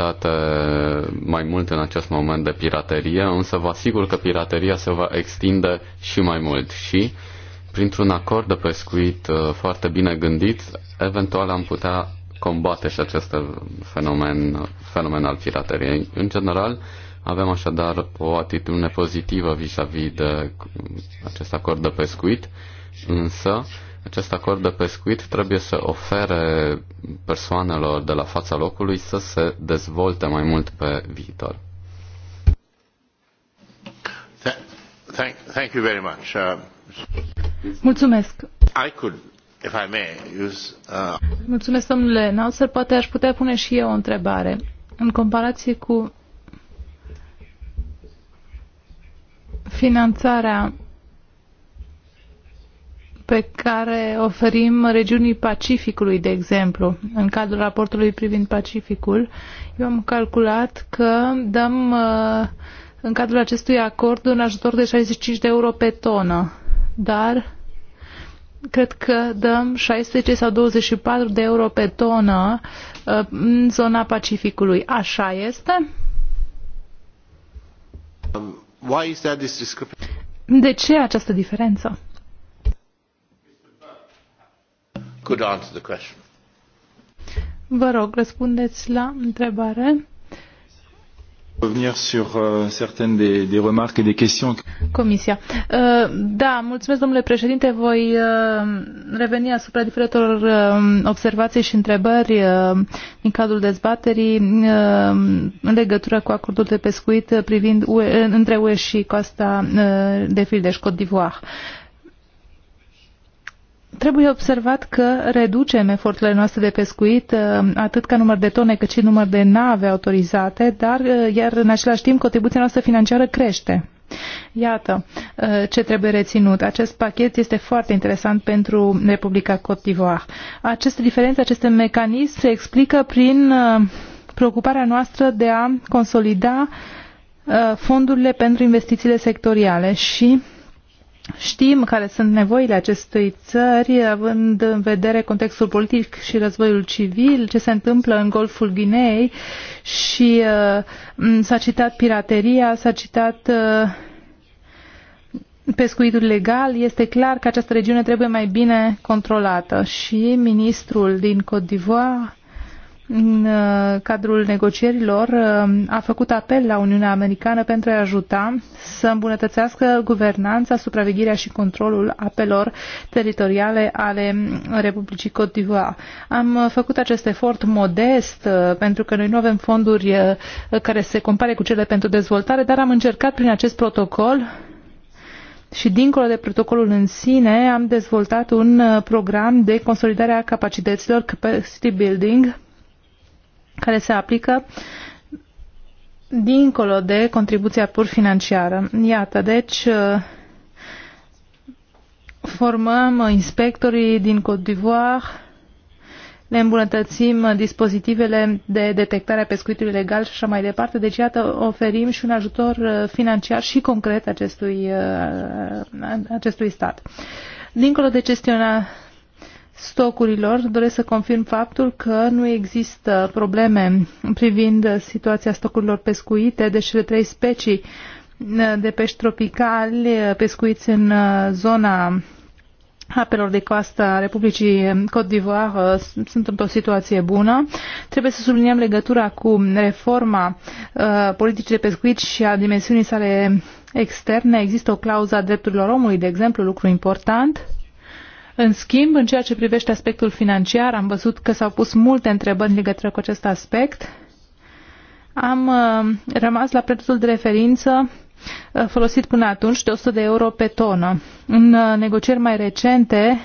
afectate mai mult în acest moment de piraterie, însă vă asigur că pirateria se va extinde și mai mult și printr-un acord de pescuit uh, foarte bine gândit, eventual am putea combate și acest fenomen, fenomen al pirateriei. În general, avem așadar o atitudine pozitivă vis-a-vis -vis de acest acord de pescuit, însă acest acord de pescuit trebuie să ofere persoanelor de la fața locului să se dezvolte mai mult pe viitor. Thank, thank you very much. Uh, Mulțumesc. I could, if I may, use, uh... Mulțumesc, domnule Nauser. Poate aș putea pune și eu o întrebare. În comparație cu finanțarea pe care oferim regiunii Pacificului, de exemplu, în cadrul raportului privind Pacificul, eu am calculat că dăm uh, în cadrul acestui acord un ajutor de 65 de euro pe tonă, dar cred că dăm 16 sau 24 de euro pe tonă uh, în zona Pacificului. Așa este? Um, de ce această diferență? could answer the question. Vă rog, răspundeți la întrebare. Revenir sur euh, certaines des, des remarques et des questions. Comisia. Uh, da, mulțumesc, domnule președinte. Voi uh, reveni asupra diferitelor uh, observații și întrebări în cadrul dezbaterii în legătură cu acordul de pescuit privind UE, între UE și costa de Fildeș, Côte d'Ivoire. Trebuie observat că reducem eforturile noastre de pescuit, uh, atât ca număr de tone, cât și număr de nave autorizate, dar uh, iar în același timp contribuția noastră financiară crește. Iată uh, ce trebuie reținut. Acest pachet este foarte interesant pentru Republica Côte d'Ivoire. Aceste diferențe, aceste mecanism se explică prin preocuparea noastră de a consolida fondurile pentru investițiile sectoriale și Știm care sunt nevoile acestei țări, având în vedere contextul politic și războiul civil, ce se întâmplă în Golful Guinei și uh, s-a citat pirateria, s-a citat uh, pescuitul legal. Este clar că această regiune trebuie mai bine controlată și ministrul din Côte d'Ivoire în uh, cadrul negocierilor, uh, a făcut apel la Uniunea Americană pentru a ajuta să îmbunătățească guvernanța, supravegherea și controlul apelor teritoriale ale Republicii Cote d'Ivoire. Am uh, făcut acest efort modest pentru că noi nu avem fonduri care se compare cu cele pentru dezvoltare, dar am încercat prin acest protocol și dincolo de protocolul în sine, am dezvoltat un program de consolidare a capacităților, capacity building, care se aplică dincolo de contribuția pur financiară. Iată, deci formăm inspectorii din Côte d'Ivoire, le îmbunătățim dispozitivele de detectare a pescuitului legal și așa mai departe. Deci, iată, oferim și un ajutor financiar și concret acestui, acestui stat. Dincolo de gestiona, stocurilor, doresc să confirm faptul că nu există probleme privind situația stocurilor pescuite, deși cele trei specii de pești tropicali pescuiți în zona apelor de coastă a Republicii Côte d'Ivoire sunt într-o situație bună. Trebuie să subliniem legătura cu reforma uh, politicii de pescuit și a dimensiunii sale externe. Există o clauză a drepturilor omului, de exemplu, lucru important. În schimb, în ceea ce privește aspectul financiar, am văzut că s-au pus multe întrebări în legătură cu acest aspect. Am uh, rămas la prețul de referință uh, folosit până atunci de 100 de euro pe tonă. În uh, negocieri mai recente,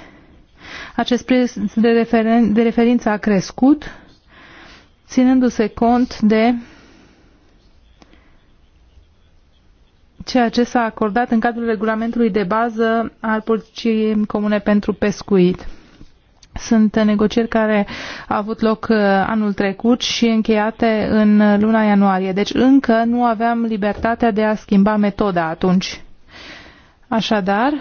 acest preț de, referen- de referință a crescut, ținându-se cont de ceea ce s-a acordat în cadrul regulamentului de bază al politicii comune pentru pescuit. Sunt negocieri care au avut loc uh, anul trecut și încheiate în luna ianuarie. Deci încă nu aveam libertatea de a schimba metoda atunci. Așadar,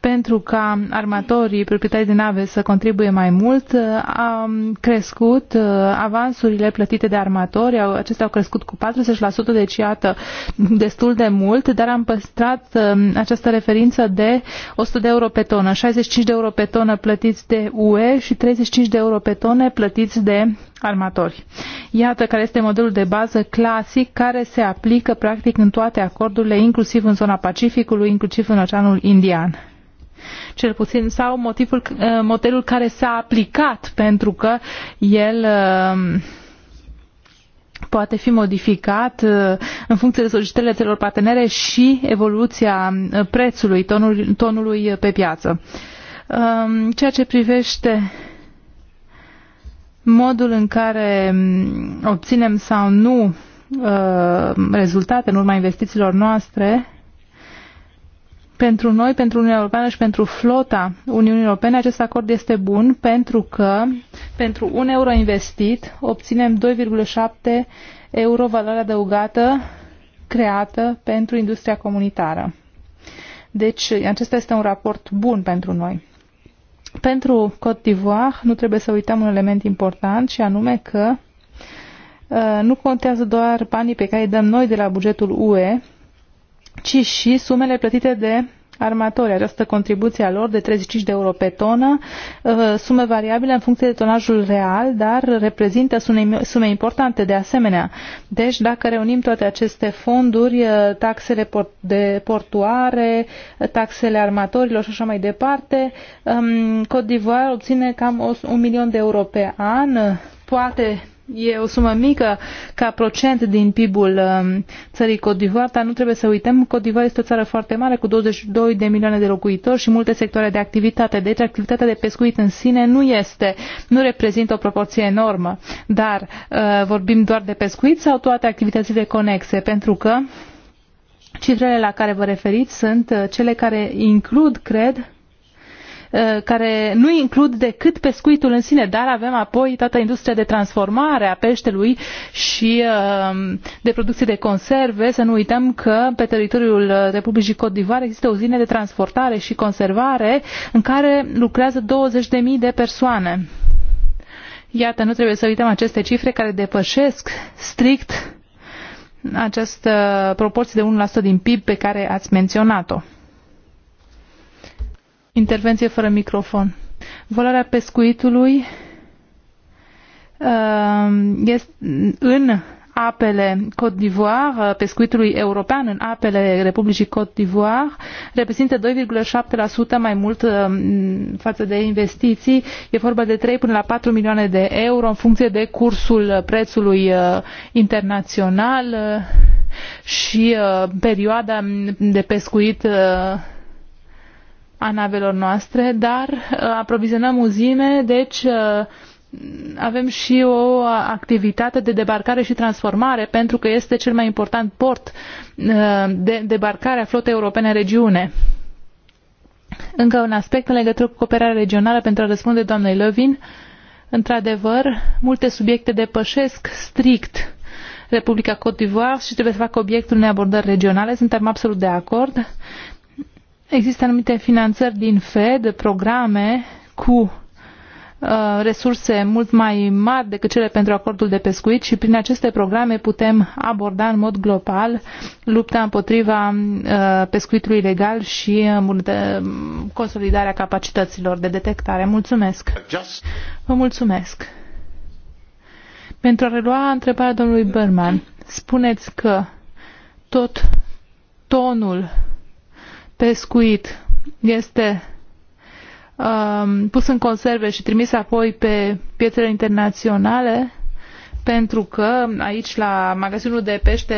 pentru ca armatorii, proprietarii de nave să contribuie mai mult, uh, a crescut uh, avansurile plătite de armatori, acestea au crescut cu 40%, deci iată destul de mult, dar am păstrat uh, această referință de 100 de euro pe tonă, 65 de euro pe tonă plătiți de UE și 35 de euro pe tone plătiți de armatori. Iată care este modelul de bază clasic care se aplică practic în toate acordurile, inclusiv în zona Pacificului, inclusiv în Oceanul Indian cel puțin, sau motivul, uh, modelul care s-a aplicat, pentru că el um, poate fi modificat uh, în funcție de solicitările țărilor partenere și evoluția uh, prețului, tonului, tonului pe piață. Um, ceea ce privește modul în care um, obținem sau nu rezultate în urma investițiilor noastre, pentru noi, pentru Uniunea Europeană și pentru flota Uniunii Europene, acest acord este bun pentru că pentru un euro investit obținem 2,7 euro valoare adăugată creată pentru industria comunitară. Deci, acesta este un raport bun pentru noi. Pentru Côte d'Ivoire nu trebuie să uităm un element important și anume că uh, nu contează doar banii pe care îi dăm noi de la bugetul UE, ci și sumele plătite de armatori, această contribuție a lor de 35 de euro pe tonă, uh, sume variabile în funcție de tonajul real, dar reprezintă sume importante de asemenea. Deci, dacă reunim toate aceste fonduri, uh, taxele de portoare, taxele armatorilor și așa mai departe, um, Cote d'Ivoire obține cam un milion de euro pe an, poate e o sumă mică ca procent din PIB-ul um, țării Codivar, dar nu trebuie să uităm, Codivar este o țară foarte mare cu 22 de milioane de locuitori și multe sectoare de activitate. Deci activitatea de pescuit în sine nu este, nu reprezintă o proporție enormă, dar uh, vorbim doar de pescuit sau toate activitățile conexe, pentru că cifrele la care vă referiți sunt uh, cele care includ, cred, Uh, care nu includ decât pescuitul în sine, dar avem apoi toată industria de transformare a peștelui și uh, de producție de conserve. Să nu uităm că pe teritoriul uh, Republicii d'Ivoire există o zină de transportare și conservare în care lucrează 20.000 de persoane. Iată, nu trebuie să uităm aceste cifre care depășesc strict această proporție de 1% din PIB pe care ați menționat-o. Intervenție fără microfon. Volarea pescuitului um, este în apele Côte d'Ivoire, uh, pescuitului european în apele Republicii Côte d'Ivoire, reprezintă 2,7% mai mult um, față de investiții. E vorba de 3 până la 4 milioane de euro în funcție de cursul prețului uh, internațional uh, și perioada de pescuit a navelor noastre, dar uh, aprovizionăm uzine, deci uh, avem și o activitate de debarcare și transformare, pentru că este cel mai important port uh, de debarcare a flotei europene în regiune. Încă un aspect în legătură cu cooperarea regională pentru a răspunde doamnei Lovin. Într-adevăr, multe subiecte depășesc strict Republica Cote d'Ivoire și trebuie să facă obiectul unei abordări regionale. Suntem absolut de acord. Există anumite finanțări din FED, programe cu uh, resurse mult mai mari decât cele pentru acordul de pescuit și prin aceste programe putem aborda în mod global lupta împotriva uh, pescuitului ilegal și consolidarea capacităților de detectare. Mulțumesc! Vă mulțumesc! Pentru a relua întrebarea domnului Berman, spuneți că tot tonul pescuit este um, pus în conserve și trimis apoi pe piețele internaționale, pentru că aici la magazinul de pește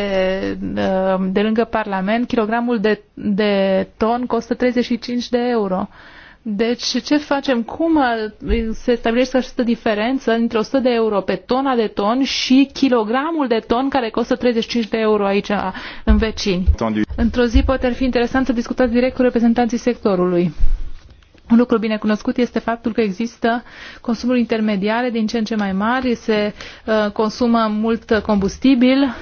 um, de lângă Parlament, kilogramul de, de ton costă 35 de euro. Uh, deci ce facem? Cum uh, se stabilește această diferență între 100 de euro pe tona de ton și kilogramul de ton care costă 35 de euro aici uh, în vecini? Într-o zi poate ar fi interesant să discutați direct cu reprezentanții sectorului. Un lucru bine cunoscut este faptul că există consumuri intermediare din ce în ce mai mari, se uh, consumă mult combustibil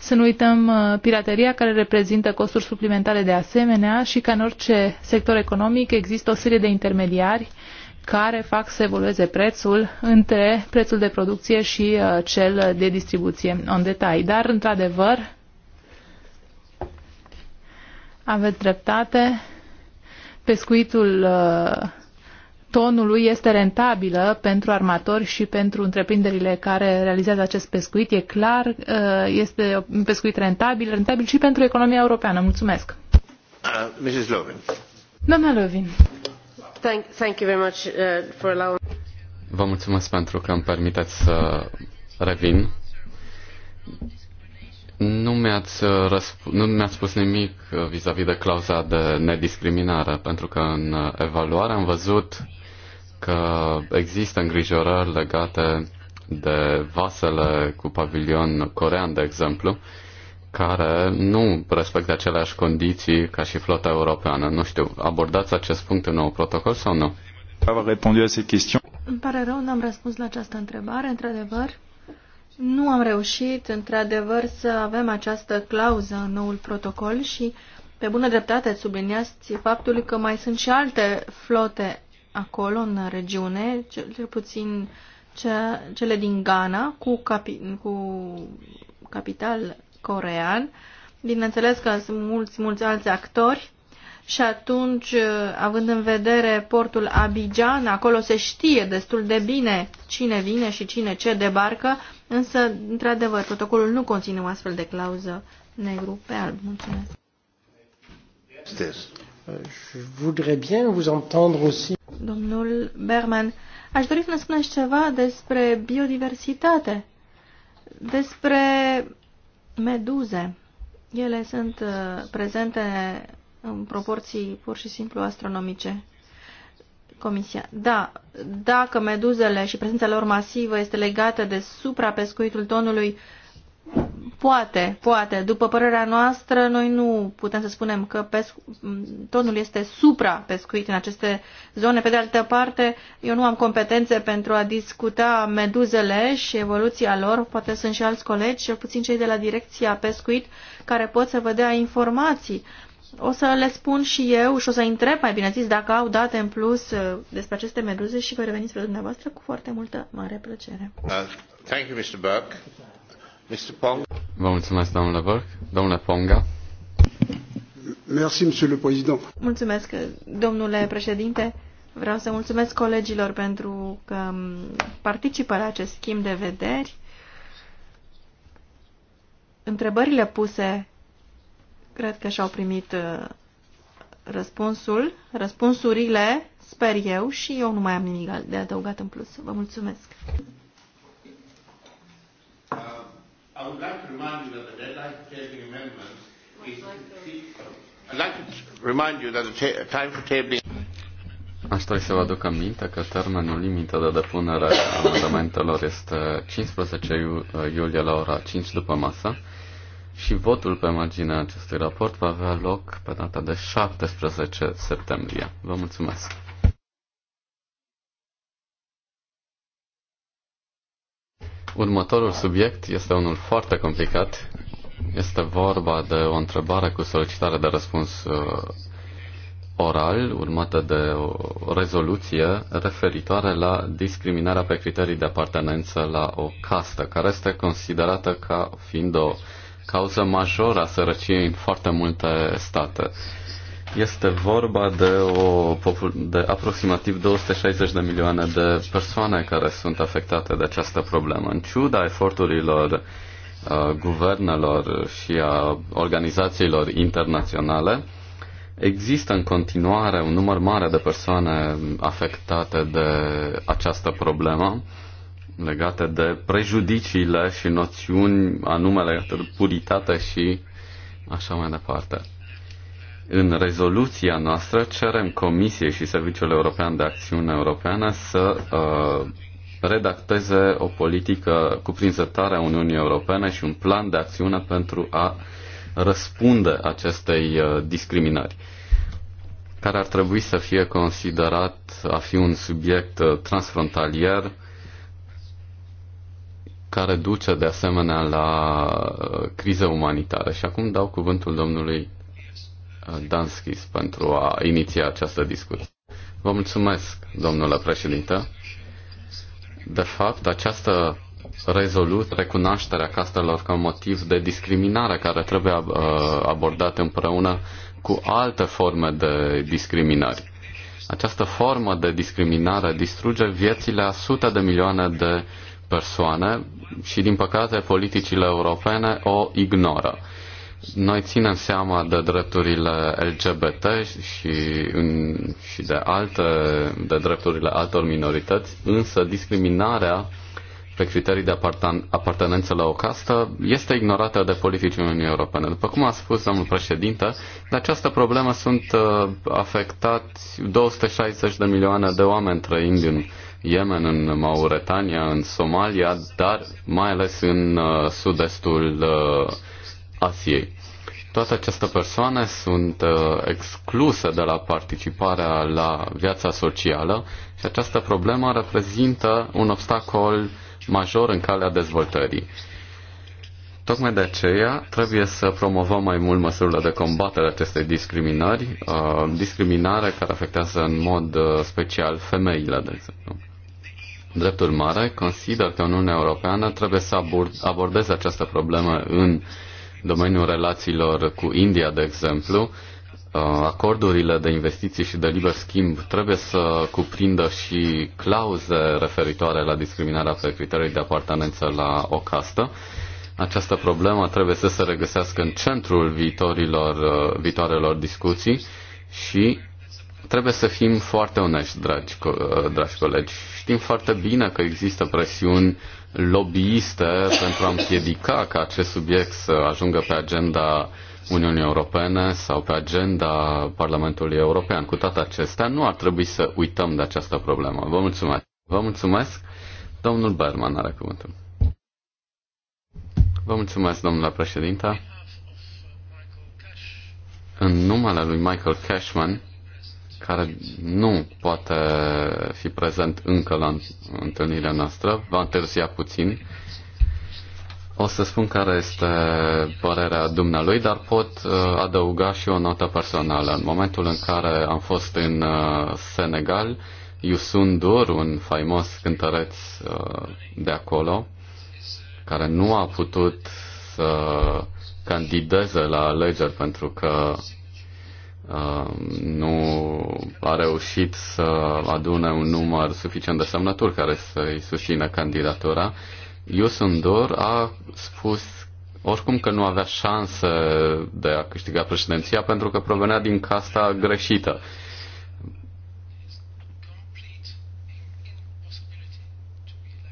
să nu uităm uh, pirateria care reprezintă costuri suplimentare de asemenea și ca în orice sector economic există o serie de intermediari care fac să evolueze prețul între prețul de producție și uh, cel de distribuție în detalii. Dar, într-adevăr, aveți dreptate, pescuitul uh, tonului este rentabilă pentru armatori și pentru întreprinderile care realizează acest pescuit. E clar, uh, este un pescuit rentabil, rentabil și pentru economia europeană. Mulțumesc. Uh, Mrs. Doamna Lovin. Thank, thank you very much uh, for allowing... Vă mulțumesc pentru că îmi permiteți să revin. Nu mi-ați, răsp- nu mi-ați spus nimic vis-a-vis -vis de clauza de nediscriminare, pentru că în evaluare am văzut că există îngrijorări legate de vasele cu pavilion corean, de exemplu, care nu respectă aceleași condiții ca și flota europeană. Nu știu, abordați acest punct în nou protocol sau nu? Îmi pare rău, n-am răspuns la această întrebare, într-adevăr. Nu am reușit, într-adevăr, să avem această clauză în noul protocol și, pe bună dreptate, subliniați faptul că mai sunt și alte flote acolo, în regiune, cel puțin cea, cele din Ghana, cu, capi, cu capital corean. Bineînțeles că sunt mulți, mulți alți actori și atunci, având în vedere portul Abidjan, acolo se știe destul de bine cine vine și cine ce debarcă, însă, într-adevăr, protocolul nu conține o astfel de clauză negru pe alb. Mulțumesc. Euh, je voudrais bien vous entendre aussi. Domnul Berman, aș dori să ne spuneți ceva despre biodiversitate, despre meduze. Ele sunt uh, prezente în proporții pur și simplu astronomice. Comisia. Da, dacă meduzele și prezența lor masivă este legată de suprapescuitul tonului Poate, poate. După părerea noastră, noi nu putem să spunem că pescu... tonul este suprapescuit în aceste zone. Pe de altă parte, eu nu am competențe pentru a discuta meduzele și evoluția lor. Poate sunt și alți colegi, cel puțin cei de la direcția pescuit, care pot să vă dea informații. O să le spun și eu și o să întreb, mai bine zis, dacă au date în plus uh, despre aceste meduze și voi reveni spre dumneavoastră cu foarte multă mare plăcere. Uh, thank you, Mr. Burke. Mr. Pong. Vă mulțumesc, domnule Vărc. Domnule Ponga. Merci, monsieur le président. Mulțumesc, domnule președinte. Vreau să mulțumesc colegilor pentru că um, participă la acest schimb de vederi. Întrebările puse cred că și-au primit uh, răspunsul, răspunsurile, sper eu, și eu nu mai am nimic de adăugat în plus. Vă mulțumesc! I would like to remind you that the deadline for tabling amendments is... I'd like to remind you that the time for tabling... Aș trebui să vă aduc aminte că termenul limită de depunere a amendamentelor este 15 iulie la ora 5 după masă și votul pe marginea acestui raport va avea loc pe data de 17 septembrie. Vă mulțumesc! Următorul subiect este unul foarte complicat. Este vorba de o întrebare cu solicitare de răspuns uh, oral, urmată de o rezoluție referitoare la discriminarea pe criterii de apartenență la o castă, care este considerată ca fiind o cauză majoră a sărăciei în foarte multe state. Este vorba de, o, de aproximativ 260 de milioane de persoane care sunt afectate de această problemă. În ciuda eforturilor uh, guvernelor și a organizațiilor internaționale, există în continuare un număr mare de persoane afectate de această problemă legate de prejudiciile și noțiuni anume legate de puritate și așa mai departe. În rezoluția noastră cerem Comisiei și Serviciul European de Acțiune Europeană să uh, redacteze o politică cuprinzătoare a Uniunii Europene și un plan de acțiune pentru a răspunde acestei uh, discriminări, care ar trebui să fie considerat a fi un subiect uh, transfrontalier care duce de asemenea la uh, crize umanitare. Și acum dau cuvântul domnului Danskis pentru a iniția această discuție. Vă mulțumesc, domnule președinte. De fapt, această rezolut recunoașterea castelor ca motiv de discriminare care trebuie uh, abordate împreună cu alte forme de discriminări. Această formă de discriminare distruge viețile a sute de milioane de persoane și, din păcate, politicile europene o ignoră. Noi ținem seama de drepturile LGBT și, și de, alte, de drepturile altor minorități, însă discriminarea pe criterii de apartenență la o castă este ignorată de politicii Uniunii Europene. După cum a spus domnul președinte, de această problemă sunt uh, afectați 260 de milioane de oameni trăind în Yemen, în Mauretania, în Somalia, dar mai ales în uh, sud-estul uh, Asiei. Toate aceste persoane sunt uh, excluse de la participarea la viața socială și această problemă reprezintă un obstacol major în calea dezvoltării. Tocmai de aceea trebuie să promovăm mai mult măsurile de combatere a acestei discriminări, uh, discriminare care afectează în mod uh, special femeile, de exemplu. Dreptul mare consider că Uniunea Europeană trebuie să abordeze această problemă în domeniul relațiilor cu India, de exemplu, uh, acordurile de investiții și de liber schimb trebuie să cuprindă și clauze referitoare la discriminarea pe criterii de apartenență la o castă. Această problemă trebuie să se regăsească în centrul viitorilor, uh, viitoarelor discuții și trebuie să fim foarte onești, dragi, uh, dragi colegi. Știm foarte bine că există presiuni lobbyiste pentru a împiedica ca acest subiect să ajungă pe agenda Uniunii Europene sau pe agenda Parlamentului European. Cu toate acestea, nu ar trebui să uităm de această problemă. Vă mulțumesc. Vă mulțumesc. Domnul Berman are cuvântul. Vă mulțumesc, domnule președinte. În numele lui Michael Cashman, care nu poate fi prezent încă la întâlnirea noastră, va întârzia puțin. O să spun care este părerea dumnealui, dar pot uh, adăuga și o notă personală. În momentul în care am fost în uh, Senegal, Yusun Dur, un faimos cântăreț uh, de acolo, care nu a putut să candideze la alegeri pentru că Uh, nu a reușit să adune un număr suficient de semnături care să-i susțină candidatura. Dor a spus oricum că nu avea șanse de a câștiga președinția pentru că provenea din casta greșită.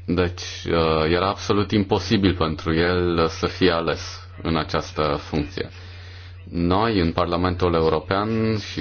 Deci uh, era absolut imposibil pentru el să fie ales în această funcție. Noi, în Parlamentul European și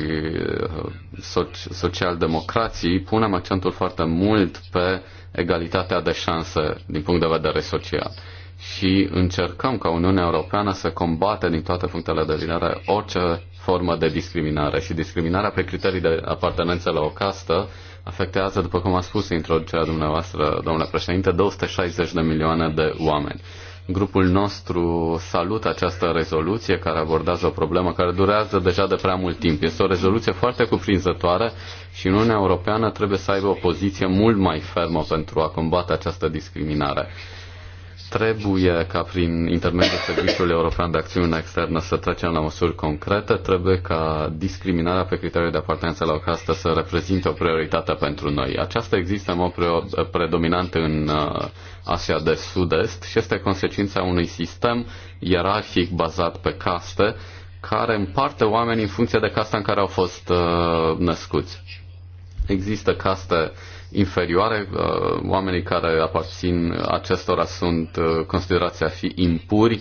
uh, socialdemocrații, punem accentul foarte mult pe egalitatea de șanse din punct de vedere social și încercăm ca Uniunea Europeană să combate din toate punctele de vedere orice formă de discriminare și discriminarea pe criterii de apartenență la o castă afectează, după cum a spus introducerea dumneavoastră, domnule președinte, 260 de milioane de oameni. Grupul nostru salută această rezoluție care abordează o problemă care durează deja de prea mult timp. Este o rezoluție foarte cuprinzătoare și Uniunea Europeană trebuie să aibă o poziție mult mai fermă pentru a combate această discriminare. Trebuie ca prin intermediul Serviciului European de Acțiune Externă să trecem la măsuri concrete, trebuie ca discriminarea pe criteriul de apartenență la o castă să reprezinte o prioritate pentru noi. Aceasta există în mod predominant în uh, Asia de Sud-Est și este consecința unui sistem ierarhic bazat pe caste care împarte oamenii în funcție de casta în care au fost uh, născuți. Există caste uh, inferioare. Uh, oamenii care aparțin acestora sunt uh, considerați a fi impuri.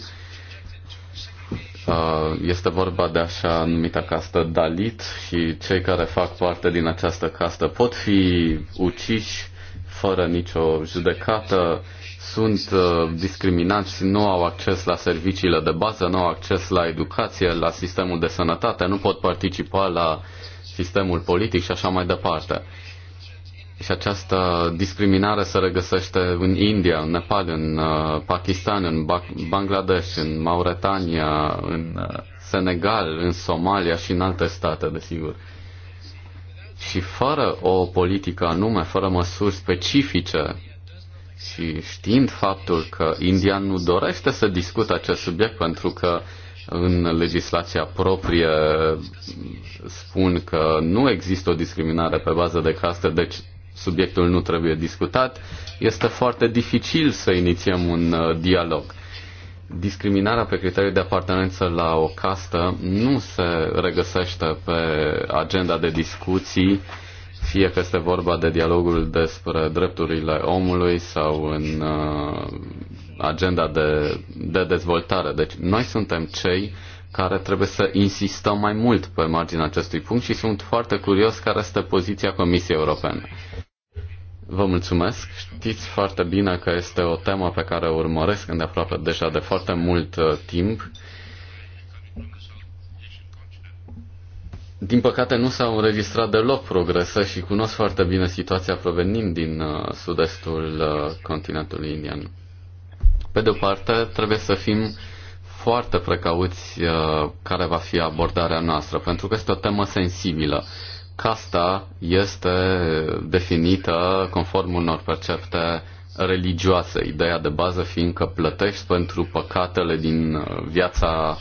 Uh, este vorba de așa numită castă Dalit și cei care fac parte din această castă pot fi uciși fără nicio judecată, sunt discriminați, nu au acces la serviciile de bază, nu au acces la educație, la sistemul de sănătate, nu pot participa la sistemul politic și așa mai departe. Și această discriminare se regăsește în India, în Nepal, în uh, Pakistan, în Bangladesh, în Mauretania, în uh, Senegal, în Somalia și în alte state, desigur. Și fără o politică anume, fără măsuri specifice și știind faptul că India nu dorește să discute acest subiect pentru că în legislația proprie spun că nu există o discriminare pe bază de caste, deci subiectul nu trebuie discutat, este foarte dificil să inițiem un uh, dialog. Discriminarea pe criteriu de apartenență la o castă nu se regăsește pe agenda de discuții, fie că este vorba de dialogul despre drepturile omului sau în uh, agenda de, de dezvoltare. Deci noi suntem cei care trebuie să insistăm mai mult pe marginea acestui punct și sunt foarte curios care este poziția Comisiei Europene. Vă mulțumesc. Știți foarte bine că este o temă pe care o urmăresc îndeaproape deja de foarte mult uh, timp. Din păcate nu s-au înregistrat deloc progrese și cunosc foarte bine situația provenind din uh, sud-estul uh, continentului indian. Pe de o parte, trebuie să fim foarte precauți care va fi abordarea noastră, pentru că este o temă sensibilă casta este definită conform unor percepte religioase, ideea de bază fiind că plătești pentru păcatele din uh, viața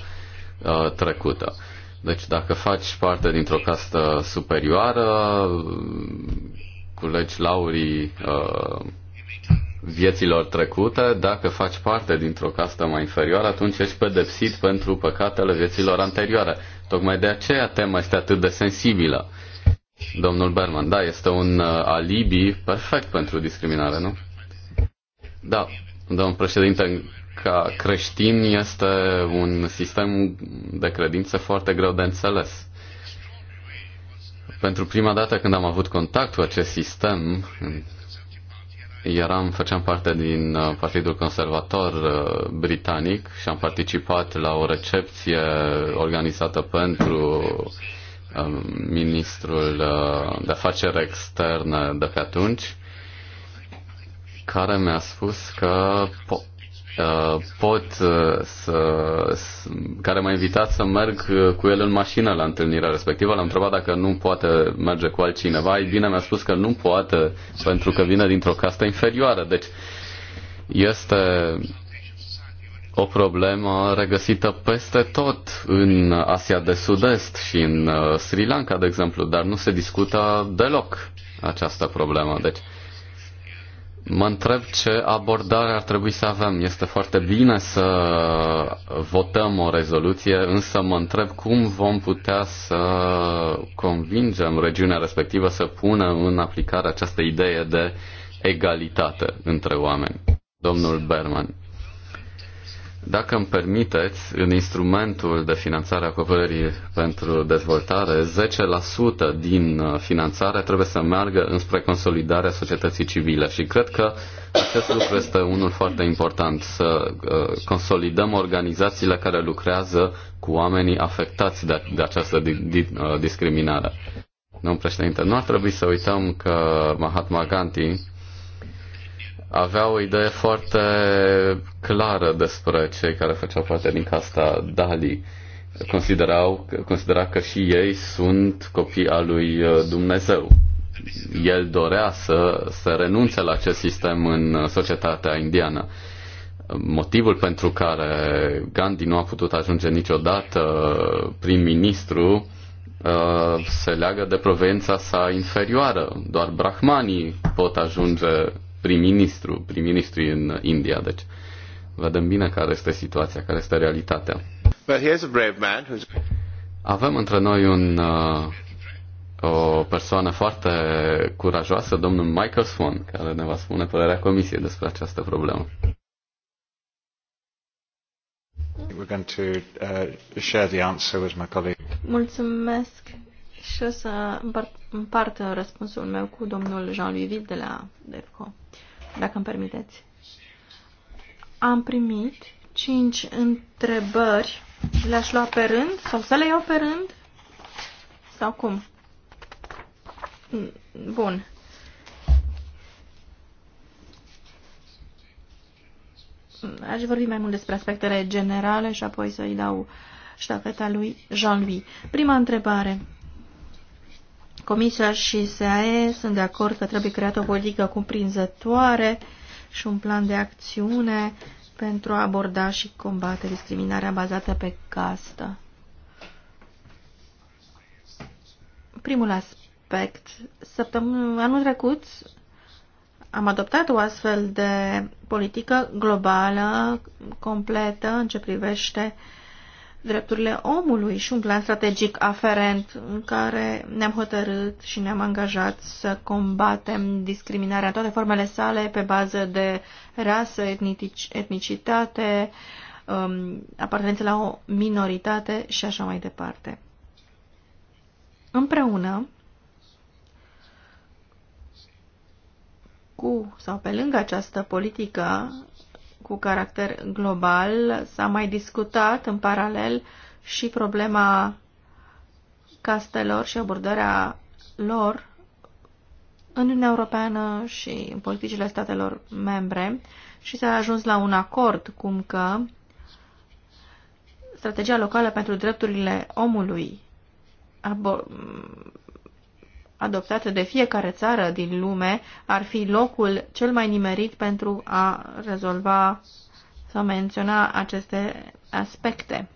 uh, trecută. Deci dacă faci parte dintr-o castă superioară, culegi laurii uh, vieților trecute, dacă faci parte dintr-o castă mai inferioară, atunci ești pedepsit pentru păcatele vieților anterioare. Tocmai de aceea tema este atât de sensibilă. Domnul Berman, da, este un uh, alibi perfect pentru discriminare, nu? Da, domnul președinte, ca creștin este un sistem de credință foarte greu de înțeles. Pentru prima dată când am avut contact cu acest sistem, eram, făceam parte din uh, Partidul Conservator uh, Britanic și am participat la o recepție organizată pentru ministrul uh, de afaceri externe de pe atunci, care mi-a spus că po- uh, pot uh, să, care m-a invitat să merg cu el în mașină la întâlnirea respectivă. L-am întrebat dacă nu poate merge cu altcineva. Ei bine, mi-a spus că nu poate pentru că vine dintr-o castă inferioară. Deci este o problemă regăsită peste tot în Asia de Sud-Est și în uh, Sri Lanka, de exemplu, dar nu se discută deloc această problemă. Deci, mă întreb ce abordare ar trebui să avem. Este foarte bine să votăm o rezoluție, însă mă întreb cum vom putea să convingem regiunea respectivă să pună în aplicare această idee de egalitate între oameni. Domnul Berman. Dacă îmi permiteți, în instrumentul de finanțare a cooperării pentru dezvoltare, 10% din uh, finanțare trebuie să meargă înspre consolidarea societății civile și cred că acest lucru este unul foarte important, să uh, consolidăm organizațiile care lucrează cu oamenii afectați de, de această uh, discriminare. Domnul președinte, nu ar trebui să uităm că Mahatma Gandhi avea o idee foarte clară despre cei care făceau parte din casta Dali. Considerau, considera că și ei sunt copii al lui uh, Dumnezeu. El dorea să, să renunțe la acest sistem în uh, societatea indiană. Motivul pentru care Gandhi nu a putut ajunge niciodată uh, prim-ministru se leagă de provența sa inferioară. Doar brahmanii pot ajunge prim-ministru, prim-ministru în India, deci vedem bine care este situația, care este realitatea. But here's a brave man who's... Avem între noi un, uh, o persoană foarte curajoasă, domnul Michael Swan, care ne va spune părerea comisiei despre această problemă. We're going to, uh, share the answer with my colleague. Mulțumesc și o să împart răspunsul meu cu domnul Jean-Louis vid de la DEFCO, dacă îmi permiteți. Am primit cinci întrebări. Le-aș lua pe rând sau să le iau pe rând? Sau cum? Bun. Aș vorbi mai mult despre aspectele generale și apoi să-i dau ștafeta lui Jean-Louis. Prima întrebare. Comisia și SAE sunt de acord că trebuie creată o politică cuprinzătoare și un plan de acțiune pentru a aborda și combate discriminarea bazată pe castă. Primul aspect. Săptămâna, anul trecut am adoptat o astfel de politică globală, completă, în ce privește uh, drepturile omului și un plan strategic aferent în care ne-am hotărât și ne-am angajat să combatem discriminarea în toate formele sale pe bază de rasă, etnici, etnicitate, um, apartenență la o minoritate și așa mai departe. Împreună cu sau pe lângă această politică cu caracter global. S-a mai discutat în paralel și problema castelor și abordarea lor în Uniunea Europeană și în politicile statelor membre și s-a ajuns la un acord cum că strategia locală pentru drepturile omului adoptată de fiecare țară din lume ar fi locul cel mai nimerit pentru a rezolva sau menționa aceste aspecte.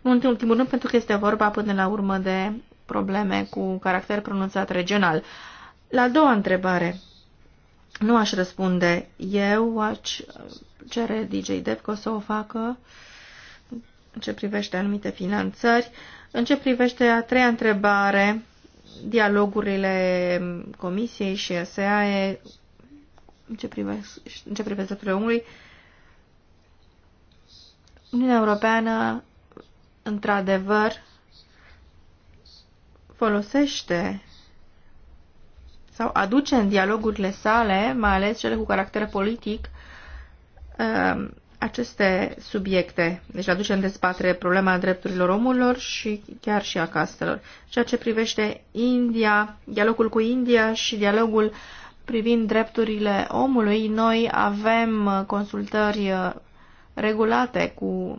Nu în ultimul rând pentru că este vorba până la urmă de probleme cu caracter pronunțat regional. La a doua întrebare, nu aș răspunde eu, aș cere DJ Depco să o facă în ce privește anumite finanțări. În ce privește a treia întrebare, dialogurile Comisiei și SAE în ce, privește, în ce privește drepturile omului, Uniunea Europeană, într-adevăr, folosește sau aduce în dialogurile sale, mai ales cele cu caracter politic, um, aceste subiecte, deci aducem de dezbatere problema drepturilor omului și chiar și a castelor. Ceea ce privește India, dialogul cu India și dialogul privind drepturile omului, noi avem consultări uh, regulate cu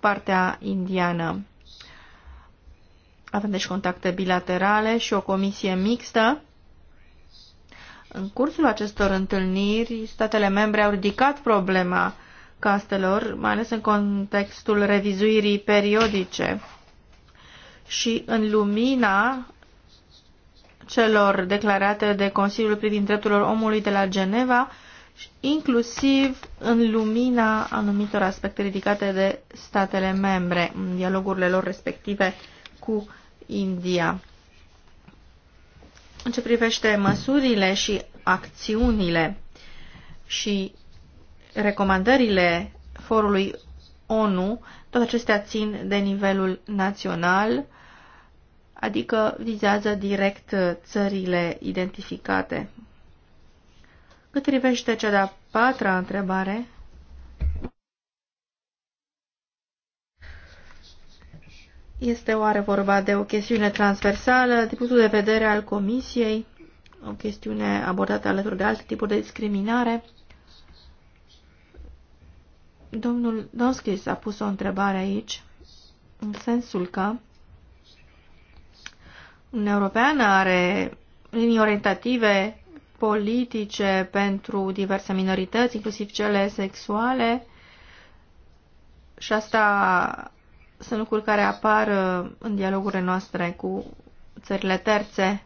partea indiană. Avem deci contacte bilaterale și o comisie mixtă în cursul acestor întâlniri, statele membre au ridicat problema castelor, mai ales în contextul revizuirii periodice și în lumina celor declarate de Consiliul privind drepturilor omului de la Geneva, inclusiv în lumina anumitor aspecte ridicate de statele membre în dialogurile lor respective cu India. În ce privește măsurile și acțiunile și recomandările forului ONU, toate acestea țin de nivelul național, adică vizează direct țările identificate. Cât privește cea de-a patra întrebare, Este oare vorba de o chestiune transversală, din punctul de vedere al Comisiei, o chestiune abordată alături de alte tipuri de discriminare? Domnul Donskis a pus o întrebare aici, în sensul că Uniunea Europeană are linii orientative politice pentru diverse minorități, inclusiv cele sexuale, și asta sunt lucruri care apar uh, în dialogurile noastre cu țările terțe.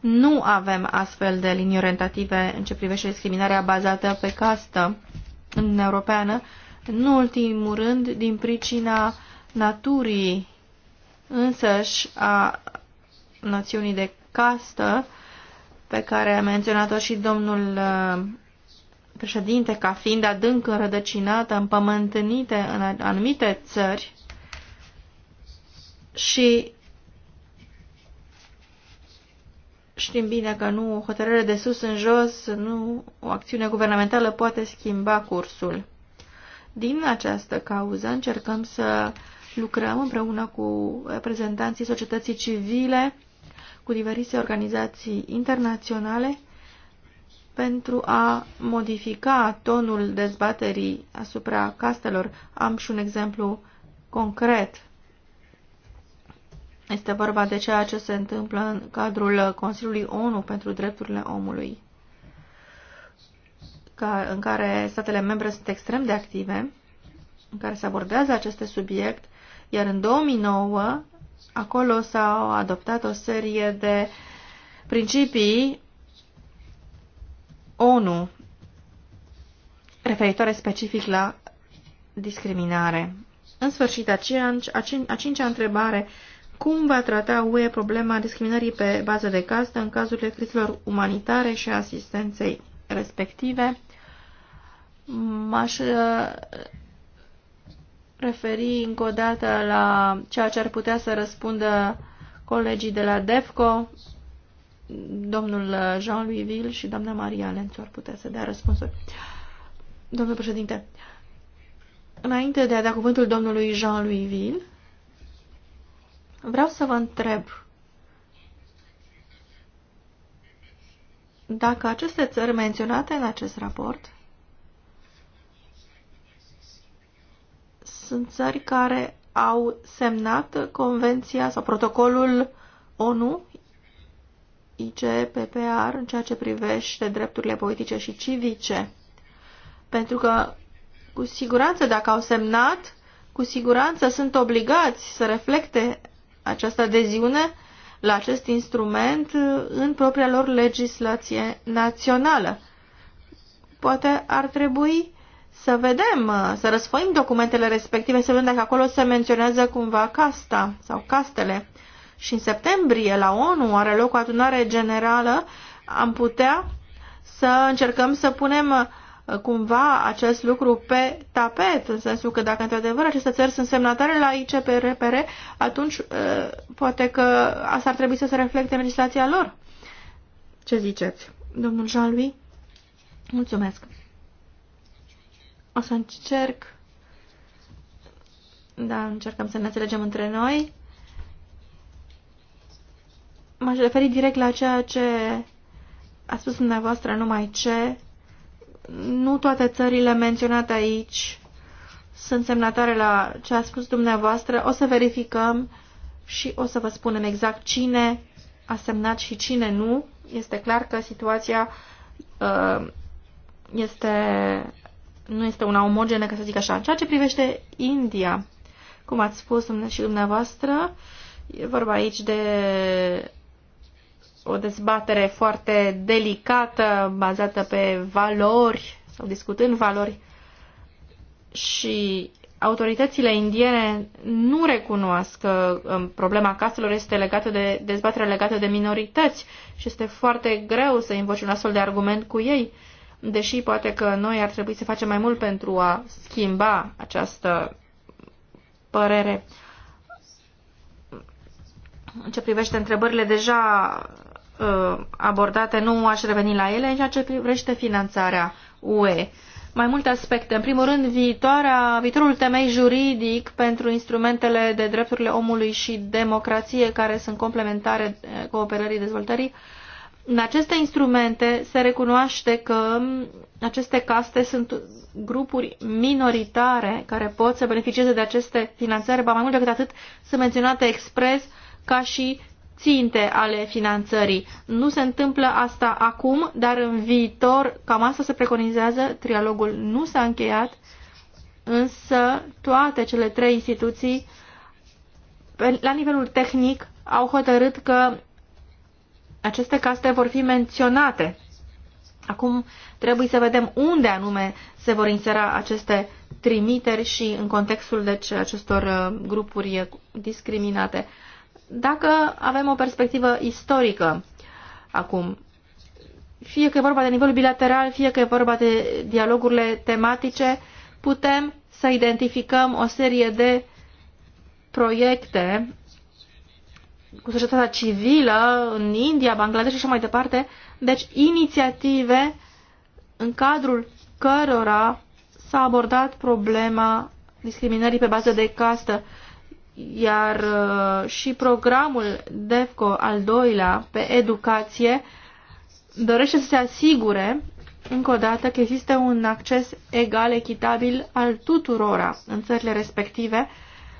Nu avem astfel de linii orientative în ce privește discriminarea bazată pe castă în Europeană, în ultimul rând din pricina naturii însăși a noțiunii de castă pe care a menționat-o și domnul uh, președinte ca fiind adânc înrădăcinată, împământenită în anumite țări, și știm bine că nu o hotărâre de sus în jos, nu o acțiune guvernamentală poate schimba cursul. Din această cauză încercăm să lucrăm împreună cu reprezentanții societății civile, cu diverse organizații internaționale, pentru a modifica tonul dezbaterii asupra castelor. Am și un exemplu concret este vorba de ceea ce se întâmplă în cadrul Consiliului ONU pentru drepturile omului, ca, în care statele membre sunt extrem de active, în care se abordează acest subiect, iar în 2009 acolo s-au adoptat o serie de principii ONU referitoare specific la discriminare. În sfârșit, a cincea întrebare cum va trata UE problema discriminării pe bază de castă în cazurile crizelor umanitare și asistenței respective? M-aș uh, referi încă o dată la ceea ce ar putea să răspundă colegii de la DEFCO, domnul uh, Jean-Louis Ville și doamna Maria Lențu ar putea să dea răspunsuri. Domnul președinte, înainte de a da cuvântul domnului Jean-Louis Ville, Vreau să vă întreb dacă aceste țări menționate în acest raport sunt țări care au semnat convenția sau protocolul ONU ICPPR în ceea ce privește drepturile politice și civice. Pentru că, cu siguranță, dacă au semnat, cu siguranță sunt obligați să reflecte această adeziune la acest instrument uh, în propria lor legislație națională. Poate ar trebui să vedem, uh, să răsfoim documentele respective, să vedem dacă acolo se menționează cumva casta sau castele. Și în septembrie la ONU are loc o adunare generală, am putea să încercăm să punem uh, cumva acest lucru pe tapet, în sensul că dacă într-adevăr aceste țări sunt semnatare la ICPRPR, atunci uh, poate că asta ar trebui să se reflecte în legislația lor. Ce ziceți, domnul Jean-Louis? Mulțumesc. O să încerc. Da, încercăm să ne înțelegem între noi. M-aș referi direct la ceea ce a spus dumneavoastră numai ce nu toate țările menționate aici sunt semnatare la ce a spus dumneavoastră. O să verificăm și o să vă spunem exact cine a semnat și cine nu. Este clar că situația uh, este, nu este una omogenă, ca să zic așa. În ceea ce privește India, cum ați spus și dumneavoastră, e vorba aici de o dezbatere foarte delicată, bazată pe valori sau discutând valori și autoritățile indiene nu recunosc că um, problema caselor este legată de dezbatere legată de minorități și este foarte greu să invoci un astfel de argument cu ei, deși poate că noi ar trebui să facem mai mult pentru a schimba această părere. În ce privește întrebările deja Uh, abordate, nu aș reveni la ele în ceea ce privește finanțarea UE. Mai multe aspecte. În primul rând, viitoarea, viitorul temei juridic pentru instrumentele de drepturile omului și democrație care sunt complementare eh, cooperării dezvoltării. În aceste instrumente se recunoaște că aceste caste sunt grupuri minoritare care pot să beneficieze de aceste finanțare, ba mai mult decât atât, sunt menționate expres ca și ținte ale finanțării. Nu se întâmplă asta acum, dar în viitor, cam asta se preconizează, trialogul nu s-a încheiat, însă toate cele trei instituții, la nivelul tehnic, au hotărât că aceste caste vor fi menționate. Acum trebuie să vedem unde anume se vor insera aceste trimiteri și în contextul deci, acestor uh, grupuri discriminate. Dacă avem o perspectivă istorică acum, fie că e vorba de nivelul bilateral, fie că e vorba de dialogurile tematice, putem să identificăm o serie de proiecte cu societatea civilă în India, Bangladesh și așa mai departe, deci inițiative în cadrul cărora s-a abordat problema discriminării pe bază de castă iar uh, și programul DEFCO al doilea pe educație dorește să se asigure încă o dată că există un acces egal, echitabil al tuturora în țările respective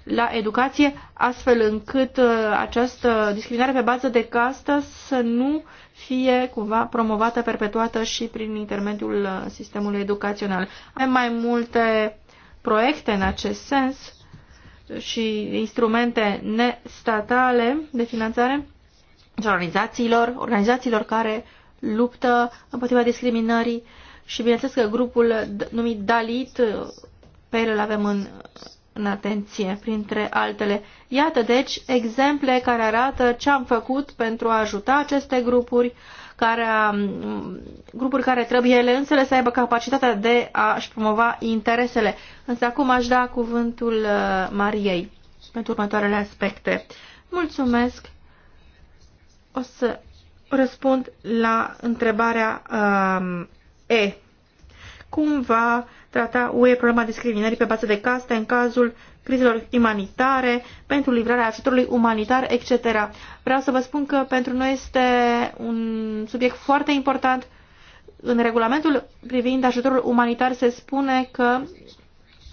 la educație, astfel încât uh, această discriminare pe bază de castă să nu fie cumva promovată, perpetuată și prin intermediul uh, sistemului educațional. Avem mai multe proiecte în acest sens și instrumente nestatale de finanțare și organizațiilor, organizațiilor care luptă împotriva discriminării și bineînțeles că grupul numit Dalit, pe el îl avem în, în atenție, printre altele. Iată, deci, exemple care arată ce am făcut pentru a ajuta aceste grupuri, care, um, grupuri care trebuie ele însele să aibă capacitatea de a-și promova interesele. Însă acum aș da cuvântul uh, Mariei pentru următoarele aspecte. Mulțumesc! O să răspund la întrebarea um, E. Cum va trata UE problema discriminării pe bază de caste în cazul crizelor imanitare, pentru livrarea ajutorului umanitar, etc. Vreau să vă spun că pentru noi este un subiect foarte important. În regulamentul privind ajutorul umanitar se spune că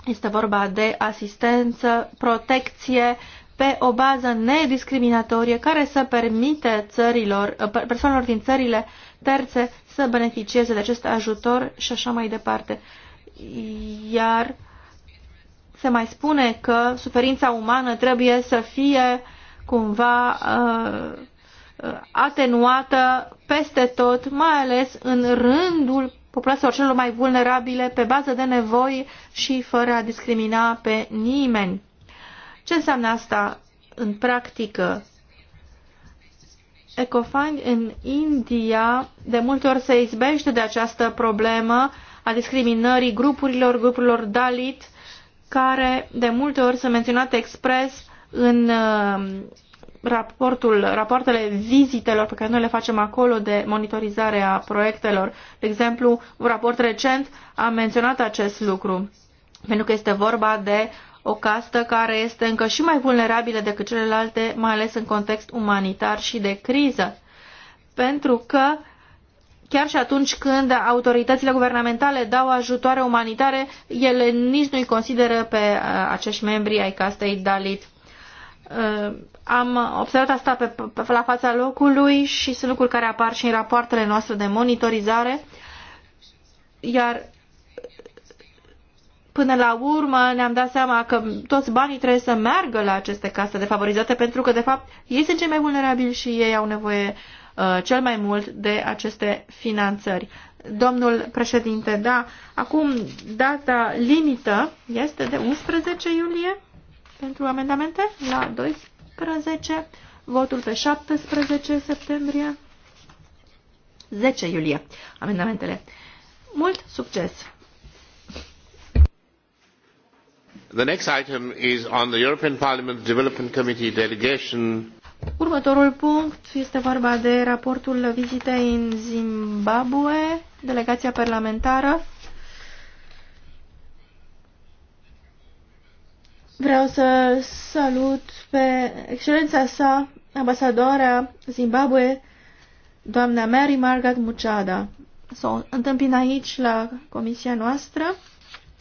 este vorba de asistență, protecție pe o bază nediscriminatorie care să permite țărilor, persoanelor din țările terțe să beneficieze de acest ajutor și așa mai departe. Iar uh, se mai spune că suferința umană trebuie să fie cumva uh, uh, atenuată peste tot, mai ales în rândul populațiilor celor mai vulnerabile, pe bază de nevoi și fără a discrimina pe nimeni. Ce înseamnă asta în practică? Ecofang în India de multe ori se izbește de această problemă a discriminării grupurilor, grupurilor Dalit, care de multe ori sunt menționate expres în uh, raportul, rapoartele vizitelor pe care noi le facem acolo de monitorizare a proiectelor. De exemplu, un raport recent a menționat acest lucru, pentru că este vorba de o castă care este încă și mai vulnerabilă decât celelalte, mai ales în context umanitar și de criză. Pentru că chiar și atunci când autoritățile guvernamentale dau ajutoare umanitare, ele nici nu-i consideră pe uh, acești membri ai castei Dalit. Uh, am observat asta pe, pe, la fața locului și sunt lucruri care apar și în rapoartele noastre de monitorizare, iar până la urmă ne-am dat seama că toți banii trebuie să meargă la aceste case defavorizate pentru că, de fapt, ei sunt cei mai vulnerabili și ei au nevoie Uh, cel mai mult de aceste finanțări. Domnul președinte, da, acum data limită este de 11 iulie pentru amendamente la 12, votul pe 17 septembrie, 10 iulie amendamentele. Mult succes! The next item is on the European Parliament Development Committee delegation Următorul punct este vorba de raportul vizitei în Zimbabwe, delegația parlamentară. Vreau să salut pe excelența sa, ambasadoarea Zimbabwe, doamna Mary Margaret Muchada. s o întâmpin aici, la comisia noastră.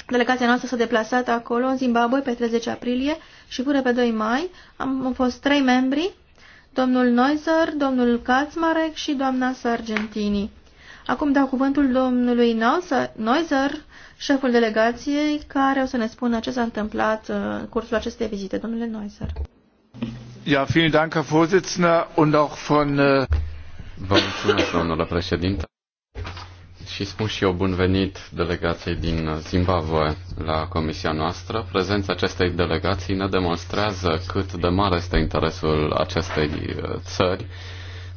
Delegația noastră s-a deplasat acolo, în Zimbabwe, pe 30 aprilie și până pe 2 mai. Am fost trei membri domnul Neuser, domnul Kacmarek și doamna Sargentini. Acum dau cuvântul domnului Neuser, șeful delegației, care o să ne spună ce s-a întâmplat uh, în cursul acestei vizite. Domnule Neuser. Ja, vielen Dank, Herr Vorsitzender, und auch von... Äh, Vă mulțumesc, domnule președinte și spun și eu bun venit delegației din Zimbabwe la comisia noastră. Prezența acestei delegații ne demonstrează cât de mare este interesul acestei uh, țări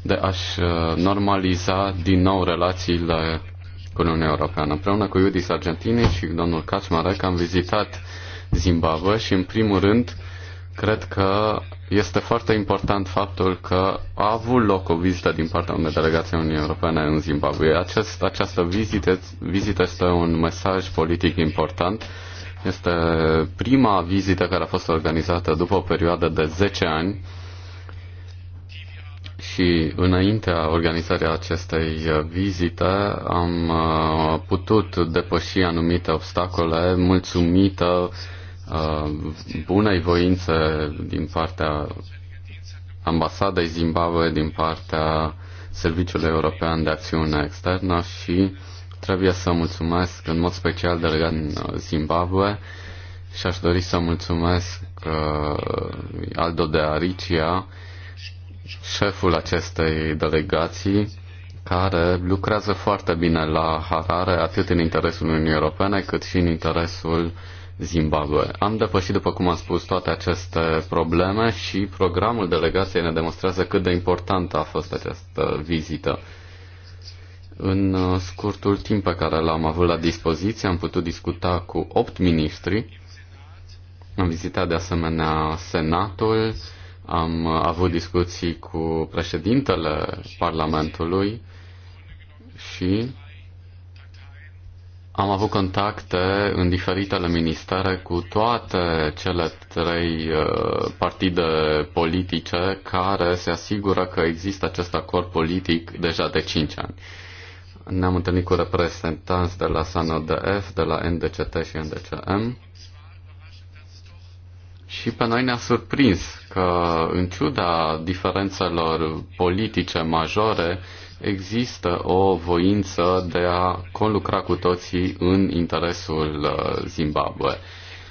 de a-și uh, normaliza din nou relațiile cu Uniunea Europeană. Împreună cu Iudis Argentini și domnul Kaczmarek am vizitat Zimbabwe și în primul rând cred că este foarte important faptul că a avut loc o vizită din partea unei delegații Uniunii Europene în Zimbabwe. Acest, această vizită, vizită este un mesaj politic important. Este prima vizită care a fost organizată după o perioadă de 10 ani și înaintea organizării acestei vizite am uh, putut depăși anumite obstacole mulțumită uh, Uh, bunei voințe din partea ambasadei Zimbabwe, din partea Serviciului European de Acțiune Externă și trebuie să mulțumesc în mod special delegat în uh, Zimbabwe și aș dori să mulțumesc uh, Aldo de Aricia, șeful acestei delegații, care lucrează foarte bine la Harare, atât în interesul Uniunii Europene, cât și în interesul uh, Zimbabwe. Am depășit, după cum am spus, toate aceste probleme și programul delegației ne demonstrează cât de importantă a fost această vizită. În uh, scurtul timp pe care l-am avut la dispoziție, am putut discuta cu opt ministri. Am vizitat de asemenea Senatul, am uh, avut discuții cu președintele Parlamentului și am avut contacte în diferitele ministere cu toate cele trei uh, partide politice care se asigură că există acest acord politic deja de 5 ani. Ne-am întâlnit cu reprezentanți de la SANODF, de la NDCT și NDCM și pe noi ne-a surprins că, în ciuda diferențelor politice majore, există o voință de a conlucra cu toții în interesul uh, Zimbabwe.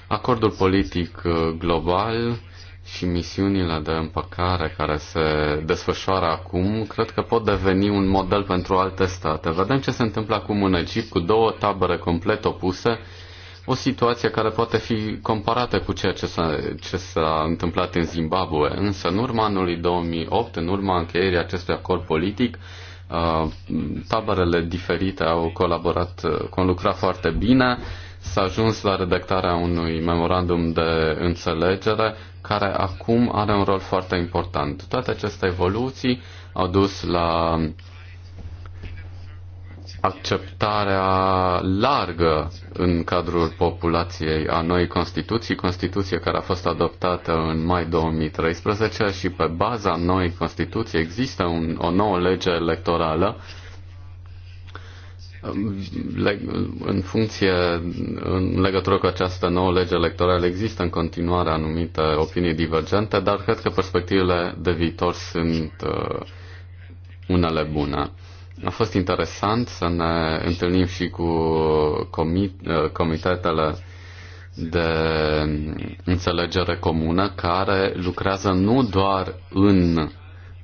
Acordul politic uh, global și misiunile de împăcare care se desfășoară acum, cred că pot deveni un model pentru alte state. Vedem ce se întâmplă acum în Egipt cu două tabere complet opuse, o situație care poate fi comparată cu ceea ce s-a, ce s-a întâmplat în Zimbabwe. Însă, în urma anului 2008, în urma încheierii acestui acord politic, tabărele diferite au colaborat, conlucrat foarte bine. S-a ajuns la redactarea unui memorandum de înțelegere care acum are un rol foarte important. Toate aceste evoluții au dus la acceptarea largă în cadrul populației a noii Constituții, Constituție care a fost adoptată în mai 2013 și pe baza noii Constituții există un, o nouă lege electorală în funcție, în legătură cu această nouă lege electorală, există în continuare anumite opinii divergente, dar cred că perspectivele de viitor sunt uh, unele bune. A fost interesant să ne întâlnim și cu comit- comitetele de înțelegere comună care lucrează nu doar în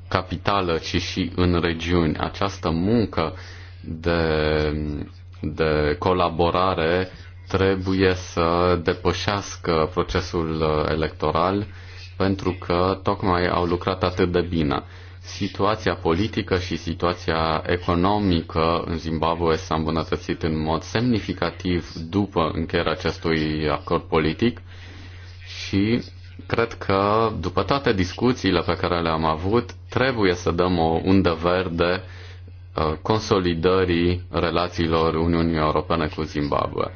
capitală, ci și în regiuni. Această muncă de, de colaborare trebuie să depășească procesul electoral pentru că tocmai au lucrat atât de bine. Situația politică și situația economică în Zimbabwe s-a îmbunătățit în mod semnificativ după încheierea acestui acord politic și cred că după toate discuțiile pe care le-am avut, trebuie să dăm o undă verde uh, consolidării relațiilor Uniunii Europene cu Zimbabwe.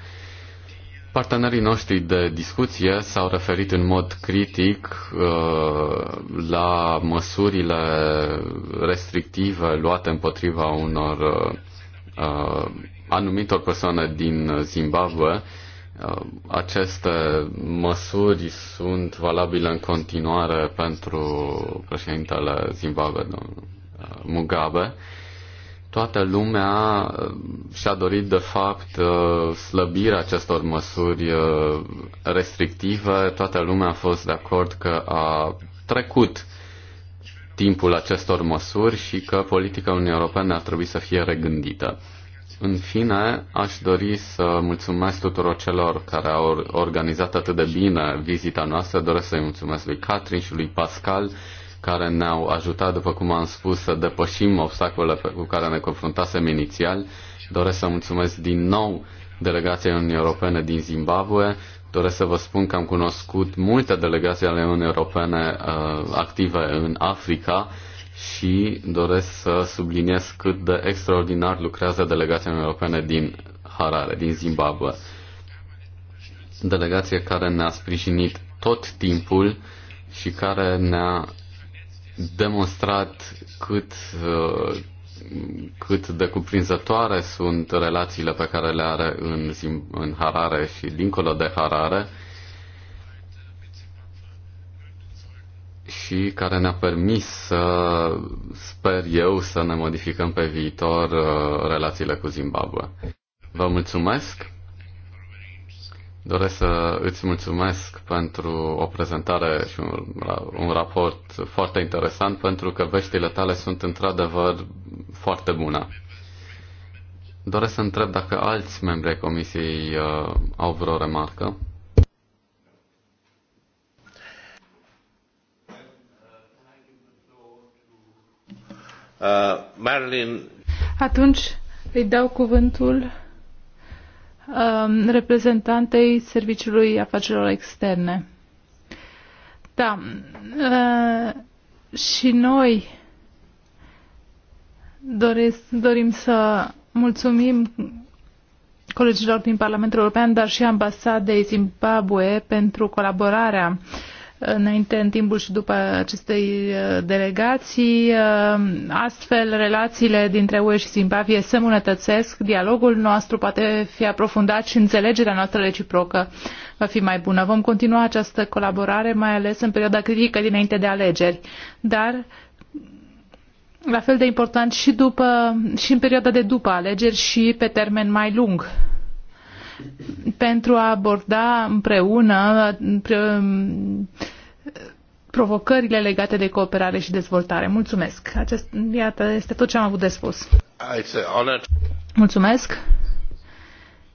Partenerii noștri de discuție s-au referit în mod critic uh, la măsurile restrictive luate împotriva unor uh, anumitor persoane din Zimbabwe. Uh, aceste măsuri sunt valabile în continuare pentru președintele Zimbabwe, domnul uh, Mugabe. Uh, Toată lumea uh, și-a dorit, de fapt, uh, slăbirea acestor măsuri uh, restrictive. Toată lumea a fost de acord că a trecut timpul acestor măsuri și că politica Uniunii Europene ar trebui să fie regândită. În fine, aș dori să mulțumesc tuturor celor care au organizat atât de bine vizita noastră. Doresc să-i mulțumesc lui Catrin și lui Pascal care ne-au ajutat, după cum am spus, să depășim obstacolele cu care ne confruntasem inițial. Doresc să mulțumesc din nou delegației Uniunii Europene din Zimbabwe. Doresc să vă spun că am cunoscut multe delegații ale Uniunii Europene uh, active în Africa și doresc să subliniez cât de extraordinar lucrează delegația Uniunii Europene din Harare, din Zimbabwe. Delegație care ne-a sprijinit tot timpul și care ne-a demonstrat cât, uh, cât de cuprinzătoare sunt relațiile pe care le are în, în Harare și dincolo de Harare și care ne-a permis să, sper eu, să ne modificăm pe viitor uh, relațiile cu Zimbabwe. Vă mulțumesc! Doresc să îți mulțumesc pentru o prezentare și un, un raport foarte interesant, pentru că veștile tale sunt într-adevăr foarte bune. Doresc să întreb dacă alți membri ai comisiei uh, au vreo remarcă. Uh, Marilyn. Atunci îi dau cuvântul Um, reprezentantei Serviciului Afacerilor Externe. Da. Uh, și noi doresc, dorim să mulțumim colegilor din Parlamentul European, dar și ambasadei Zimbabwe pentru colaborarea uh, înainte, în timpul și după acestei uh, delegații. Uh, astfel, relațiile dintre UE și Zimbabwe se îmbunătățesc, dialogul nostru poate fi aprofundat și înțelegerea noastră reciprocă va fi mai bună. Vom continua această colaborare, mai ales în perioada critică dinainte de alegeri. Dar la fel de important și, după, și în perioada de după alegeri și pe termen mai lung pentru a aborda împreună provocările legate de cooperare și dezvoltare. Mulțumesc. Acest, iată, este tot ce am avut de spus. Mulțumesc.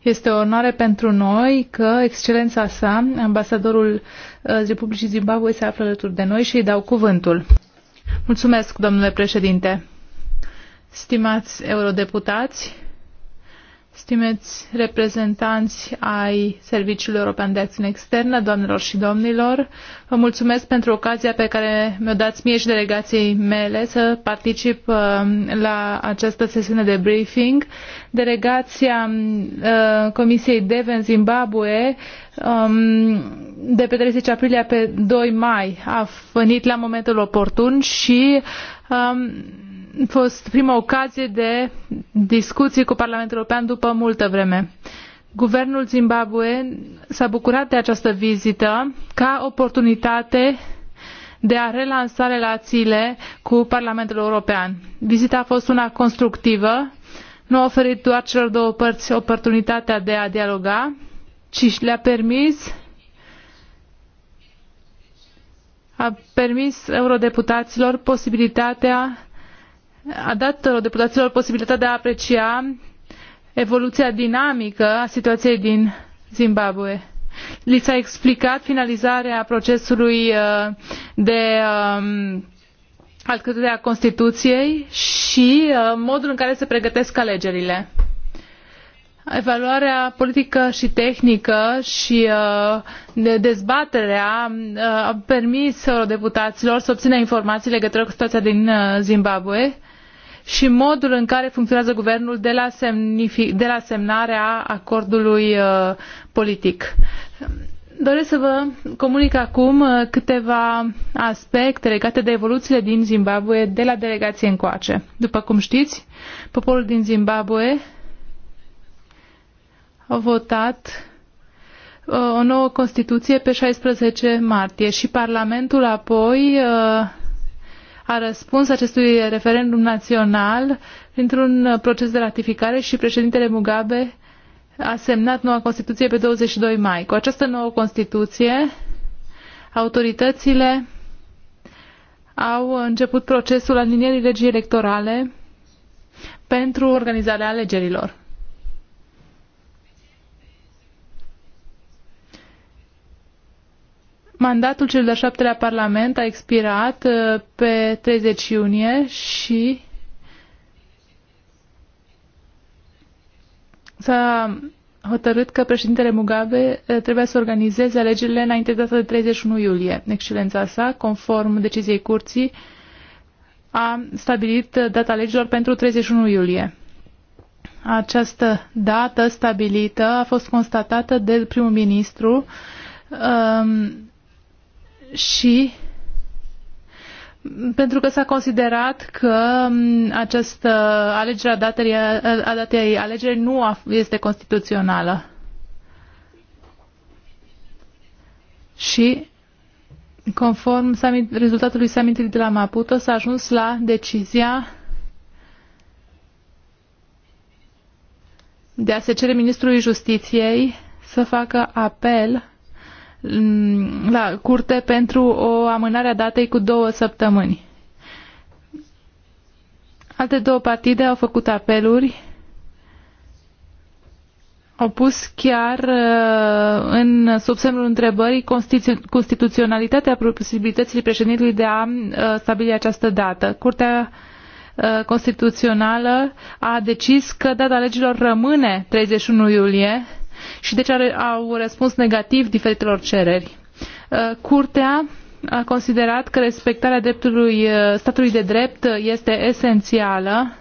Este o onoare pentru noi că excelența sa, ambasadorul uh, Republicii Zimbabwe, se află alături de noi și îi dau cuvântul. Mulțumesc, domnule președinte. Stimați eurodeputați, Stimeți reprezentanți ai Serviciului European de Acțiune Externă, doamnelor și domnilor, vă mulțumesc pentru ocazia pe care mi-o dați mie și delegației mele să particip uh, la această sesiune de briefing. Delegația uh, Comisiei DEVE în Zimbabwe um, de pe 30 aprilie pe 2 mai a venit la momentul oportun și um, fost prima ocazie de discuții cu Parlamentul European după multă vreme. Guvernul Zimbabwe s-a bucurat de această vizită ca oportunitate de a relansa relațiile cu Parlamentul European. Vizita a fost una constructivă, nu a oferit doar celor două părți oportunitatea de a dialoga, ci le-a permis a permis eurodeputaților posibilitatea a dat deputaților posibilitatea de a aprecia evoluția dinamică a situației din Zimbabwe. Li s-a explicat finalizarea procesului uh, de um, alcătuirea Constituției și uh, modul în care se pregătesc alegerile. Evaluarea politică și tehnică și uh, dezbaterea a permis deputaților să obțină informații legătură cu situația din Zimbabwe și modul în care funcționează guvernul de la, de la semnarea acordului uh, politic. Doresc să vă comunic acum uh, câteva aspecte legate de evoluțiile din Zimbabwe de la delegație încoace. După cum știți, poporul din Zimbabwe a votat uh, o nouă Constituție pe 16 martie și Parlamentul apoi uh, a răspuns acestui referendum național printr-un uh, proces de ratificare și președintele Mugabe a semnat noua Constituție pe 22 mai. Cu această nouă Constituție, autoritățile au început procesul alinierii legii electorale pentru organizarea alegerilor. Mandatul cel de-al șaptelea Parlament a expirat uh, pe 30 iunie și s-a hotărât că președintele Mugabe uh, trebuia să organizeze alegerile înainte de data de 31 iulie. Excelența sa, conform deciziei curții, a stabilit uh, data alegerilor pentru 31 iulie. Această dată stabilită a fost constatată de primul ministru um, și pentru că s-a considerat că această alegere a datei, a datei alegeri nu a, este constituțională. Și conform summit, rezultatului summitului de la Maputo s-a ajuns la decizia de a se cere ministrului justiției să facă apel la curte pentru o amânare a datei cu două săptămâni. Alte două partide au făcut apeluri, au pus chiar uh, în sub semnul întrebării constitu constituționalitatea posibilității președintelui de a uh, stabili această dată. Curtea uh, Constituțională a decis că data legilor rămâne 31 iulie și deci au răspuns negativ diferitelor cereri. Uh, curtea a considerat că respectarea dreptului, uh, statului de drept uh, este esențială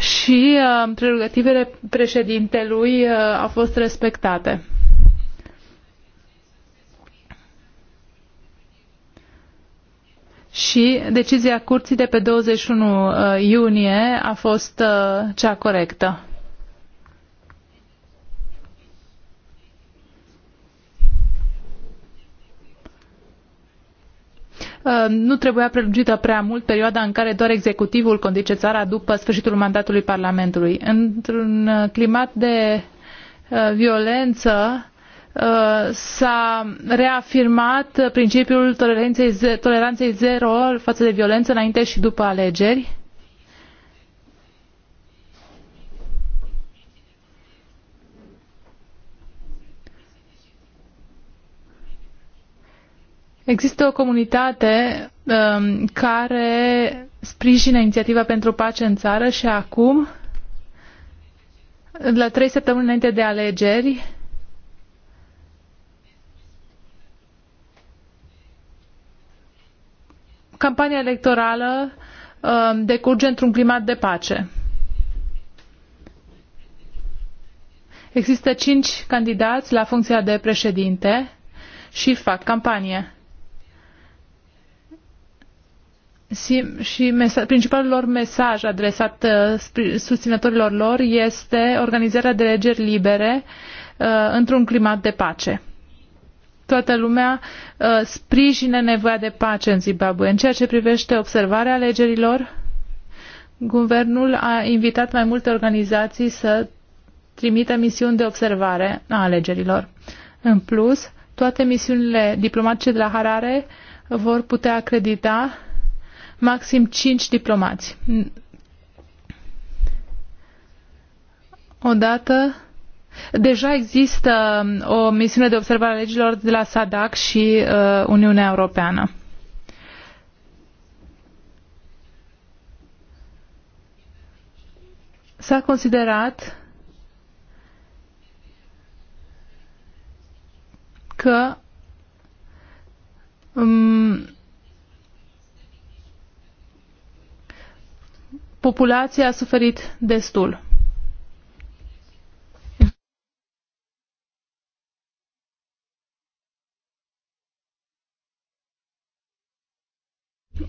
și prerogativele președintelui au fost respectate. Și decizia curții de pe 21 iunie a fost cea corectă. Uh, nu trebuia prelungită prea mult perioada în care doar executivul conduce țara după sfârșitul mandatului Parlamentului. Într-un uh, climat de uh, violență s-a reafirmat principiul toleranței zero față de violență înainte și după alegeri Există o comunitate um, care sprijină inițiativa pentru pace în țară și acum, la trei săptămâni înainte de alegeri, campania electorală um, decurge într-un climat de pace. Există cinci candidați la funcția de președinte și fac campanie. și mesaj, principalul lor mesaj adresat uh, susținătorilor lor este organizarea de legeri libere uh, într-un climat de pace. Toată lumea uh, sprijină nevoia de pace în Zimbabwe. În ceea ce privește observarea alegerilor, guvernul a invitat mai multe organizații să trimită misiuni de observare a alegerilor. În plus, toate misiunile diplomatice de la Harare vor putea acredita maxim 5 diplomați. Odată Deja există um, o misiune de observare a legilor de la SADAC și uh, Uniunea Europeană. S-a considerat că um, populația a suferit destul.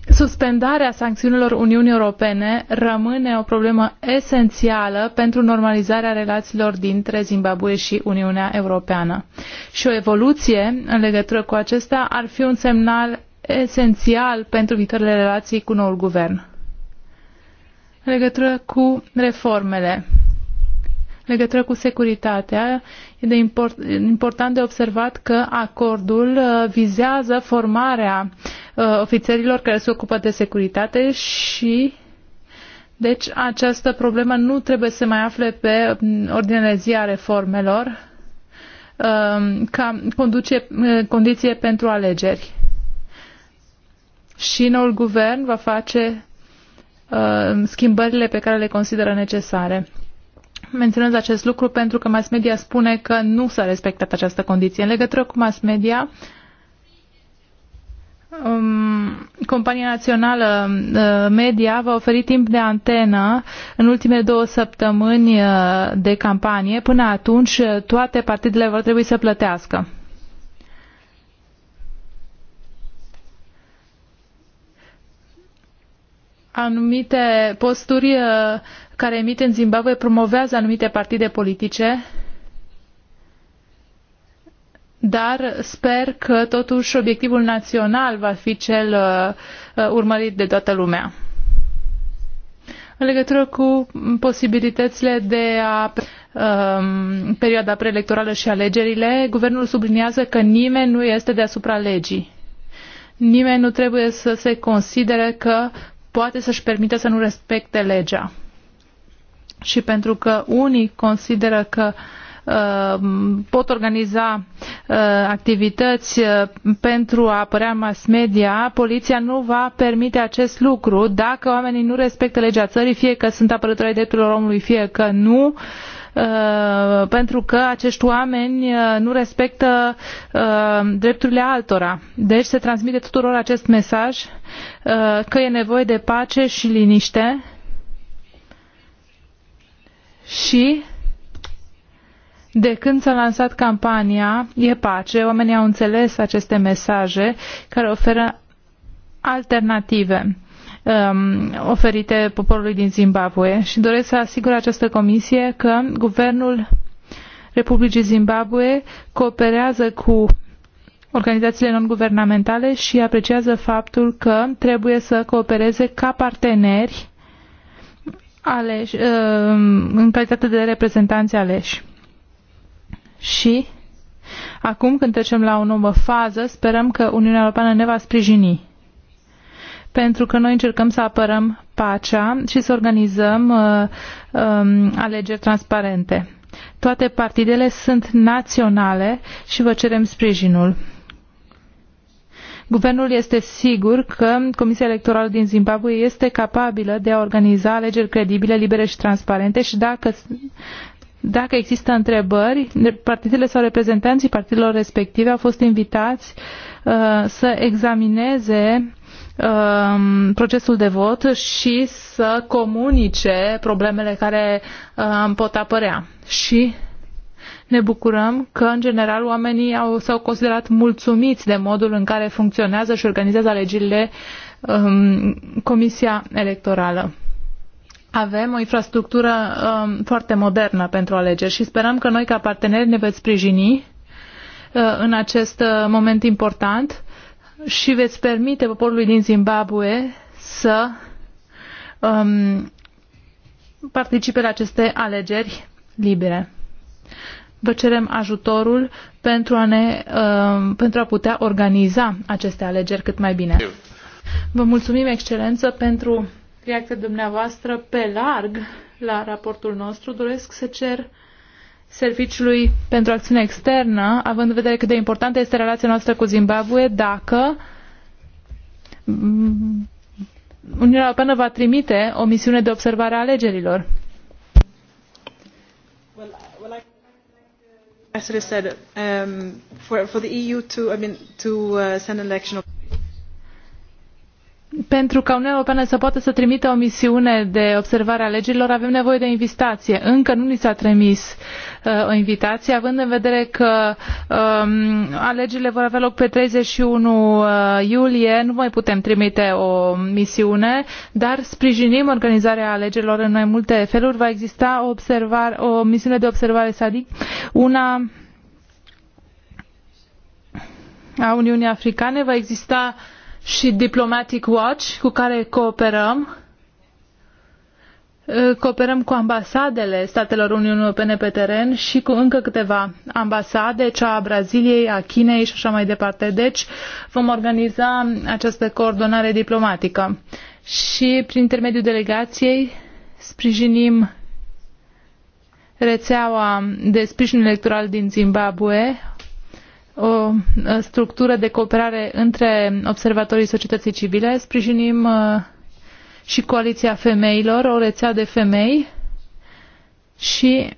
Suspendarea sancțiunilor Uniunii Europene rămâne o problemă esențială pentru normalizarea relațiilor dintre Zimbabwe și Uniunea Europeană. Și o evoluție în legătură cu acesta ar fi un semnal esențial pentru viitoarele relații cu noul guvern legătură cu reformele, legătură cu securitatea, e de import, important de observat că acordul uh, vizează formarea uh, ofițerilor care se ocupă de securitate și deci această problemă nu trebuie să mai afle pe mm, ordinele zi a reformelor um, ca conduce, uh, condiție pentru alegeri. Și noul guvern va face Uh, schimbările pe care le consideră necesare. Menționez acest lucru pentru că mass media spune că nu s-a respectat această condiție. În legătură cu mass media, Um, compania națională uh, media va oferi timp de antenă în ultimele două săptămâni uh, de campanie. Până atunci, uh, toate partidele vor trebui să plătească. anumite posturi uh, care emit în Zimbabwe promovează anumite partide politice, dar sper că totuși obiectivul național va fi cel uh, uh, urmărit de toată lumea. În legătură cu posibilitățile de a um, perioada preelectorală și alegerile, guvernul subliniază că nimeni nu este deasupra legii nimeni nu trebuie să se considere că poate să-și permită să nu respecte legea. Și pentru că unii consideră că uh, pot organiza uh, activități uh, pentru a apărea mass media, poliția nu va permite acest lucru dacă oamenii nu respectă legea țării, fie că sunt apărători ai drepturilor omului, fie că nu. Uh, Uh, pentru că acești oameni uh, nu respectă uh, drepturile altora. Deci se transmite tuturor acest mesaj că e nevoie de pace și liniște și de când s-a lansat campania E pace, oamenii au înțeles aceste mesaje care oferă alternative um, oferite poporului din Zimbabwe și doresc să asigur această comisie că guvernul Republicii Zimbabwe cooperează cu organizațiile non-guvernamentale și apreciază faptul că trebuie să coopereze ca parteneri aleși, um, în calitate de reprezentanți aleși. Și acum când trecem la o nouă fază, sperăm că Uniunea Europeană ne va sprijini pentru că noi încercăm să apărăm pacea și să organizăm uh, um, alegeri transparente. Toate partidele sunt naționale și vă cerem sprijinul. Guvernul este sigur că Comisia Electorală din Zimbabwe este capabilă de a organiza alegeri credibile, libere și transparente și dacă dacă există întrebări, partidele sau reprezentanții partidelor respective au fost invitați uh, să examineze uh, procesul de vot și să comunice problemele care uh, pot apărea. Și ne bucurăm că, în general, oamenii au, s-au considerat mulțumiți de modul în care funcționează și organizează alegerile um, Comisia Electorală avem o infrastructură um, foarte modernă pentru alegeri și sperăm că noi, ca parteneri, ne veți sprijini uh, în acest uh, moment important și veți permite poporului din Zimbabwe să um, participe la aceste alegeri libere. Vă cerem ajutorul pentru a, ne, uh, pentru a putea organiza aceste alegeri cât mai bine. Vă mulțumim, Excelență, pentru reacția dumneavoastră pe larg la raportul nostru. Doresc să cer Serviciului pentru Acțiune Externă, având în vedere cât de importantă este relația noastră cu Zimbabwe, dacă Uniunea Europeană va trimite o misiune de observare a alegerilor. As I said, um, for, for the EU to, I mean, to uh, send an election of pentru ca Uniunea Europeană să poată să trimită o misiune de observare a legilor, avem nevoie de invitație. Încă nu ni s-a trimis uh, o invitație, având în vedere că um, alegerile vor avea loc pe 31 uh, iulie, nu mai putem trimite o misiune, dar sprijinim organizarea alegerilor în mai multe feluri. Va exista o, o misiune de observare SADIC, una a Uniunii Africane, va exista și Diplomatic Watch cu care cooperăm. Cooperăm cu ambasadele statelor Uniunii Europene pe teren și cu încă câteva ambasade, cea a Braziliei, a Chinei și așa mai departe. Deci vom organiza această coordonare diplomatică și prin intermediul delegației sprijinim rețeaua de sprijin electoral din Zimbabwe, o structură de cooperare între observatorii societății civile, sprijinim uh, și Coaliția Femeilor, o rețea de femei și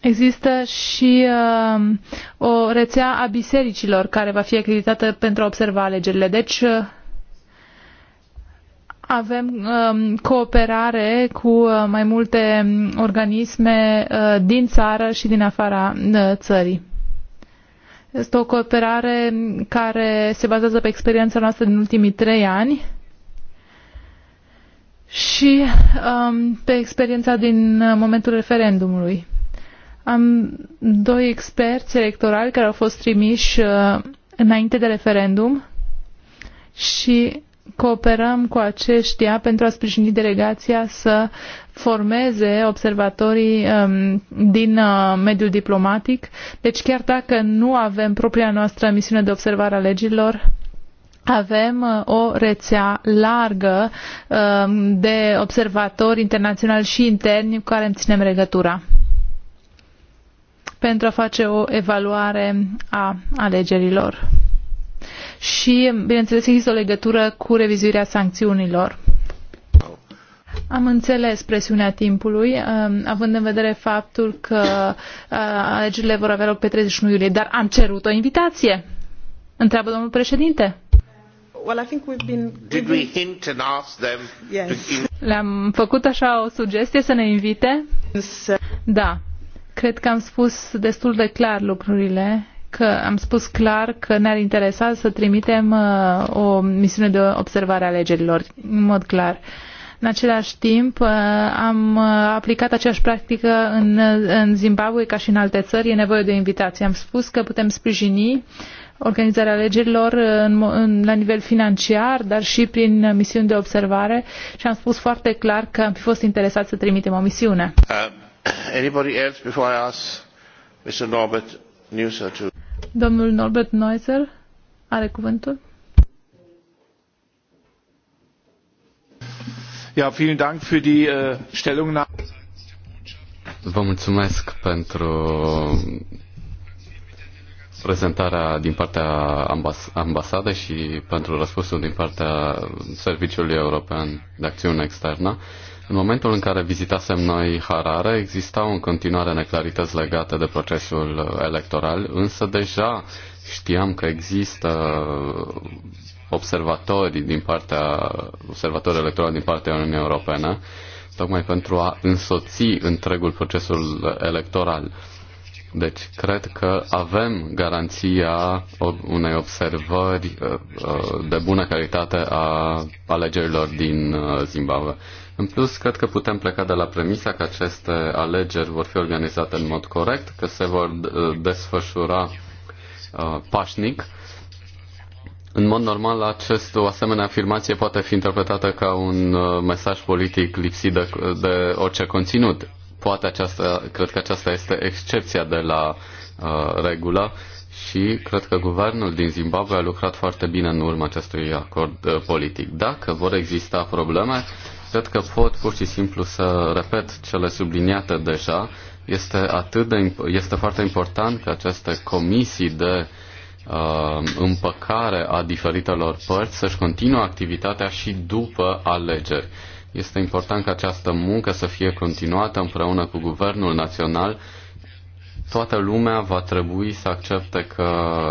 există și uh, o rețea a bisericilor care va fi acreditată pentru a observa alegerile. Deci uh, avem um, cooperare cu mai multe organisme din țară și din afara țării. Este o cooperare care se bazează pe experiența noastră din ultimii trei ani și um, pe experiența din uh, momentul referendumului. Am doi experți electorali care au fost trimiși uh, înainte de referendum și cooperăm cu aceștia pentru a sprijini delegația să formeze observatorii um, din uh, mediul diplomatic. Deci chiar dacă nu avem propria noastră misiune de observare a legilor, avem uh, o rețea largă um, de observatori internaționali și interni cu care îmi ținem legătura pentru a face o evaluare a alegerilor și, bineînțeles, există o legătură cu revizuirea sancțiunilor. Am înțeles presiunea timpului, um, având în vedere faptul că uh, alegerile vor avea loc pe 31 iulie, dar am cerut o invitație. Întreabă domnul președinte. Well, I think we've been... Did we hint and ask them yes. to... Le-am făcut așa o sugestie să ne invite? Da. Cred că am spus destul de clar lucrurile că am spus clar că ne-ar interesa să trimitem uh, o misiune de observare a alegerilor, în mod clar. În același timp, uh, am uh, aplicat aceeași practică în, în Zimbabwe ca și în alte țări. E nevoie de invitație. Am spus că putem sprijini organizarea alegerilor în, în, la nivel financiar, dar și prin misiuni de observare și am spus foarte clar că am fi fost interesat să trimitem o misiune. Uh, anybody else before I ask Mr. Norbert to... Domnul Norbert Neuser are cuvântul. Ja, vielen Dank für die uh, Stellungnahme. Vă mulțumesc pentru prezentarea din partea ambas- ambasadei și pentru răspunsul din partea Serviciului European de Acțiune Externă. Uh, în momentul în care vizitasem noi Harare, existau în continuare neclarități legate de procesul electoral, însă deja știam că există observatori din partea, observatori electorali din partea Uniunii Europene, tocmai pentru a însoți întregul procesul electoral. Deci, cred că avem garanția unei observări uh, uh, de bună calitate a alegerilor din uh, Zimbabwe. În plus, cred că putem pleca de la premisa că aceste alegeri vor fi organizate în mod corect, că se vor uh, desfășura uh, pașnic. În mod normal, acest, o asemenea afirmație poate fi interpretată ca un uh, mesaj politic lipsit de, de orice conținut. Poate aceasta, cred că aceasta este excepția de la uh, regulă și cred că guvernul din Zimbabwe a lucrat foarte bine în urma acestui acord uh, politic. Dacă vor exista probleme, Cred că pot pur și simplu să repet cele subliniate deja. Este, atât de, este foarte important că aceste comisii de uh, împăcare a diferitelor părți să-și continuă activitatea și după alegeri. Este important ca această muncă să fie continuată împreună cu Guvernul Național toată lumea va trebui să accepte că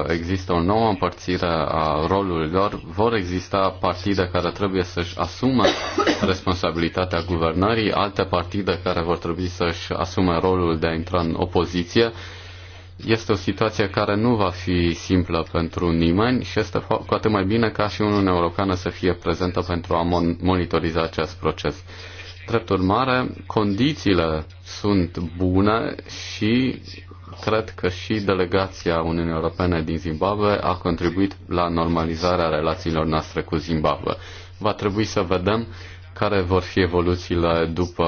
există o nouă împărțire a rolurilor, vor exista partide care trebuie să-și asume responsabilitatea guvernării, alte partide care vor trebui să-și asume rolul de a intra în opoziție. Este o situație care nu va fi simplă pentru nimeni și este cu atât mai bine ca și Uniunea Europeană să fie prezentă pentru a monitoriza acest proces. Drept urmare, condițiile sunt bune și cred că și delegația Uniunii Europene din Zimbabwe a contribuit la normalizarea relațiilor noastre cu Zimbabwe. Va trebui să vedem care vor fi evoluțiile după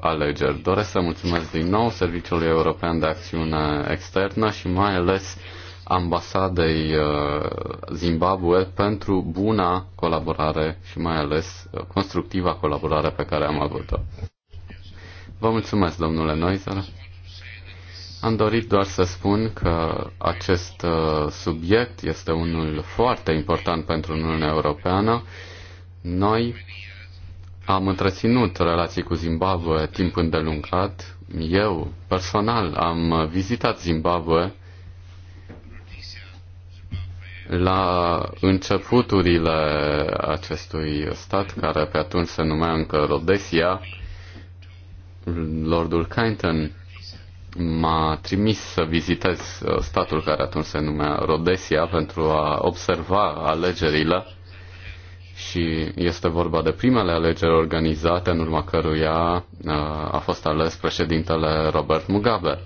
alegeri. Doresc să mulțumesc din nou Serviciului European de Acțiune Externă și mai ales ambasadei uh, Zimbabwe pentru buna colaborare și mai ales uh, constructiva colaborare pe care am avut-o. Vă mulțumesc, domnule Noizer. Am dorit doar să spun că acest uh, subiect este unul foarte important pentru Uniunea Europeană. Noi am întreținut relații cu Zimbabwe timp îndelungat. Eu, personal, am vizitat Zimbabwe la începuturile acestui stat, care pe atunci se numea încă Rhodesia. Lordul Cainton m-a trimis să vizitez uh, statul care atunci se numea Rhodesia pentru a observa alegerile și este vorba de primele alegeri organizate în urma căruia uh, a fost ales președintele Robert Mugabe.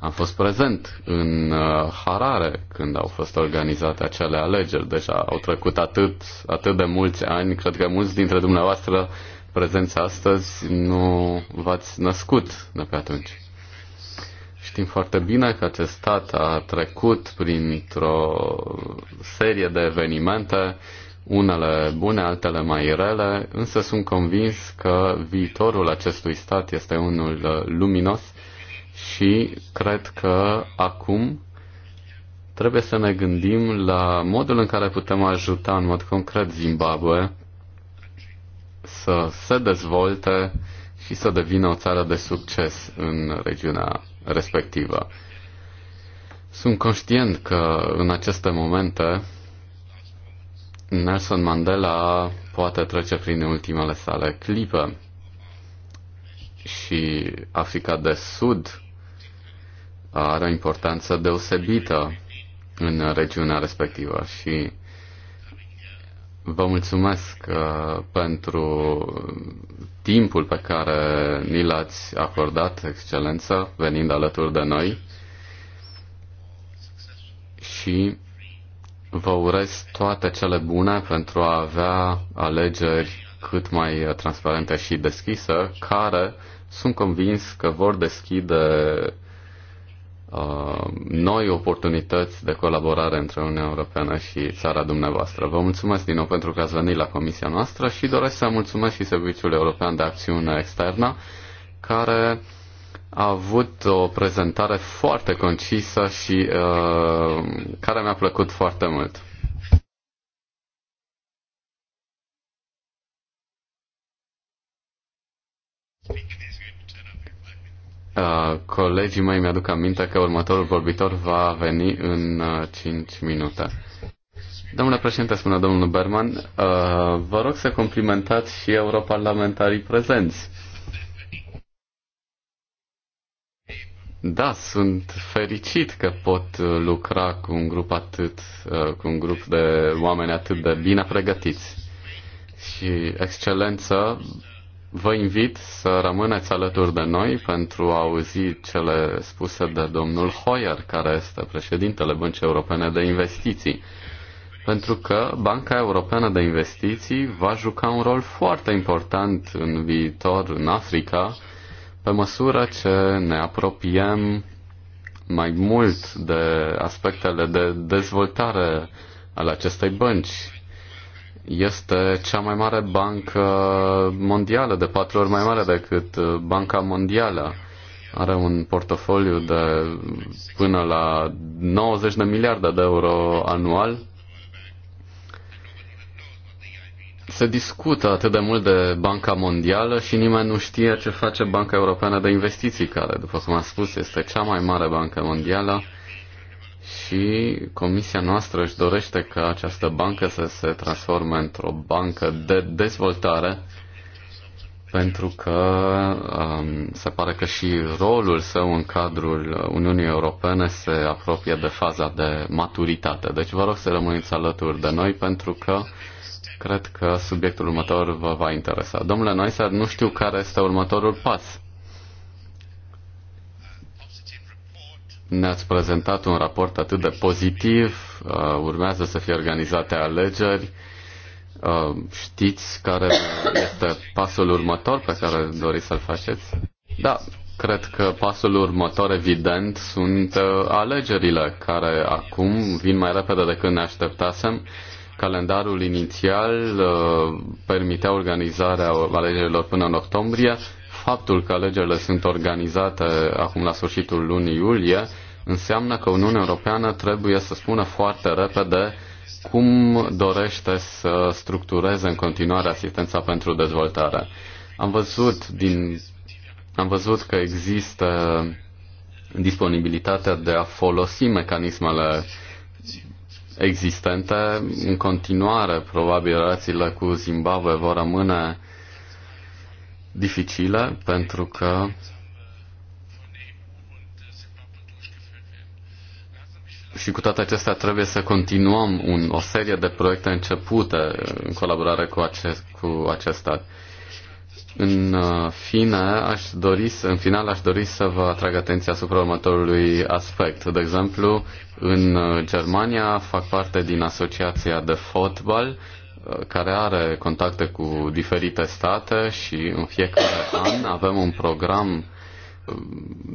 Am fost prezent în uh, Harare când au fost organizate acele alegeri. Deja au trecut atât, atât de mulți ani, cred că mulți dintre dumneavoastră prezenți astăzi nu v-ați născut de pe atunci. Știm foarte bine că acest stat a trecut printr-o serie de evenimente, unele bune, altele mai rele, însă sunt convins că viitorul acestui stat este unul luminos și cred că acum trebuie să ne gândim la modul în care putem ajuta în mod concret Zimbabwe să se dezvolte și să devină o țară de succes în regiunea respectivă. Sunt conștient că în aceste momente Nelson Mandela poate trece prin ultimele sale clipe și Africa de Sud are o importanță deosebită în regiunea respectivă și Vă mulțumesc uh, pentru timpul pe care ni l-ați acordat, excelență, venind alături de noi. Și vă urez toate cele bune pentru a avea alegeri cât mai transparente și deschise, care sunt convins că vor deschide Uh, noi oportunități de colaborare între Uniunea Europeană și țara dumneavoastră. Vă mulțumesc din nou pentru că ați venit la comisia noastră și doresc să mulțumesc și Serviciul European de Acțiune Externă, care a avut o prezentare foarte concisă și uh, care mi-a plăcut foarte mult. Uh, colegii mei mi-aduc aminte că următorul vorbitor va veni în uh, 5 minute. Domnule președinte, spune domnul Berman, uh, vă rog să complimentați și europarlamentarii prezenți. Da, sunt fericit că pot uh, lucra cu un grup atât, uh, cu un grup de oameni atât de bine pregătiți. Și excelență Vă invit să rămâneți alături de noi pentru a auzi cele spuse de domnul Hoyer, care este președintele Băncii Europene de Investiții. Pentru că Banca Europeană de Investiții va juca un rol foarte important în viitor în Africa, pe măsură ce ne apropiem mai mult de aspectele de dezvoltare ale acestei bănci este cea mai mare bancă mondială, de patru ori mai mare decât uh, Banca Mondială. Are un portofoliu de până la 90 de miliarde de euro anual. Se discută atât de mult de Banca Mondială și nimeni nu știe ce face Banca Europeană de Investiții, care, după cum am spus, este cea mai mare bancă mondială și comisia noastră își dorește ca această bancă să se transforme într-o bancă de dezvoltare pentru că um, se pare că și rolul său în cadrul Uniunii Europene se apropie de faza de maturitate. Deci vă rog să rămâneți alături de noi pentru că cred că subiectul următor vă va interesa. Domnule Noiser, nu știu care este următorul pas. Ne-ați prezentat un raport atât de pozitiv, uh, urmează să fie organizate alegeri. Uh, știți care este pasul următor pe care doriți să-l faceți? Da, cred că pasul următor evident sunt uh, alegerile care acum vin mai repede decât ne așteptasem. Calendarul inițial permitea organizarea alegerilor până în octombrie, faptul că alegerile sunt organizate acum la sfârșitul lunii iulie înseamnă că Uniunea Europeană trebuie să spună foarte repede cum dorește să structureze în continuare asistența pentru dezvoltare. Am văzut, din, am văzut că există disponibilitatea de a folosi mecanismele existente. În continuare, probabil, relațiile cu Zimbabwe vor rămâne dificile pentru că și cu toate acestea trebuie să continuăm un, o serie de proiecte începute în colaborare cu acest, cu acest stat. În uh, fine, aș dori să, în final aș dori să vă atrag atenția asupra următorului aspect. De exemplu, în uh, Germania fac parte din asociația de fotbal uh, care are contacte cu diferite state și în fiecare an avem un program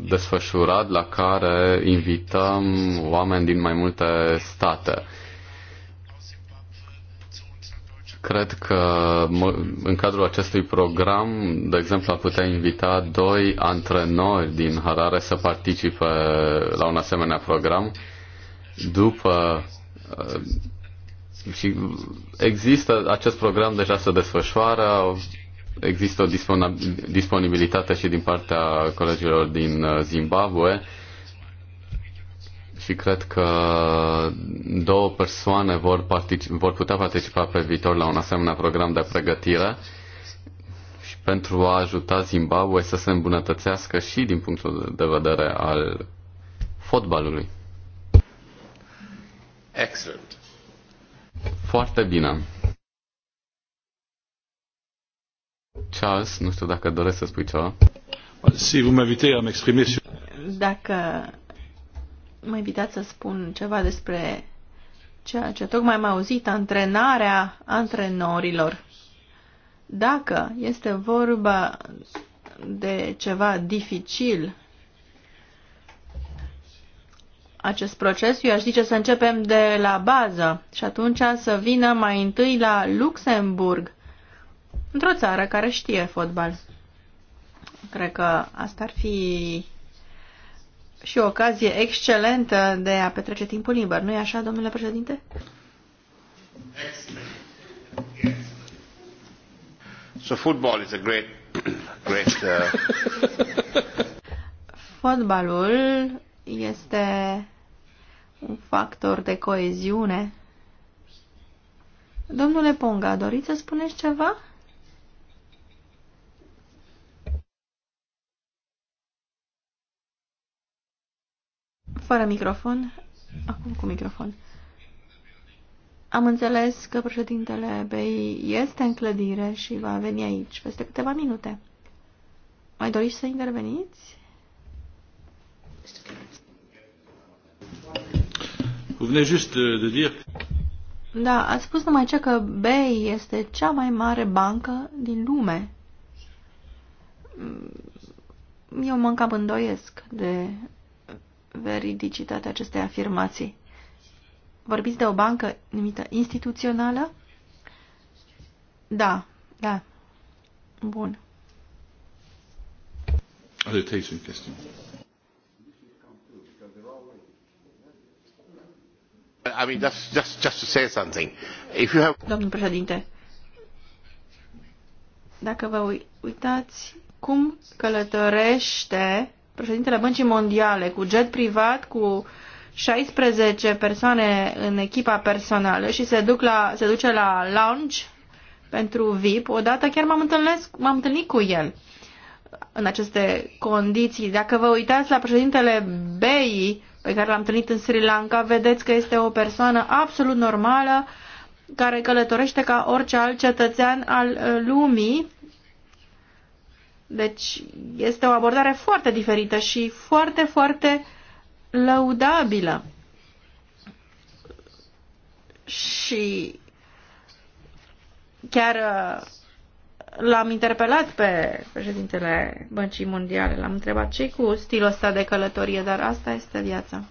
desfășurat la care invităm oameni din mai multe state. Cred că în cadrul acestui program, de exemplu, am putea invita doi antrenori din Harare să participe la un asemenea program. După uh, și există acest program deja se desfășoară, există o disponibilitate și din partea colegilor din uh, Zimbabwe și cred că două persoane vor, particip, vor putea participa pe viitor la un asemenea program de pregătire și pentru a ajuta Zimbabwe să se îmbunătățească și din punctul de vedere al fotbalului. Excellent. Foarte bine. Charles, nu știu dacă doresc să spui ceva. Si vous m'invitez à m'exprimer Dacă mă invitați să spun ceva despre ceea ce tocmai am auzit, antrenarea antrenorilor. Dacă este vorba de ceva dificil, acest proces, eu aș zice să începem de la bază și atunci să vină mai întâi la Luxemburg într-o țară care știe fotbal. Cred că asta ar fi și o ocazie excelentă de a petrece timpul liber, nu-i așa, domnule președinte? So football is a great, great. Uh... Fotbalul este un factor de coeziune. Domnule Ponga, doriți să spuneți ceva? Fără microfon. Acum cu microfon. Am înțeles că președintele BEI este în clădire și va veni aici peste câteva minute. Mai doriți să interveniți? Da, ați spus numai ce că BEI este cea mai mare bancă din lume. Eu mă încap îndoiesc de veridicitatea acestei afirmații. Vorbiți de o bancă numită instituțională? Da, da. Bun. I mean, just, just to say something. If you have... Domnul președinte, dacă vă uitați cum călătorește președintele Băncii Mondiale, cu jet privat, cu 16 persoane în echipa personală și se, duc la, se duce la lounge pentru VIP. Odată chiar m-am întâlnit, m-am întâlnit cu el în aceste condiții. Dacă vă uitați la președintele BEI, pe care l-am întâlnit în Sri Lanka, vedeți că este o persoană absolut normală, care călătorește ca orice alt cetățean al uh, lumii deci este o abordare foarte diferită și foarte, foarte lăudabilă. Și chiar uh, l-am interpelat pe președintele Băncii Mondiale, l-am întrebat ce cu stilul ăsta de călătorie, dar asta este viața.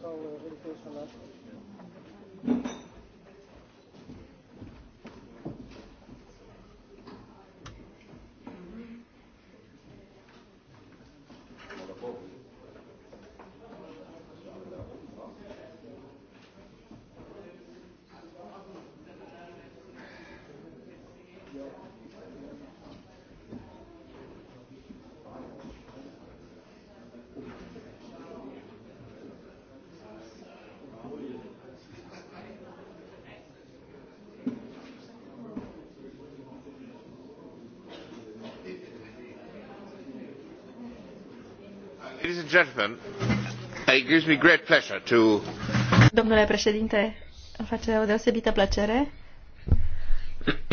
sau education Domnule președinte, îmi face o deosebită plăcere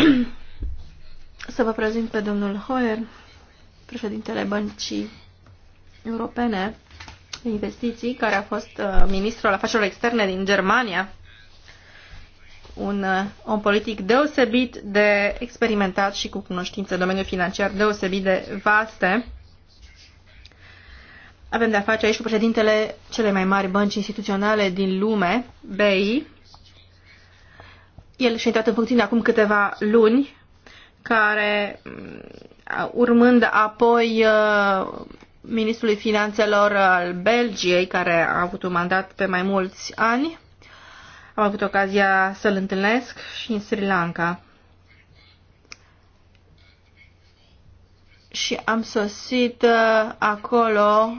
să vă prezint pe domnul Hoyer, președintele Băncii Europene de Investiții, care a fost uh, ministrul afacerilor externe din Germania, un uh, om politic deosebit de experimentat și cu cunoștințe în domeniul financiar deosebit de vaste. Avem de-a face aici cu președintele cele mai mari bănci instituționale din lume, BI. El și-a intrat în funcțiune acum câteva luni, care mm, urmând apoi uh, ministrului finanțelor al Belgiei, care a avut un mandat pe mai mulți ani. Am avut ocazia să-l întâlnesc și în Sri Lanka. și am sosit uh, acolo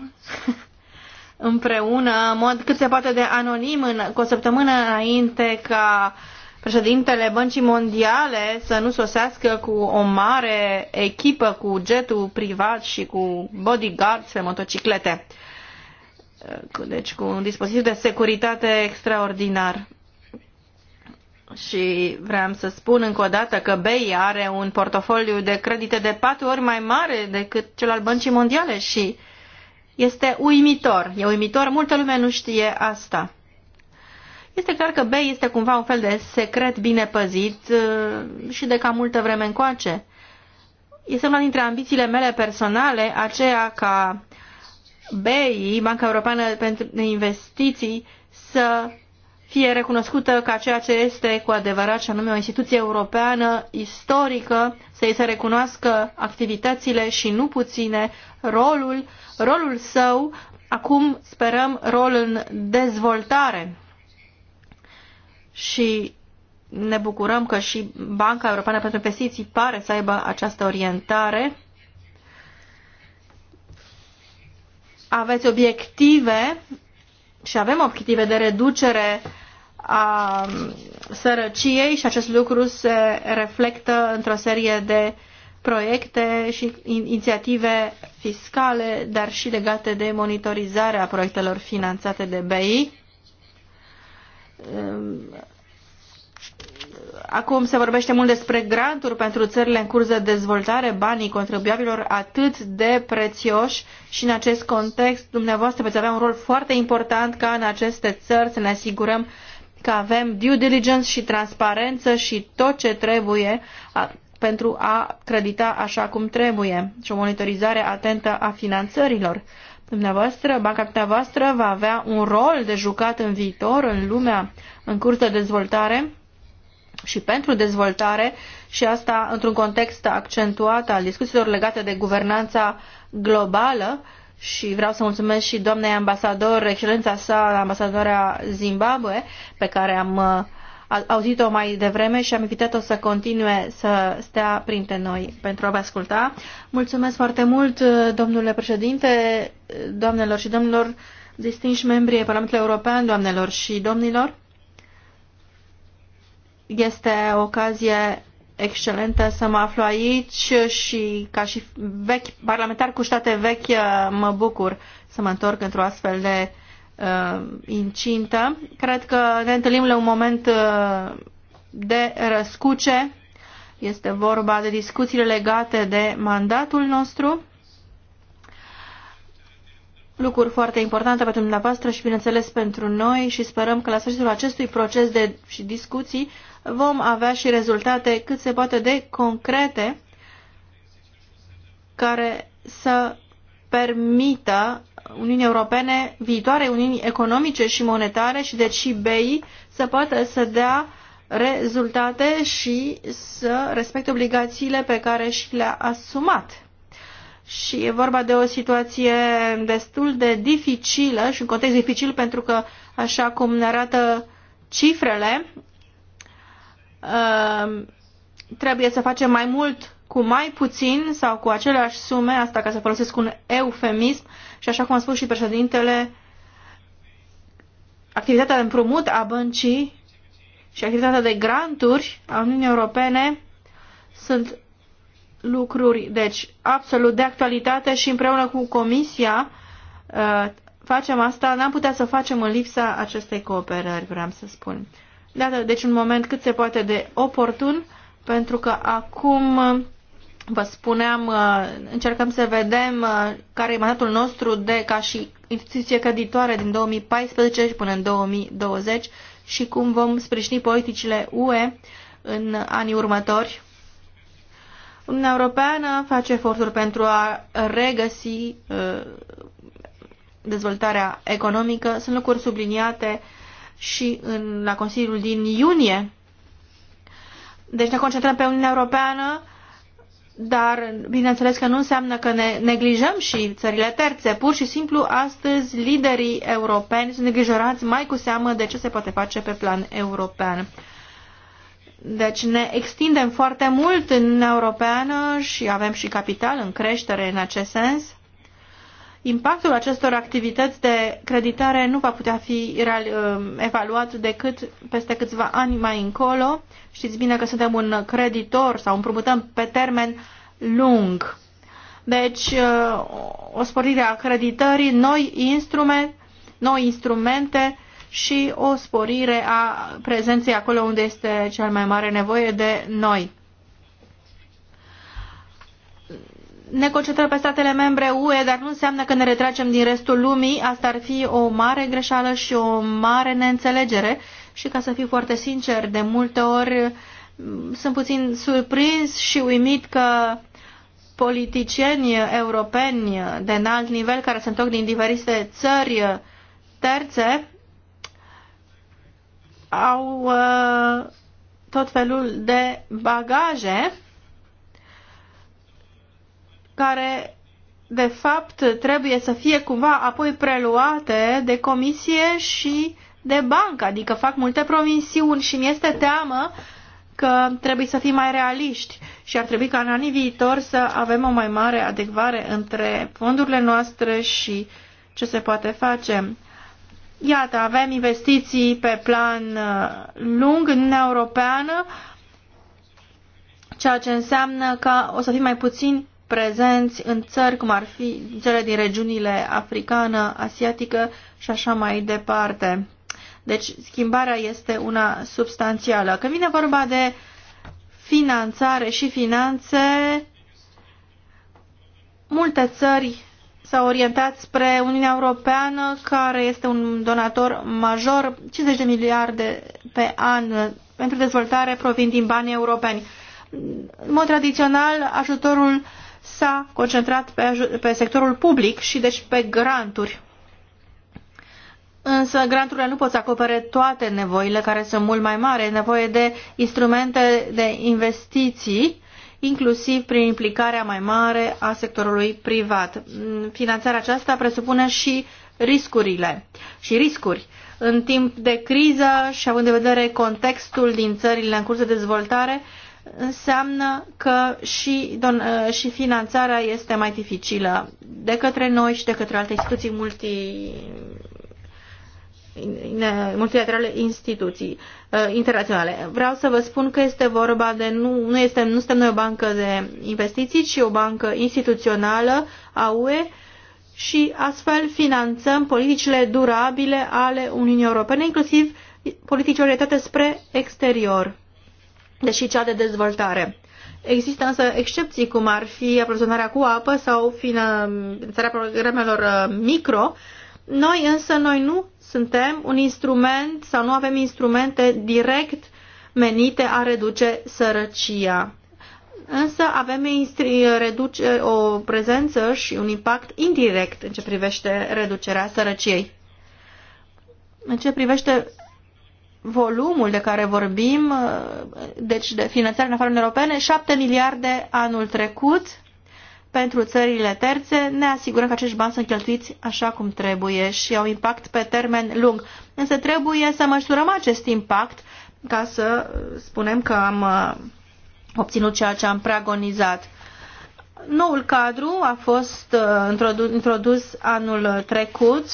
împreună, în mod cât se poate de anonim, în, cu o săptămână înainte ca președintele Băncii Mondiale să nu sosească cu o mare echipă, cu jetul privat și cu bodyguards pe motociclete. Uh, deci cu un dispozitiv de securitate extraordinar și vreau să spun încă o dată că BEI are un portofoliu de credite de patru ori mai mare decât cel al Băncii Mondiale și este uimitor. E uimitor, multă lume nu știe asta. Este clar că BEI este cumva un fel de secret bine păzit uh, și de cam multă vreme încoace. Este una dintre ambițiile mele personale, aceea ca BEI, Banca Europeană pentru Investiții, să fie recunoscută ca ceea ce este cu adevărat și anume o instituție europeană istorică, să îi se recunoască activitățile și nu puține rolul, rolul său, acum sperăm rol în dezvoltare. Și ne bucurăm că și Banca Europeană pentru Investiții pare să aibă această orientare. Aveți obiective și avem obiective de reducere a sărăciei și acest lucru se reflectă într-o serie de proiecte și inițiative fiscale, dar și legate de monitorizarea proiectelor finanțate de BI Acum se vorbește mult despre granturi pentru țările în curs de dezvoltare, banii contribuabilor atât de prețioși și în acest context dumneavoastră veți avea un rol foarte important ca în aceste țări să ne asigurăm că avem due diligence și transparență și tot ce trebuie pentru a credita așa cum trebuie și o monitorizare atentă a finanțărilor. Dumneavoastră, banca dumneavoastră va avea un rol de jucat în viitor, în lumea în curs de dezvoltare și pentru dezvoltare și asta într-un context accentuat al discuțiilor legate de guvernanța globală și vreau să mulțumesc și doamnei ambasador, excelența sa, ambasadoarea Zimbabwe, pe care am uh, auzit-o mai devreme și am invitat-o să continue să stea printre noi pentru a vă asculta. Mulțumesc foarte mult, uh, domnule președinte, uh, doamnelor și domnilor, distinși membrii Parlamentului European, doamnelor și domnilor. Este o ocazie excelentă să mă aflu aici și ca și vechi parlamentar cu state vechi uh, mă bucur să mă întorc într-o astfel de uh, incintă. Cred că ne întâlnim la un moment uh, de răscuce. Este vorba de discuțiile legate de mandatul nostru. Lucruri foarte importante pentru dumneavoastră și, bineînțeles, pentru noi și sperăm că la sfârșitul acestui proces de și discuții vom avea și rezultate cât se poate de concrete care să permită Uniunii Europene, viitoare Uniuni economice și monetare și deci și BEI să poată să dea rezultate și să respecte obligațiile pe care și le-a asumat. Și e vorba de o situație destul de dificilă și un context dificil pentru că, așa cum ne arată cifrele, Ehm, trebuie să facem mai mult cu mai puțin sau cu aceleași sume, asta ca să folosesc un eufemism, și așa cum a spus și președintele, activitatea de împrumut a băncii și activitatea de granturi a Uniunii Europene sunt lucruri, deci, absolut de actualitate și împreună cu Comisia ehm, facem asta, n-am putea să facem în lipsa acestei cooperări, vreau să spun. Iată, deci un moment cât se poate de oportun, pentru că acum uh, vă spuneam, uh, încercăm să vedem uh, care e mandatul nostru de ca și instituție creditoare din 2014 până în 2020 și cum vom sprijini politicile UE în anii următori. Uniunea Europeană face eforturi pentru a regăsi dezvoltarea economică. Sunt lucruri subliniate și în, la Consiliul din iunie. Deci ne concentrăm pe Uniunea Europeană, dar bineînțeles că nu înseamnă că ne neglijăm și țările terțe. Pur și simplu, astăzi, liderii europeni sunt neglijorați mai cu seamă de ce se poate face pe plan european. Deci ne extindem foarte mult în Uniunea Europeană și avem și capital în creștere în acest sens impactul acestor activități de creditare nu va putea fi um, evaluat decât peste câțiva ani mai încolo. Știți bine că suntem un creditor sau împrumutăm pe termen lung. Deci, uh, o sporire a creditării, noi instrumente, noi instrumente și o sporire a prezenței acolo unde este cel mai mare nevoie de noi. ne concentrăm pe statele membre UE, dar nu înseamnă că ne retragem din restul lumii. Asta ar fi o mare greșeală și o mare neînțelegere. Și ca să fiu foarte sincer, de multe ori mm, sunt puțin surprins și uimit că politicieni europeni de înalt nivel care se întorc din diverse țări terțe au uh, tot felul de bagaje care de fapt trebuie să fie cumva apoi preluate de comisie și de bancă, adică fac multe promisiuni și mi este teamă că trebuie să fim mai realiști și ar trebui ca în anii viitor să avem o mai mare adecvare între fondurile noastre și ce se poate face. Iată, avem investiții pe plan uh, lung în Uniunea Europeană, ceea ce înseamnă că o să fim mai puțin prezenți în țări cum ar fi cele din regiunile africană, asiatică și așa mai departe. Deci schimbarea este una substanțială. Când vine vorba de finanțare și finanțe, multe țări s-au orientat spre Uniunea Europeană, care este un donator major, 50 de miliarde pe an pentru dezvoltare provin din banii europeni. În mod tradițional, ajutorul uh, s-a concentrat pe, pe sectorul public și deci pe granturi. Însă granturile nu pot să acopere toate nevoile care sunt mult mai mari, e nevoie de instrumente de investiții, inclusiv prin implicarea mai mare a sectorului privat. Finanțarea aceasta presupune și riscurile și riscuri. În timp de criză și având în vedere contextul din țările în curs de dezvoltare, înseamnă că și, don- uh, și finanțarea este mai dificilă de către noi și de către alte instituții multi multilaterale instituții uh, internaționale. Vreau să vă spun că este vorba de nu, nu, este, nu suntem noi o bancă de investiții, ci o bancă instituțională a UE și astfel finanțăm politicile durabile ale Uniunii Europene, inclusiv politici orientate spre exterior deși cea de dezvoltare. Există însă excepții, cum ar fi aprovizionarea cu apă sau finanțarea programelor uh, micro. Noi însă, noi nu suntem un instrument sau nu avem instrumente direct menite a reduce sărăcia. Însă avem reduce, o prezență și un impact indirect în ce privește reducerea sărăciei. În ce privește volumul de care vorbim, uh, deci de finanțare în afara Uniunii Europene, 7 miliarde anul trecut pentru țările terțe, ne asigurăm că acești bani sunt cheltuiți așa cum trebuie și au impact pe termen lung. Însă trebuie să măsurăm acest impact ca să spunem că am uh, obținut ceea ce am preagonizat. Noul cadru a fost uh, introdus anul trecut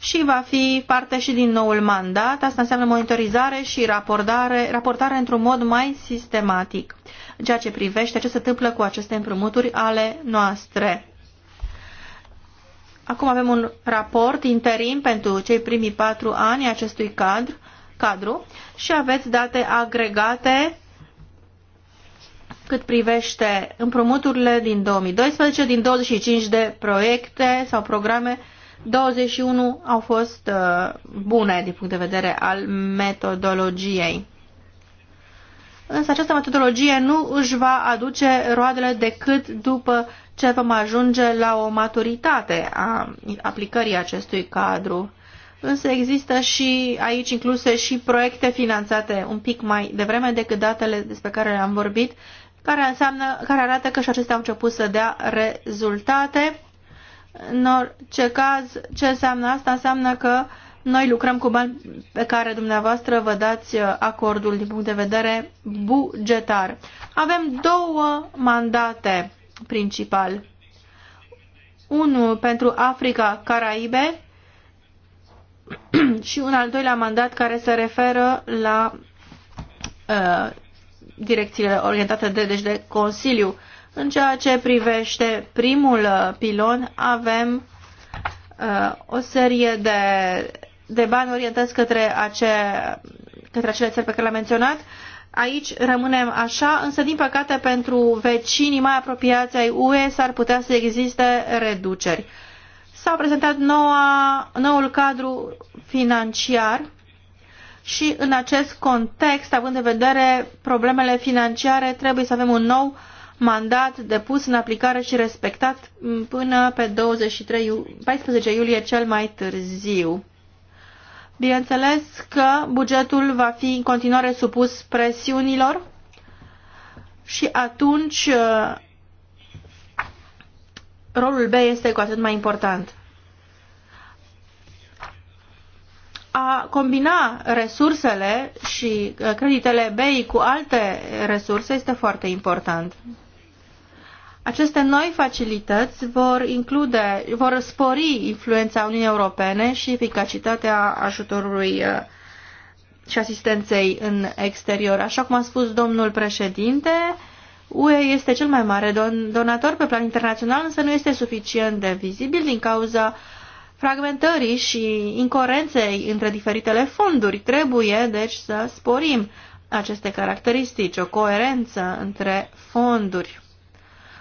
și va fi parte și din noul mandat. Asta înseamnă monitorizare și raportare, raportare într-un mod mai sistematic în ceea ce privește ce se întâmplă cu aceste împrumuturi ale noastre. Acum avem un raport interim pentru cei primii patru ani acestui cadru, cadru și aveți date agregate cât privește împrumuturile din 2012 din 25 de proiecte sau programe 21 au fost uh, bune din punct de vedere al metodologiei. Însă această metodologie nu își va aduce roadele decât după ce vom ajunge la o maturitate a aplicării acestui cadru. Însă există și aici incluse și proiecte finanțate un pic mai devreme decât datele despre care le-am vorbit, care, înseamnă, care arată că și acestea au început să dea rezultate în orice caz, ce înseamnă asta? Înseamnă că noi lucrăm cu bani pe care dumneavoastră vă dați uh, acordul din punct de vedere bugetar. Avem două mandate principal. Unul pentru Africa, Caraibe și un al doilea mandat care se referă la uh, direcțiile orientate de, deci de Consiliu. În ceea ce privește primul uh, pilon, avem uh, o serie de, de bani orientați către, ace, către acele țări pe care le-am menționat. Aici rămânem așa, însă din păcate pentru vecinii mai apropiați ai UE s-ar putea să existe reduceri. S-a prezentat noua, noul cadru financiar și în acest context, având în vedere problemele financiare, trebuie să avem un nou uh, mandat depus în aplicare și respectat mm, până pe 23, 14 iulie cel mai târziu. Bineînțeles că bugetul va fi în continuare supus presiunilor și atunci uh, rolul B este cu atât mai important. A combina resursele și uh, creditele BEI cu alte resurse este foarte important. Aceste noi facilități vor include, vor spori influența Uniunii Europene și eficacitatea ajutorului uh, și asistenței în exterior. Așa cum a spus domnul președinte, UE este cel mai mare don donator pe plan internațional, însă nu este suficient de vizibil din cauza fragmentării și incorenței între diferitele fonduri. Trebuie, deci, să sporim aceste caracteristici, o coerență între fonduri.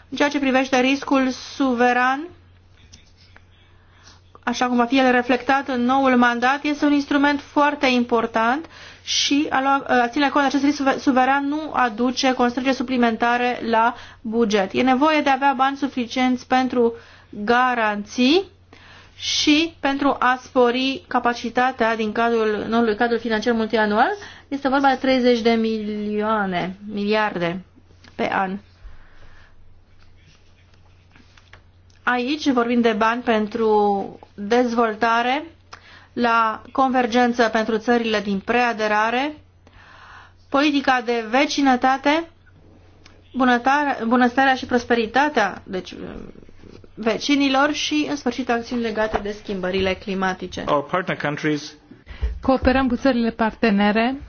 În ceea ce privește riscul suveran, așa cum va fi el reflectat în noul mandat, este un instrument foarte important și a, lua, a ține cont acest risc suveran nu aduce constrângeri suplimentare la buget. E nevoie de a avea bani suficienți pentru garanții și pentru a spori capacitatea din cadrul noului cadru financiar multianual. Este vorba de 30 de milioane, miliarde pe an. Aici vorbim de bani pentru dezvoltare, la convergență pentru țările din preaderare, politica de vecinătate, bunăstarea și prosperitatea deci, vecinilor și, în sfârșit, acțiuni legate de schimbările climatice. Cooperăm cu țările partenere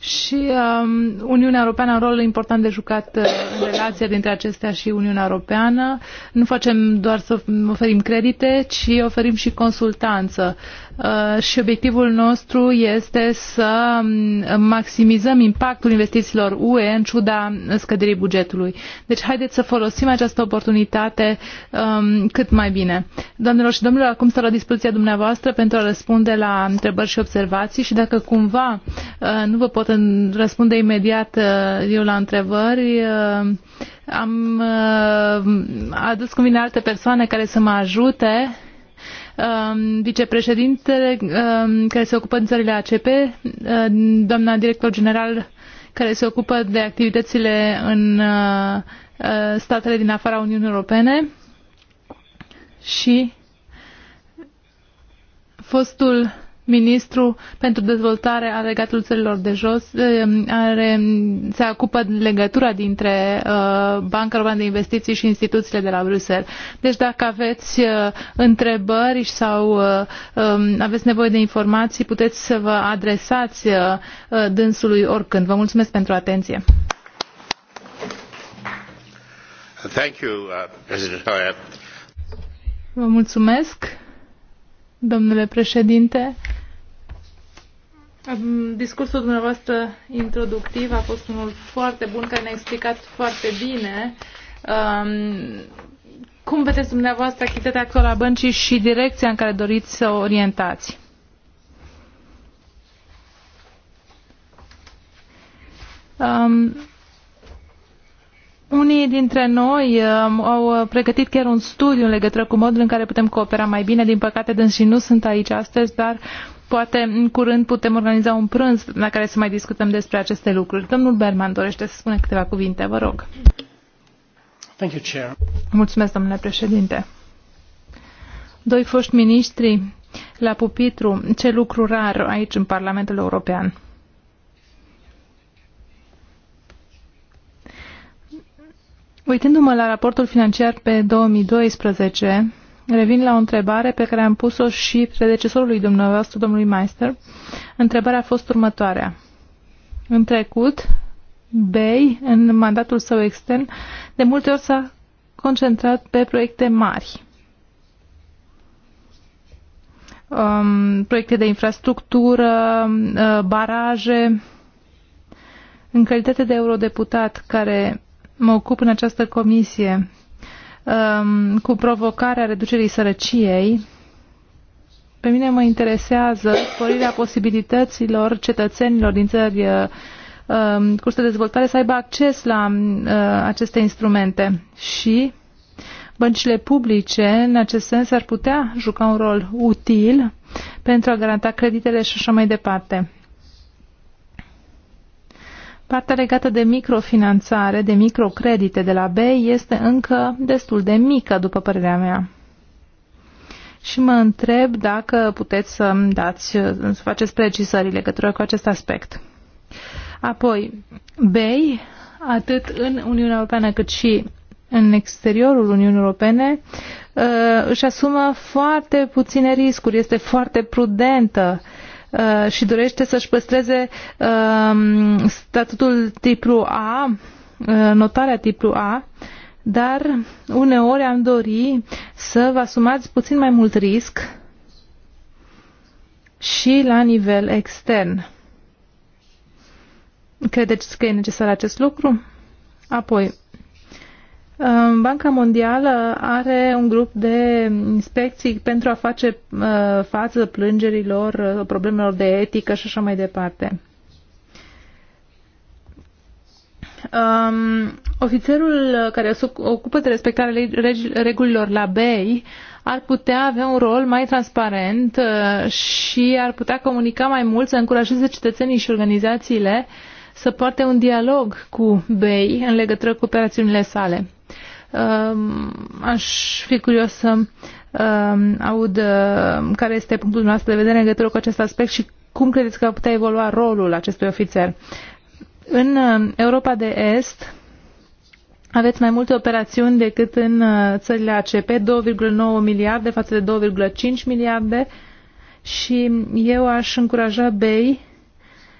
și um, Uniunea Europeană are un rol important de jucat uh, în relația dintre acestea și Uniunea Europeană. Nu facem doar să oferim credite, ci oferim și consultanță Uh, și obiectivul nostru este să um, maximizăm impactul investițiilor UE în ciuda scăderii bugetului. Deci haideți să folosim această oportunitate um, cât mai bine. Doamnelor și domnilor, acum stau la dispoziția dumneavoastră pentru a răspunde la întrebări și observații și dacă cumva uh, nu vă pot răspunde imediat uh, eu la întrebări, uh, am uh, adus cu mine alte persoane care să mă ajute Um, vicepreședintele um, care se ocupă în țările ACP, uh, doamna director general care se ocupă de activitățile în uh, uh, statele din afara Uniunii Europene și fostul ministru pentru dezvoltare a legatul țărilor de jos eh, are, se ocupă legătura dintre uh, Banca română de Investiții și instituțiile de la Bruxelles. Deci dacă aveți uh, întrebări sau uh, um, aveți nevoie de informații, puteți să vă adresați uh, dânsului oricând. Vă mulțumesc pentru atenție. Thank you, uh, President Hoyer. Vă mulțumesc domnule președinte. Discursul dumneavoastră introductiv a fost unul foarte bun, care ne-a explicat foarte bine um, cum vedeți dumneavoastră activitatea actuală a băncii și direcția în care doriți să o orientați. Um, unii dintre noi um, uh, au pregătit chiar un studiu în legătură cu modul în care putem coopera mai bine. Din păcate, dânsii nu sunt aici astăzi, dar poate în curând putem organiza un prânz la care să mai discutăm despre aceste lucruri. Domnul Berman dorește să spune câteva cuvinte, vă rog. Thank you, Chair. Mulțumesc, domnule președinte. Doi foști miniștri la pupitru, ce lucru rar aici în Parlamentul European. Uitându-mă la raportul financiar pe 2012, revin la o întrebare pe care am pus-o și predecesorului dumneavoastră, domnului Meister. Întrebarea a fost următoarea. În trecut, Bay, în mandatul său extern, de multe ori s-a concentrat pe proiecte mari. Um, proiecte de infrastructură, uh, baraje. În calitate de eurodeputat care mă ocup în această comisie um, cu provocarea reducerii sărăciei, pe mine mă interesează sporirea posibilităților cetățenilor din țări uh, um, curs de dezvoltare să aibă acces la uh, aceste instrumente și băncile publice în acest sens ar putea juca un rol util pentru a garanta creditele și așa mai departe. Partea legată de microfinanțare, de microcredite de la BEI este încă destul de mică, după părerea mea. Și mă întreb dacă puteți să dați, să faceți precisări legătură cu acest aspect. Apoi, BEI, atât în Uniunea Europeană cât și în exteriorul Uniunii Europene, uh, își asumă foarte puține riscuri, este foarte prudentă Uh, și dorește să-și păstreze um, statutul tiplu A, uh, notarea tiplu A, dar uneori am dori să vă asumați puțin mai mult risc și la nivel extern. Credeți că e necesar acest lucru? Apoi, Ehm, Banca Mondială are un grup de inspecții pentru a face ehm, față plângerilor, eh, problemelor de etică și așa mai departe. Um, ofițerul care se ocupă de respectarea regulilor la BEI ar putea avea un rol mai transparent eh, și ar putea comunica mai mult, să încurajeze cetățenii și organizațiile să poarte un dialog cu BEI în legătură cu operațiunile sale. Um, aș fi curios să um, aud um, care este punctul dumneavoastră de vedere în legătură cu acest aspect și cum credeți că va putea evolua rolul acestui ofițer. În Europa de Est, aveți mai multe operațiuni decât în uh, țările ACP, 2,9 miliarde față de 2,5 miliarde și eu aș încuraja BEI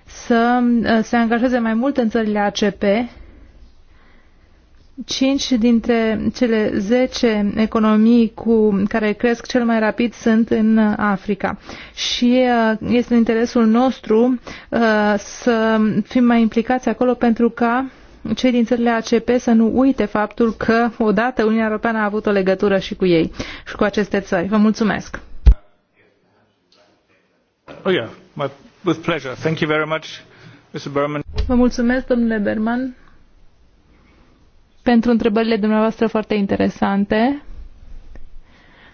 să uh, se angajeze mai mult în țările ACP Cinci dintre cele zece economii cu care cresc cel mai rapid sunt în Africa și uh, este în interesul nostru uh, să fim mai implicați acolo pentru ca cei din țările ACP să nu uite faptul că odată Uniunea Europeană a avut o legătură și cu ei și cu aceste țări. Vă mulțumesc! Oh yeah, my, with pleasure. Thank you very much, Mr. Berman. Vă mulțumesc, domnule Berman pentru întrebările dumneavoastră foarte interesante.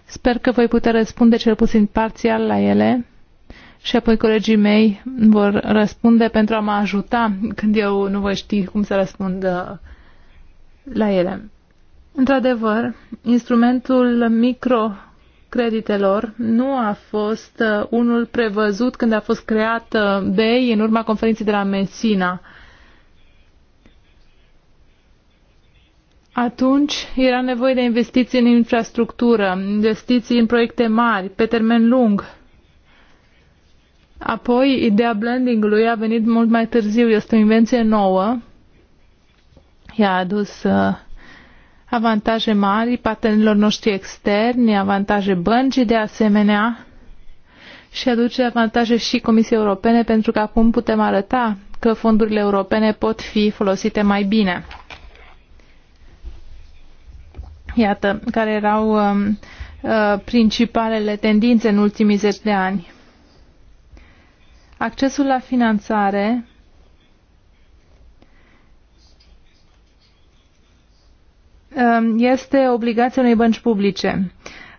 Sper că voi putea răspunde cel puțin parțial la ele și apoi colegii mei vor răspunde pentru a mă ajuta când eu nu voi ști cum să răspund uh, la ele. Într-adevăr, instrumentul microcreditelor nu a fost uh, unul prevăzut când a fost creat uh, BEI în urma conferinței de la Messina atunci era nevoie de investiții în infrastructură, investiții în proiecte mari, pe termen lung. Apoi, ideea blending-ului a venit mult mai târziu, este o invenție nouă. Ea a adus uh, avantaje mari partenerilor noștri externi, avantaje băncii de asemenea și aduce avantaje și Comisiei Europene pentru că acum putem arăta că fondurile europene pot fi folosite mai bine. Iată, care erau um, uh, principalele tendințe în ultimii zeci de ani. Accesul la finanțare um, este obligația unei bănci publice.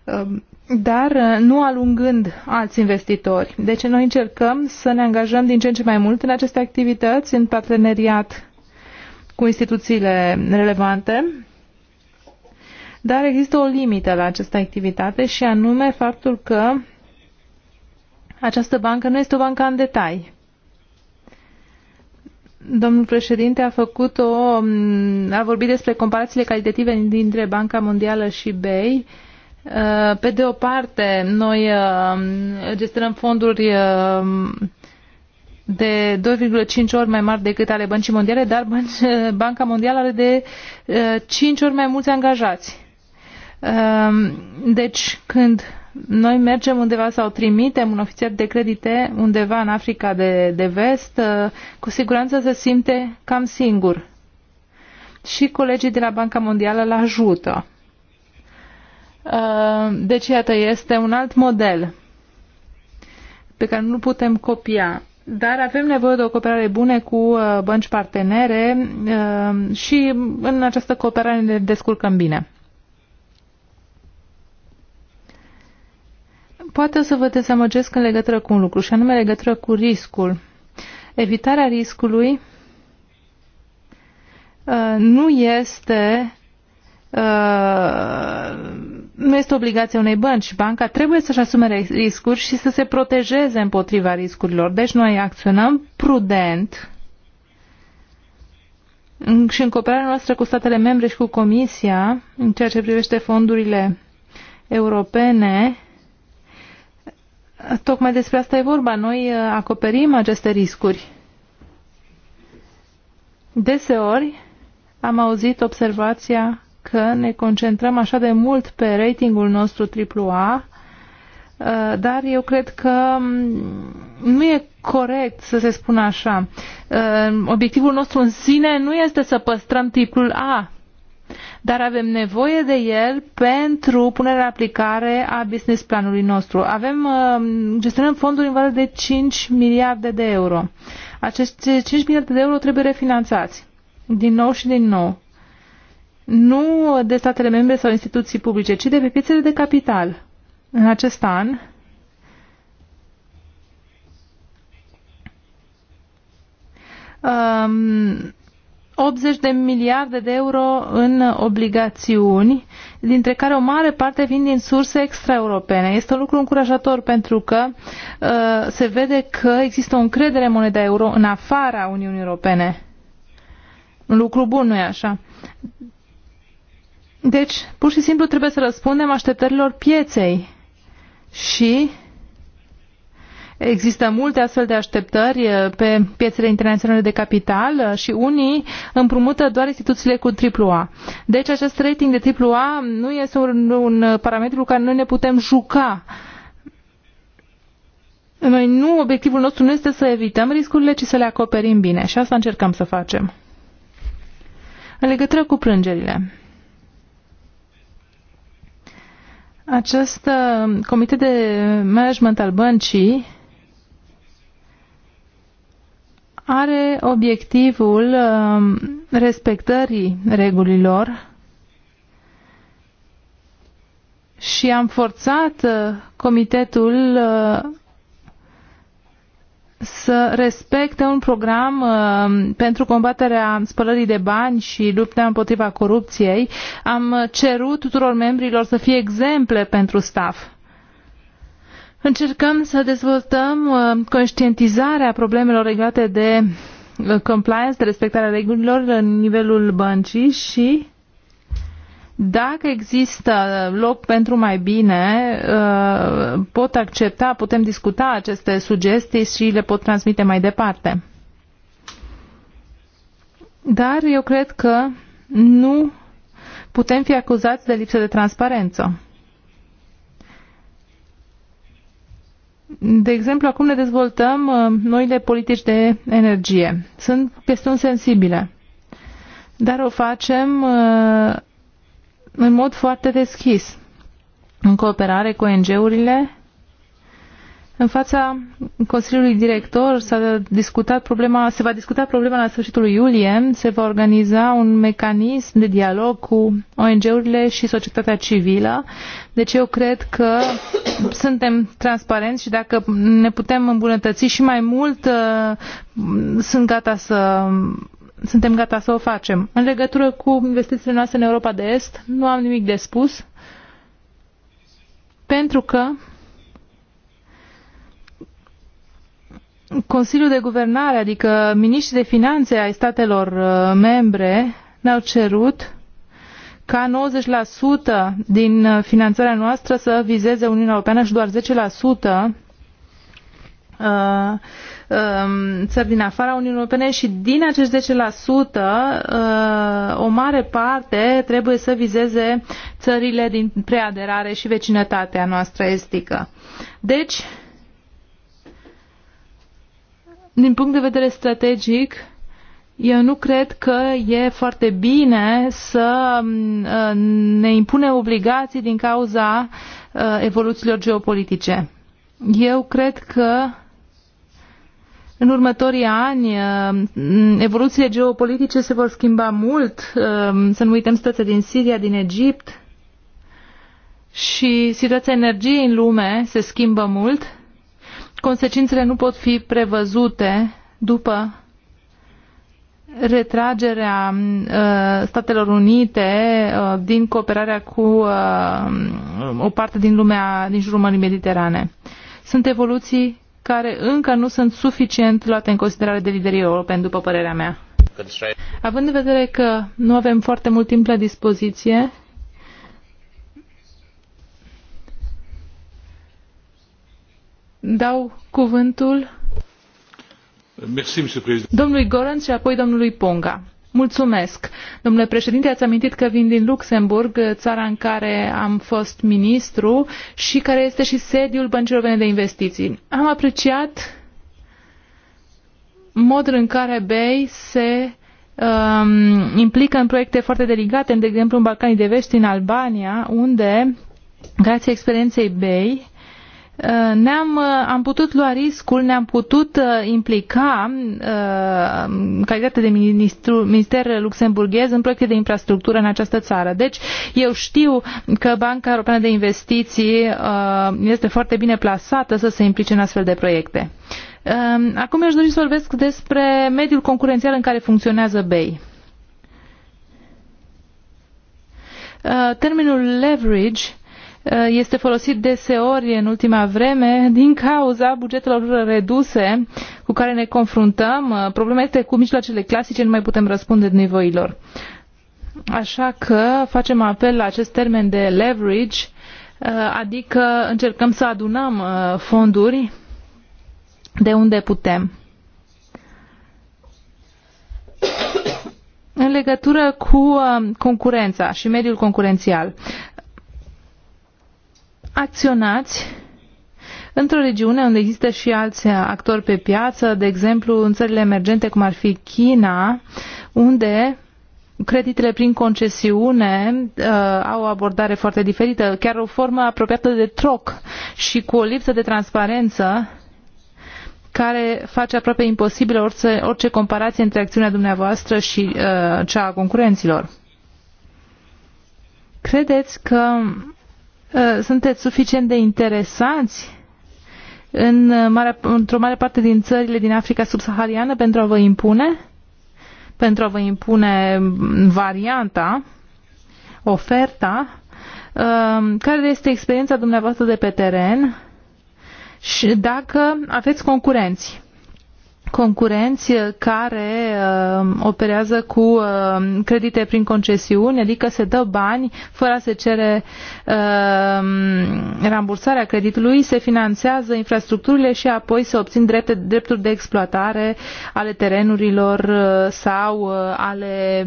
Um, dar uh, nu alungând alți investitori. Deci noi încercăm să ne angajăm din ce în ce mai mult în aceste activități, în parteneriat cu instituțiile relevante dar există o limită la această activitate și anume faptul că această bancă nu este o bancă în detai. Domnul președinte a făcut o, a vorbit despre comparațiile calitative dintre Banca Mondială și BEI. Uh, pe de o parte, noi uh, gestionăm fonduri uh, de 2,5 ori mai mari decât ale băncii mondiale, dar Banca Mondială are de 5 ori mai mulți angajați. Ehm, deci, când noi mergem undeva sau trimitem un ofițer de credite undeva în Africa de, de vest, eh, cu siguranță se simte cam singur. Și colegii de la Banca Mondială îl ajută. Ehm, deci, iată, este un alt model pe care nu putem copia. Dar avem nevoie de o cooperare bună cu eh, bănci partenere ehm, și în această cooperare ne descurcăm bine. Poate o să vă dezamăgesc în legătură cu un lucru, și anume legătură cu riscul. Evitarea riscului uh, nu este uh, nu este obligația unei bănci. Banca trebuie să-și asume riscuri și să se protejeze împotriva riscurilor. Deci noi acționăm prudent și în cooperarea noastră cu statele membre și cu Comisia, în ceea ce privește fondurile europene, Tocmai despre asta e vorba. Noi uh, acoperim aceste riscuri. Deseori am auzit observația că ne concentrăm așa de mult pe ratingul nostru AAA, uh, dar eu cred că um, nu e corect să se spună așa. Uh, obiectivul nostru în sine nu este să păstrăm tipul A, dar avem nevoie de el pentru punerea în aplicare a business planului nostru. Avem, uh, gestionăm fonduri în valoare de 5 miliarde de euro. Aceste 5 miliarde de euro trebuie refinanțați. Din nou și din nou. Nu de statele membre sau instituții publice, ci de pe piețele de capital. În acest an, um, 80 de miliarde de euro în obligațiuni, dintre care o mare parte vin din surse extraeuropene. Este un lucru încurajator pentru că uh, se vede că există o încredere în moneda euro în afara Uniunii Europene. Un lucru bun, nu-i așa? Deci, pur și simplu trebuie să răspundem așteptărilor pieței și Există multe astfel de așteptări eh, pe piețele internaționale de capital eh, și unii împrumută doar instituțiile cu AAA. Deci acest rating de AAA nu este un, un parametru cu care noi ne putem juca. Noi nu, obiectivul nostru nu este să evităm riscurile, ci să le acoperim bine și asta încercăm să facem. În legătură cu plângerile. Acest uh, comitet de management al băncii are obiectivul um, respectării regulilor și am forțat uh, comitetul uh, să respecte un program uh, pentru combaterea spălării de bani și lupta împotriva corupției. Am cerut tuturor membrilor să fie exemple pentru staff. Încercăm să dezvoltăm uh, conștientizarea problemelor legate de uh, compliance, de respectarea regulilor în nivelul băncii și dacă există loc pentru mai bine, uh, pot accepta, putem discuta aceste sugestii și le pot transmite mai departe. Dar eu cred că nu putem fi acuzați de lipsă de transparență. De exemplu, acum ne dezvoltăm uh, noile politici de energie. Sunt chestiuni sensibile, dar o facem uh, în mod foarte deschis, în cooperare cu ONG-urile în fața Consiliului Director s-a discutat problema, se va discuta problema la sfârșitul lui iulie, se va organiza un mecanism de dialog cu ONG-urile și societatea civilă. Deci eu cred că suntem transparenți și dacă ne putem îmbunătăți și mai mult, uh, sunt gata să suntem gata să o facem. În legătură cu investițiile noastre în Europa de Est, nu am nimic de spus, pentru că Consiliul de Guvernare, adică miniștrii de finanțe ai statelor uh, membre, ne-au cerut ca 90% din uh, finanțarea noastră să vizeze Uniunea Europeană și doar 10% uh, um, țări din afara Uniunii Europene și din acești 10% o mare parte trebuie să vizeze țările din preaderare și vecinătatea noastră estică. Deci, din punct de vedere strategic, eu nu cred că e foarte bine să mm, uh, ne impune obligații din cauza uh, evoluțiilor geopolitice. Eu cred că în următorii ani uh, mm, evoluțiile geopolitice se vor schimba mult, să nu uităm situația din Siria, din Egipt și situația energiei în lume se schimbă mult consecințele nu pot fi prevăzute după retragerea uh, Statelor Unite uh, din cooperarea cu uh, o parte din lumea din jurul Mării Mediterane. Sunt evoluții care încă nu sunt suficient luate în considerare de liderii europeni, după părerea mea. Având în vedere că nu avem foarte mult timp la dispoziție, Dau cuvântul domnului Goran și apoi domnului Ponga. Mulțumesc. Domnule președinte, ați amintit că vin din Luxemburg, țara în care am fost ministru și care este și sediul Băncii Europene de Investiții. Am apreciat modul în care BEI se um, implică în proiecte foarte delicate, de exemplu în Balcanii de Vest, în Albania, unde, grație experienței BEI, Eh, ne-am eh, am putut lua riscul, ne-am putut eh, implica în calitate de ministru, minister luxemburghez în proiecte de infrastructură în această țară. Deci eu știu că Banca Europeană de Investiții este foarte bine plasată să se implice în astfel de proiecte. Acum eu aș dori să vorbesc despre mediul concurențial în care funcționează BEI. Termenul leverage Eh, este folosit deseori în ultima vreme din cauza bugetelor reduse cu care ne confruntăm. Eh, problema este cu mijloacele clasice, nu mai putem răspunde nevoilor. Așa că facem apel la acest termen de leverage, eh, adică încercăm să adunăm fonduri de unde putem. În legătură cu concurența și mediul concurențial, acționați într-o regiune unde există și alți actori pe piață, de exemplu în țările emergente cum ar fi China, unde creditele prin concesiune uh, au o abordare foarte diferită, chiar o formă apropiată de troc și cu o lipsă de transparență care face aproape imposibilă orice, orice comparație între acțiunea dumneavoastră și uh, cea a concurenților. Credeți că Uh, sunteți suficient de interesanți în uh, mare, într-o mare parte din țările din Africa subsahariană pentru a vă impune? Pentru a vă impune um, varianta, oferta? Um, care este experiența dumneavoastră de pe teren? Și dacă aveți concurenți? concurenți uh, care uh, operează cu uh, credite prin concesiuni, adică se dă bani fără să cere rambursarea creditului, se finanțează infrastructurile și apoi se obțin drepte, drepturi de exploatare ale terenurilor sau ale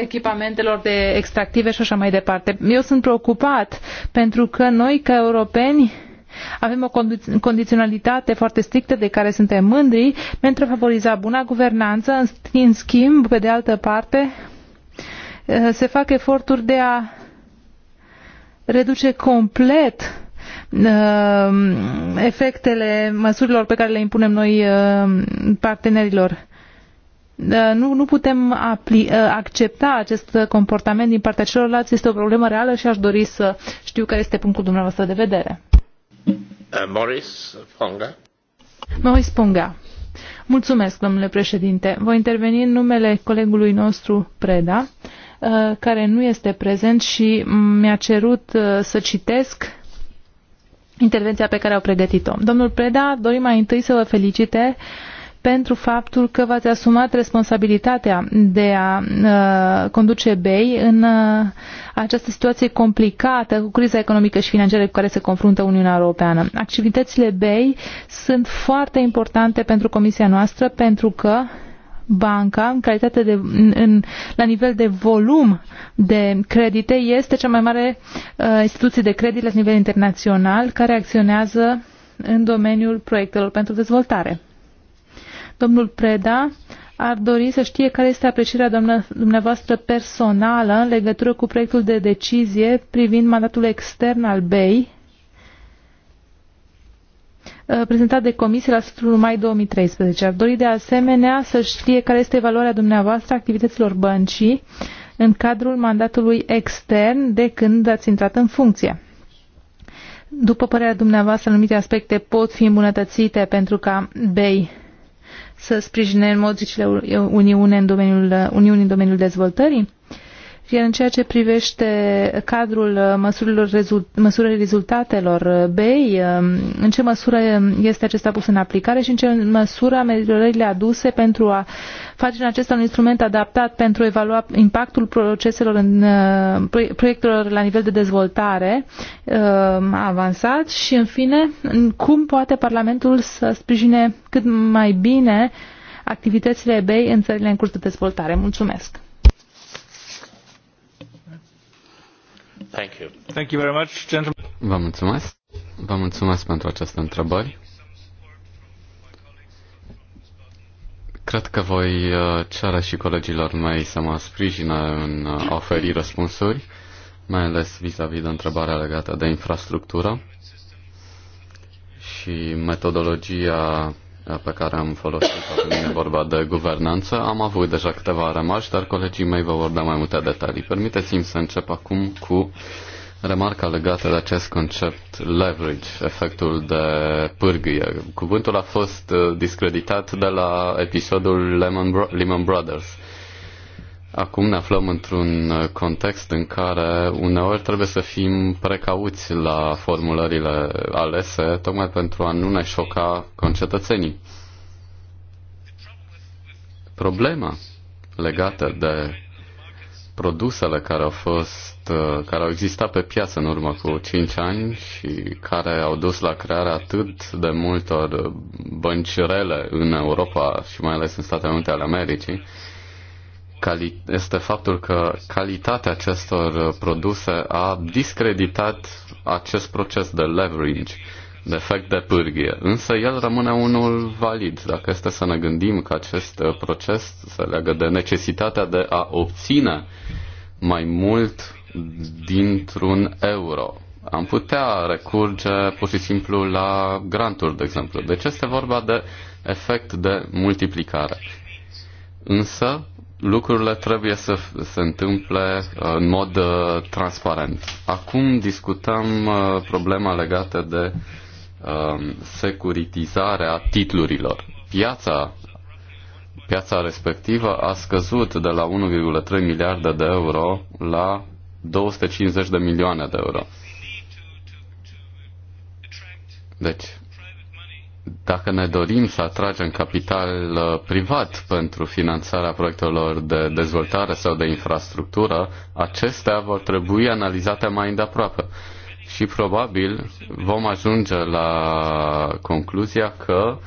echipamentelor de extractive și așa mai departe. Eu sunt preocupat pentru că noi, ca europeni, avem o condiționalitate foarte strictă de care suntem mândri pentru a favoriza buna guvernanță. În schimb, pe de altă parte, eh, se fac eforturi de a reduce complet eh, efectele măsurilor pe care le impunem noi eh, partenerilor. Nu, nu putem apli, accepta acest comportament din partea celorlalți, este o problemă reală și aș dori să știu care este punctul dumneavoastră de vedere. Uh, Maurice Ponga. Ponga. Mulțumesc, domnule președinte. Voi interveni în numele colegului nostru Preda, uh, care nu este prezent și mi-a cerut uh, să citesc intervenția pe care au pregătit-o. Domnul Preda, dorim mai întâi să vă felicite uh, pentru faptul că v-ați asumat responsabilitatea de a uh, conduce BEI în uh, această situație complicată cu criza economică și financiară cu care se confruntă Uniunea Europeană. Activitățile BEI sunt foarte importante pentru comisia noastră pentru că banca, în calitate de, în, în, la nivel de volum de credite, este cea mai mare uh, instituție de credit la nivel internațional care acționează în domeniul proiectelor pentru dezvoltare. Domnul Preda ar dori să știe care este aprecierea dumneavoastră personală în legătură cu proiectul de decizie privind mandatul extern al BEI uh, prezentat de comisie la sfârșitul mai 2013. Ar dori de asemenea să știe care este valoarea dumneavoastră activităților băncii în cadrul mandatului extern de când ați intrat în funcție. După părerea dumneavoastră, anumite aspecte pot fi îmbunătățite pentru ca BEI să sprijine în mod Uniune în domeniul, Uniunii în domeniul dezvoltării? Iar în ceea ce privește cadrul uh, măsurilor rezult, rezultatelor uh, BEI, um, în ce măsură este acesta pus în aplicare și în ce măsură ameliorările aduse pentru a face în acesta un instrument adaptat pentru a evalua impactul proceselor în uh, proiectelor la nivel de dezvoltare um, avansat și, în fine, cum poate Parlamentul să sprijine cât mai bine activitățile BEI în țările în curs de dezvoltare. Mulțumesc! Vă mulțumesc. Vă mulțumesc pentru aceste întrebări. Cred că voi uh, cere și colegilor mei să mă sprijină în a uh, oferi răspunsuri, mai ales vis-a-vis -vis de întrebarea legată de infrastructură și metodologia pe care am folosit-o când e vorba de guvernanță. Am avut deja câteva remarci, dar colegii mei vă vor da mai multe detalii. Permiteți-mi să încep acum cu remarca legată de acest concept leverage, efectul de pârghie. Cuvântul a fost uh, discreditat de la episodul Lehman Brothers. Acum ne aflăm într-un uh, context în care uneori trebuie să fim precauți la formulările alese, tocmai pentru a nu ne șoca concetățenii. Problema legată de produsele care au fost, uh, care au existat pe piață în urmă cu 5 ani și care au dus la crearea atât de multor băncirele în Europa și mai ales în Statele Unite ale Americii, este faptul că calitatea acestor uh, produse a discreditat acest proces de leverage, de efect de pârghie. Însă el rămâne unul valid. Dacă este să ne gândim că acest uh, proces se leagă de necesitatea de a obține mai mult dintr-un euro. Am putea recurge pur și simplu la granturi, de exemplu. Deci este vorba de efect de multiplicare. Însă, lucrurile trebuie să se întâmple uh, în mod uh, transparent. Acum discutăm uh, problema legată de um, securitizarea titlurilor. Piața, piața respectivă a scăzut de la 1,3 miliarde de euro la 250 de milioane de euro. Deci, dacă ne dorim să atragem capital uh, privat pentru finanțarea proiectelor de dezvoltare sau de infrastructură, acestea vor trebui analizate mai îndeaproape. Și probabil vom ajunge la concluzia că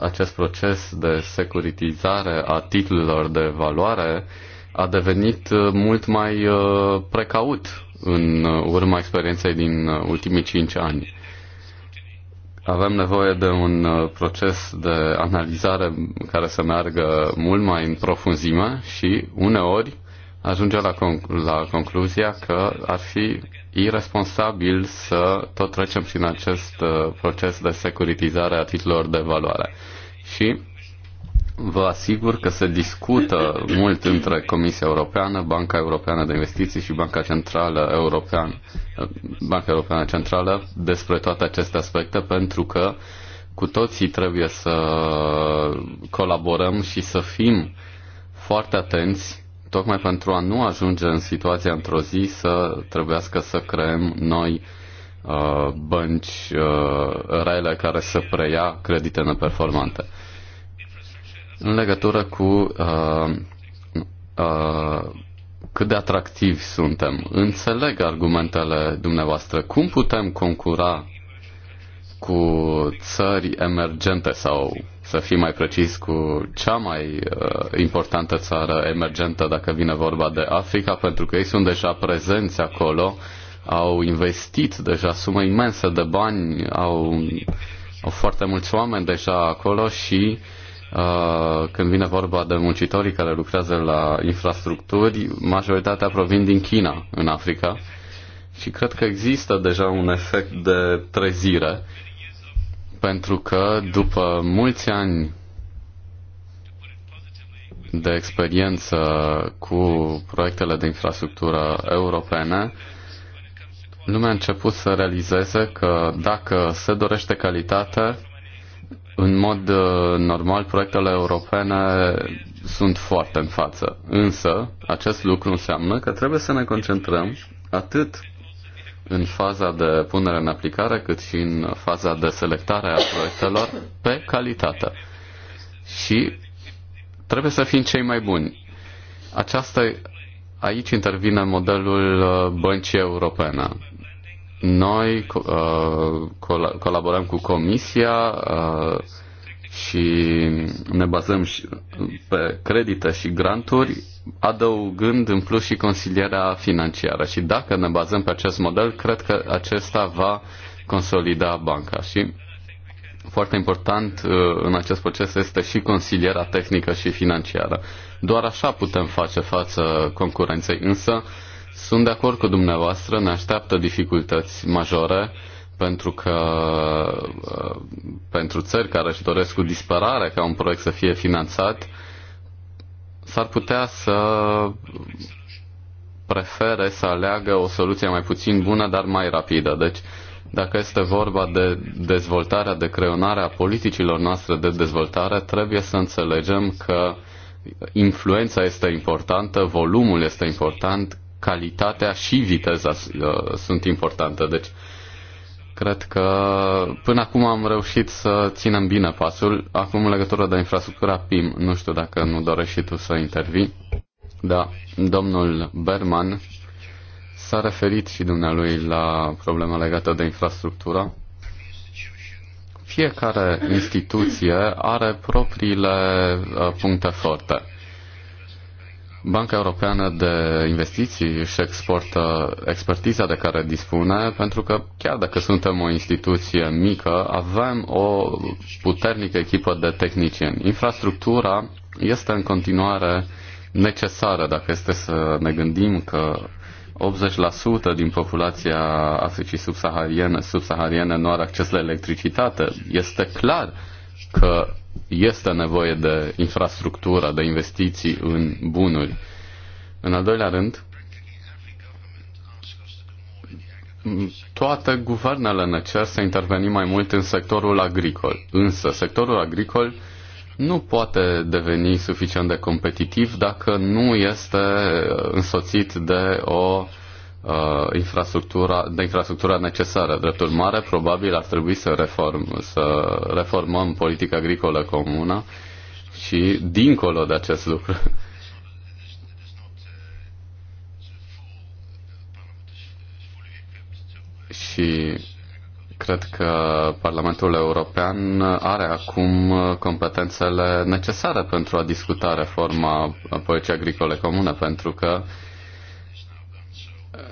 acest proces de securitizare a titlurilor de valoare a devenit uh, mult mai uh, precaut în urma experienței din ultimii cinci ani avem nevoie de un uh, proces de analizare care să meargă mult mai în profunzime și uneori ajunge la, conc- la concluzia că ar fi irresponsabil să tot trecem prin acest uh, proces de securitizare a titlurilor de valoare. Și Vă asigur că se discută mult între Comisia Europeană, Banca Europeană de Investiții și Banca Centrală Europeană, Banca Europeană Centrală despre toate aceste aspecte pentru că cu toții trebuie să colaborăm și să fim foarte atenți tocmai pentru a nu ajunge în situația într-o zi să trebuiască să creăm noi uh, bănci uh, rele care să preia credite neperformante în legătură cu uh, uh, cât de atractivi suntem. Înțeleg argumentele dumneavoastră. Cum putem concura cu țări emergente sau, să fim mai precis, cu cea mai uh, importantă țară emergentă dacă vine vorba de Africa, pentru că ei sunt deja prezenți acolo, au investit deja sume imense de bani, au, au foarte mulți oameni deja acolo și uh, Uh, când vine vorba de muncitorii care lucrează la infrastructuri, majoritatea provin din China, în Africa. Și cred că există deja un efect de trezire, pentru că după mulți ani de experiență cu proiectele de infrastructură europene, lumea a început să realizeze că dacă se dorește calitate, în mod uh, normal, proiectele europene sunt foarte în față, însă acest lucru înseamnă că trebuie să ne concentrăm atât în faza de punere în aplicare, cât și în faza de selectare a proiectelor pe calitate. Și trebuie să fim cei mai buni. Aceasta, aici intervine modelul uh, băncii europene. Noi uh, col- colaborăm cu Comisia uh, și ne bazăm și pe credite și granturi, adăugând în plus și consilierea financiară. Și dacă ne bazăm pe acest model, cred că acesta va consolida banca. Și foarte important uh, în acest proces este și consilierea tehnică și financiară. Doar așa putem face față concurenței, însă sunt de acord cu dumneavoastră, ne așteaptă dificultăți majore pentru că pentru țări care își doresc cu disperare ca un proiect să fie finanțat, s-ar putea să prefere să aleagă o soluție mai puțin bună, dar mai rapidă. Deci, dacă este vorba de dezvoltarea, de creionarea politicilor noastre de dezvoltare, trebuie să înțelegem că influența este importantă, volumul este important, calitatea și viteza uh, sunt importante. Deci, cred că până acum am reușit să ținem bine pasul. Acum, în legătură de infrastructura PIM, nu știu dacă nu dorești și tu să intervii. dar domnul Berman s-a referit și dumnealui la problema legată de infrastructură. Fiecare instituție are propriile uh, puncte forte. Banca Europeană de Investiții își exportă expertiza de care dispune, pentru că chiar dacă suntem o instituție mică, avem o puternică echipă de tehnicieni. Infrastructura este în continuare necesară, dacă este să ne gândim că 80% din populația Africii subsahariene, subsahariene nu are acces la electricitate. Este clar că este nevoie de infrastructură, de investiții în bunuri. În al doilea rând, toate guvernele ne cer să intervenim mai mult în sectorul agricol. Însă, sectorul agricol nu poate deveni suficient de competitiv dacă nu este însoțit de o uh, uh, infrastructura, de infrastructura necesară. Drept urmare, probabil ar trebui să, reform, să reformăm politica agricolă comună și dincolo de acest lucru. și cred că Parlamentul European are acum competențele necesare pentru a discuta reforma politicii agricole comune, pentru că uh,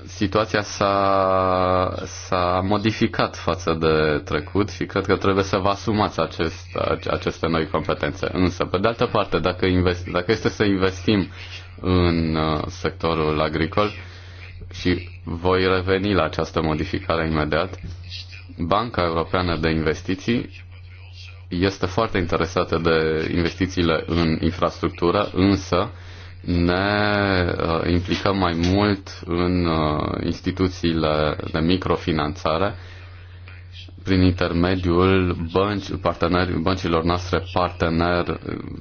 situația s-a, s-a modificat față de trecut și cred că trebuie să vă asumați acest, aceste noi competențe. Însă, pe de altă parte, dacă, invest, dacă este să investim în uh, sectorul agricol, și voi reveni la această modificare imediat, Banca Europeană de Investiții este foarte interesată de investițiile în infrastructură, însă ne uh, implicăm mai mult în uh, instituțiile de microfinanțare prin intermediul bănci, parteneri, băncilor noastre parteneri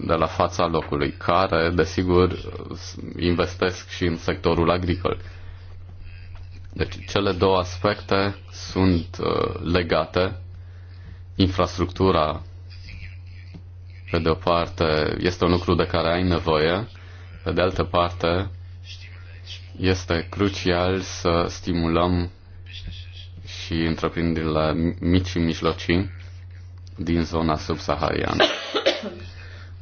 de la fața locului, care, desigur, investesc și în sectorul agricol. Deci cele două aspecte sunt uh, legate. Infrastructura, pe de o parte, este un lucru de care ai nevoie, pe de altă parte, este crucial să stimulăm și întreprinderile mici și mijlocii din zona subsahariană.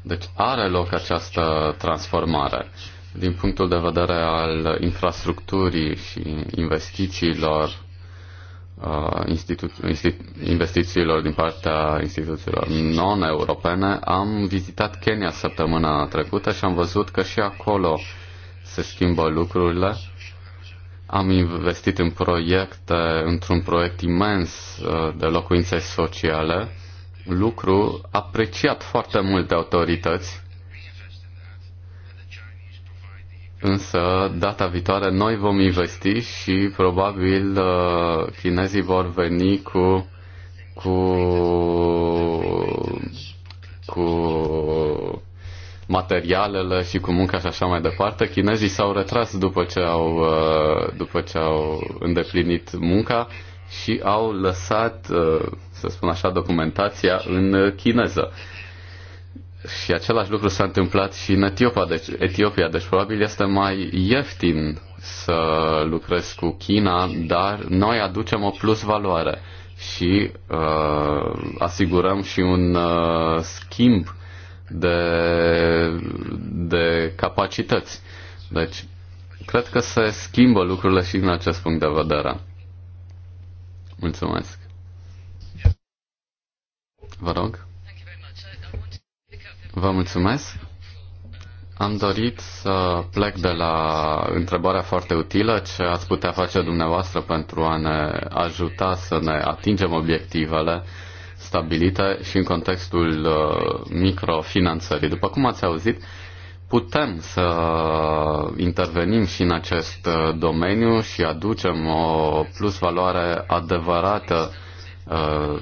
Deci are loc această transformare. Din punctul de vedere al infrastructurii și investițiilor Uh, investițiilor din partea instituțiilor non-europene, am vizitat Kenya săptămâna trecută și am văzut că și acolo se schimbă lucrurile. Am investit în proiecte, într-un proiect imens uh, de locuințe sociale, lucru apreciat foarte mult de autorități Însă, data viitoare, noi vom investi și probabil uh, chinezii vor veni cu, cu, cu materialele și cu munca și așa mai departe. Chinezii s-au retras după ce au, uh, după ce au îndeplinit munca și au lăsat, uh, să spun așa, documentația în chineză și același lucru s-a întâmplat și în Etiopia, deci, Etiopia, deci probabil este mai ieftin să lucrez cu China, dar noi aducem o plus valoare și uh, asigurăm și un uh, schimb de, de capacități. Deci, cred că se schimbă lucrurile și din acest punct de vedere. Mulțumesc. Vă rog. Vă mulțumesc. Am dorit să plec de la întrebarea foarte utilă, ce ați putea face dumneavoastră pentru a ne ajuta să ne atingem obiectivele stabilite și în contextul uh, microfinanțării. După cum ați auzit, putem să intervenim și în acest uh, domeniu și aducem o plus valoare adevărată uh,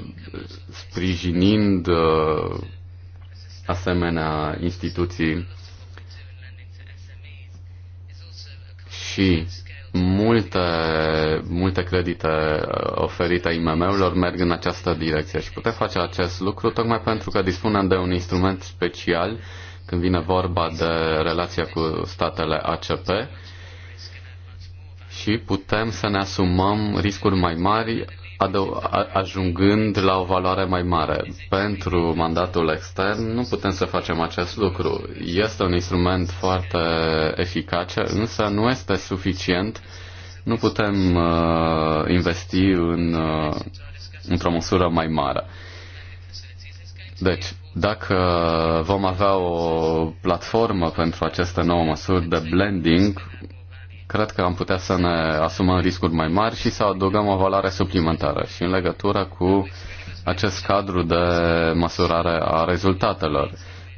sprijinind asemenea instituții și multe, multe credite uh, oferite IMM-urilor merg în această direcție și putem face acest lucru tocmai pentru că dispunem de un instrument special când vine vorba de relația cu statele ACP și putem să ne asumăm riscuri mai mari ajungând la o valoare mai mare. Pentru mandatul extern nu putem să facem acest lucru. Este un instrument foarte eficace, însă nu este suficient. Nu putem uh, investi în, uh, într-o măsură mai mare. Deci, dacă vom avea o platformă pentru aceste nouă măsuri de blending, cred că am putea să ne asumăm riscuri mai mari și să adăugăm o valoare suplimentară. Și în legătură cu acest cadru de măsurare a rezultatelor,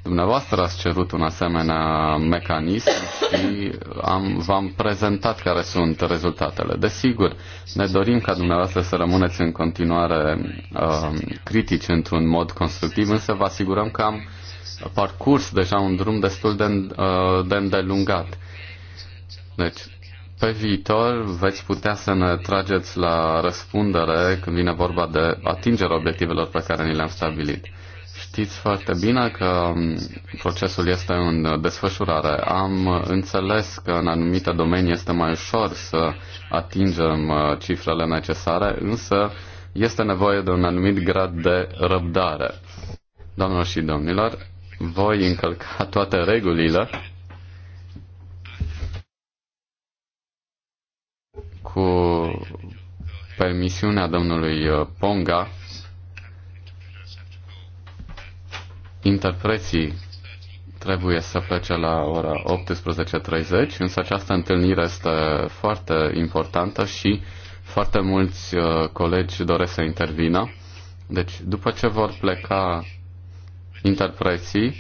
dumneavoastră ați cerut un asemenea mecanism și am, v-am prezentat care sunt rezultatele. Desigur, ne dorim ca dumneavoastră să rămâneți în continuare uh, critici într-un mod constructiv, însă vă asigurăm că am parcurs deja un drum destul de, uh, de îndelungat. Deci, pe viitor veți putea să ne trageți la răspundere când vine vorba de atingerea obiectivelor pe care ni le-am stabilit. Știți foarte bine că um, procesul este în desfășurare. Am înțeles că în anumite domenii este mai ușor să atingem uh, cifrele necesare, însă este nevoie de un anumit grad de răbdare. Doamnelor și domnilor, voi încălca toate regulile cu permisiunea domnului uh, Ponga, interpreții trebuie să plece la ora 18.30, însă această întâlnire este foarte importantă și foarte mulți uh, colegi doresc să intervină. Deci, după ce vor pleca interpreții,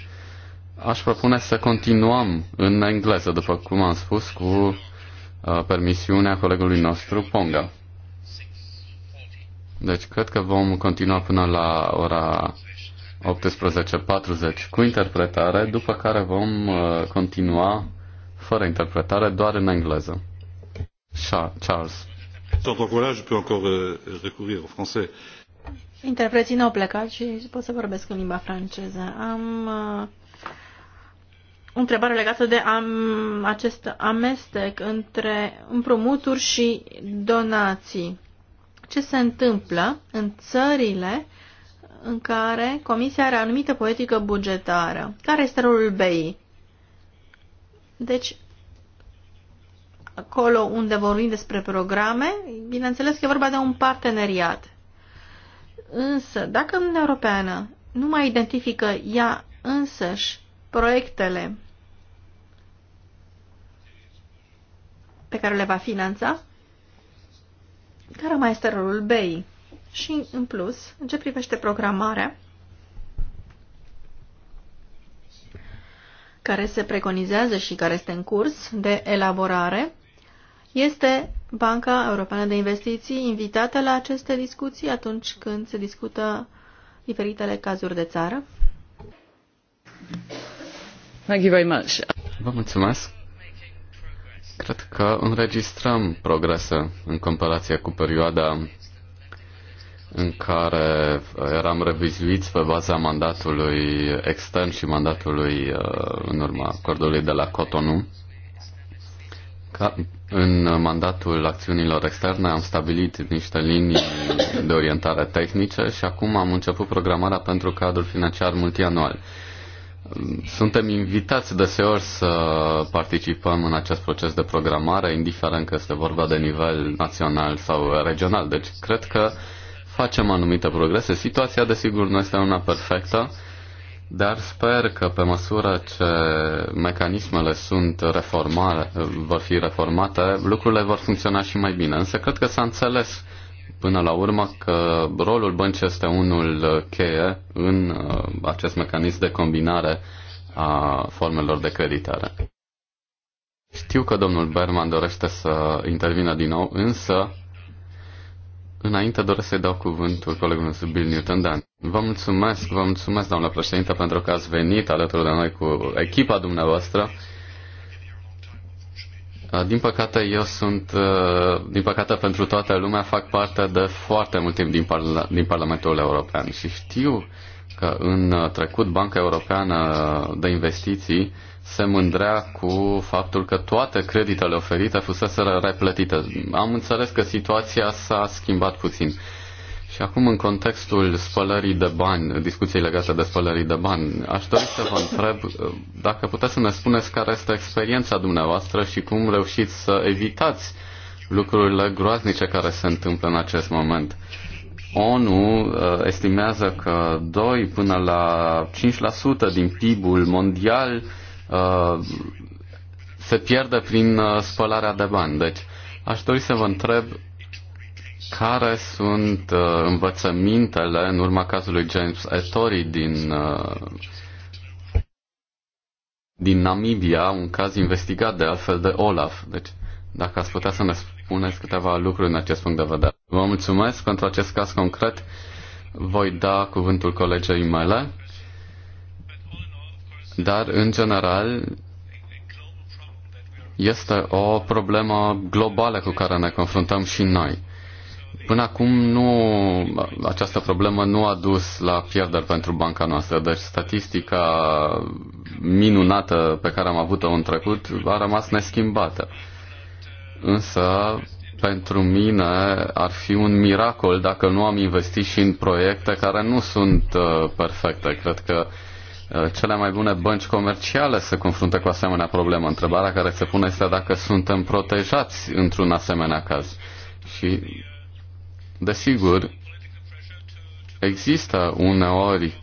aș propune să continuăm în engleză, după cum am spus, cu Uh, permisiunea colegului nostru Ponga. Deci cred că vom continua până la ora 18.40 cu interpretare, după care vom uh, continua fără interpretare, doar în engleză. Charles. Euh, Interpreții n-au plecat și pot să vorbesc în limba franceză. Am uh, o întrebare legată de am, acest amestec între împrumuturi și donații. Ce se întâmplă în țările în care Comisia are anumită politică bugetară? Care este rolul BEI? Deci, acolo unde vorbim despre programe, bineînțeles că e vorba de un parteneriat. Însă, dacă Uniunea Europeană nu mai identifică ea însăși proiectele pe care le va finanța, care mai este rolul BEI. Și, în plus, în ce privește programarea, care se preconizează și care este în curs de elaborare, este Banca Europeană de Investiții invitată la aceste discuții atunci când se discută diferitele cazuri de țară? Thank you very much. Vă mulțumesc. Cred că înregistrăm progrese în comparație cu perioada în care eram revizuiți pe baza mandatului extern și mandatului uh, în urma acordului de la Cotonou. Ca în mandatul acțiunilor externe am stabilit niște linii de orientare tehnice și acum am început programarea pentru cadrul financiar multianual. Suntem invitați deseori să participăm în acest proces de programare, indiferent că este vorba de nivel național sau regional. Deci cred că facem anumite progrese. Situația, desigur, nu este una perfectă, dar sper că pe măsură ce mecanismele sunt reformare, vor fi reformate, lucrurile vor funcționa și mai bine. Însă cred că s-a înțeles uh, până la urmă că rolul băncii este unul cheie în uh, acest mecanism de combinare a formelor de creditare. Știu că domnul Berman dorește să intervină din nou, însă înainte doresc să-i dau cuvântul colegului nostru Bill Newton Dan. Vă mulțumesc, vă mulțumesc, doamnă președinte, pentru că ați venit alături de noi cu echipa dumneavoastră Uh, din păcate, eu sunt, uh, din păcate pentru toată lumea, fac parte de foarte mult timp din, parla- din Parlamentul European și știu că în uh, trecut Banca Europeană de Investiții se mândrea cu faptul că toate creditele oferite fuseseră replătite. Am înțeles că situația s-a schimbat puțin. Și acum, în contextul spălării de bani, discuției legate de spălării de bani, aș dori să vă întreb uh, dacă puteți să ne spuneți care este experiența dumneavoastră și cum reușiți să evitați lucrurile groaznice care se întâmplă în acest moment. ONU uh, estimează că 2 până la 5% din PIB-ul mondial uh, se pierde prin spălarea de bani. Deci, aș dori să vă întreb care sunt uh, învățămintele în urma cazului James Etori din, uh, din Namibia, un caz investigat de altfel de Olaf. Deci, dacă ați putea să ne spuneți câteva lucruri în acest punct de vedere. Vă mulțumesc pentru acest caz concret. Voi da cuvântul colegei mele. Dar, în general, este o problemă globală cu care ne confruntăm și noi Până acum nu, această problemă nu a dus la pierderi pentru banca noastră, deci statistica minunată pe care am avut-o în trecut a rămas neschimbată. Însă, pentru mine ar fi un miracol dacă nu am investit și în proiecte care nu sunt uh, perfecte. Cred că uh, cele mai bune bănci comerciale se confruntă cu asemenea problemă. Întrebarea care se pune este dacă suntem protejați într-un asemenea caz. Și Desigur, există uneori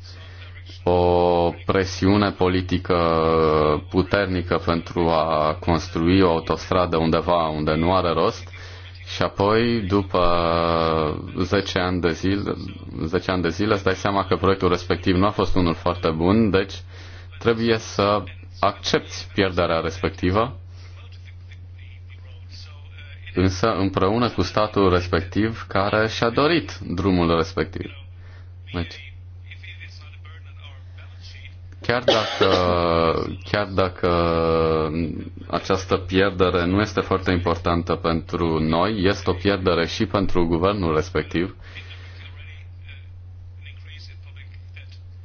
o presiune politică puternică pentru a construi o autostradă undeva unde nu are rost și apoi, după 10 ani de zile, 10 ani de zile îți dai seama că proiectul respectiv nu a fost unul foarte bun, deci trebuie să accepti pierderea respectivă însă împreună cu statul respectiv care și-a dorit drumul respectiv. Deci, chiar dacă, chiar dacă această pierdere nu este foarte importantă pentru noi, este o pierdere și pentru guvernul respectiv.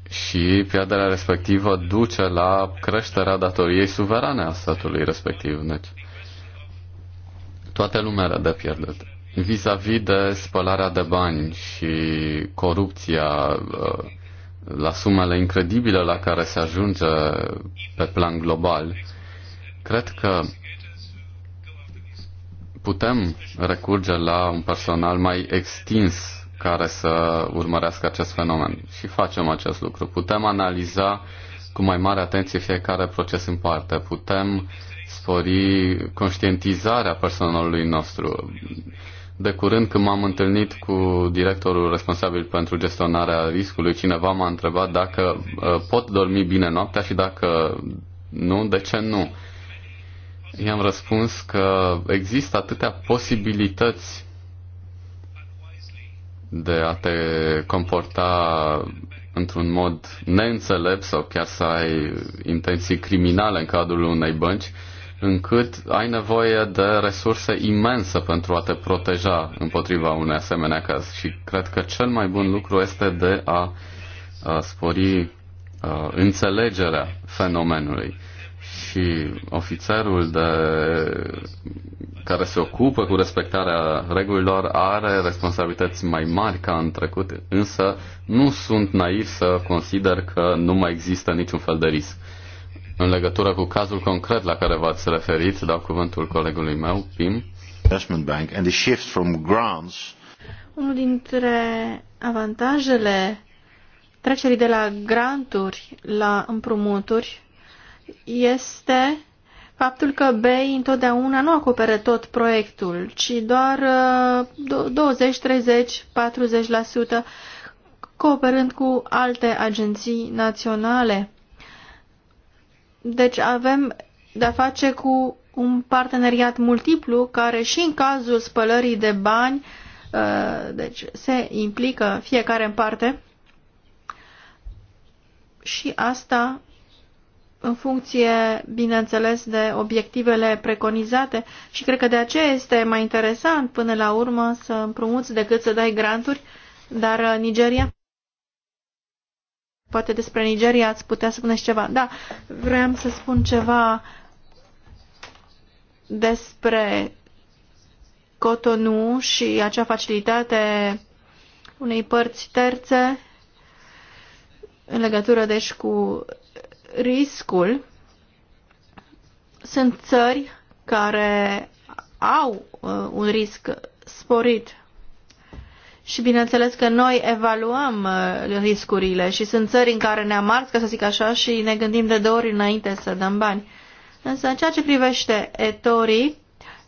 Și pierderea respectivă duce la creșterea datoriei suverane a statului respectiv. Deci, Toată lumea era de pierdut. Vis-a-vis -vis de spălarea de bani și corupția uh, la sumele incredibile la care se ajunge pe plan global, cred că putem recurge la un personal mai extins care să urmărească acest fenomen. Și facem acest lucru. Putem analiza cu mai mare atenție fiecare proces în parte. Putem spori conștientizarea personalului nostru. De curând, când m-am întâlnit cu directorul responsabil pentru gestionarea riscului, cineva m-a întrebat dacă uh, pot dormi bine noaptea și dacă nu, de ce nu? I-am răspuns că există atâtea posibilități de a te comporta într-un mod neînțelept sau chiar să ai intenții criminale în cadrul unei bănci, încât ai nevoie de resurse imense pentru a te proteja împotriva unei asemenea caz. Și cred că cel mai bun lucru este de a spori înțelegerea fenomenului. Și ofițerul de, care se ocupă cu respectarea regulilor are responsabilități mai mari ca în trecut, însă nu sunt naiv să consider că nu mai există niciun fel de risc. În legătură cu cazul concret la care v-ați referit, dau cuvântul colegului meu, Pim. Investment Bank and the shift from grants. Unul dintre avantajele trecerii de la granturi la împrumuturi este faptul că BEI întotdeauna nu acoperă tot proiectul, ci doar 20, 30, 40%, cooperând cu alte agenții naționale. Deci avem de-a face cu un parteneriat multiplu care și în cazul spălării de bani uh, deci se implică fiecare în parte și asta în funcție, bineînțeles, de obiectivele preconizate și cred că de aceea este mai interesant până la urmă să împrumuți decât să dai granturi, dar uh, Nigeria Poate despre Nigeria ați putea spune și ceva. Da, vreau să spun ceva despre Cotonou și acea facilitate unei părți terțe în legătură deci cu riscul. Sunt țări care au uh, un risc sporit și bineînțeles că noi evaluăm uh, riscurile și sunt țări în care ne ars ca să zic așa, și ne gândim de două ori înainte să dăm bani. Însă în ceea ce privește etorii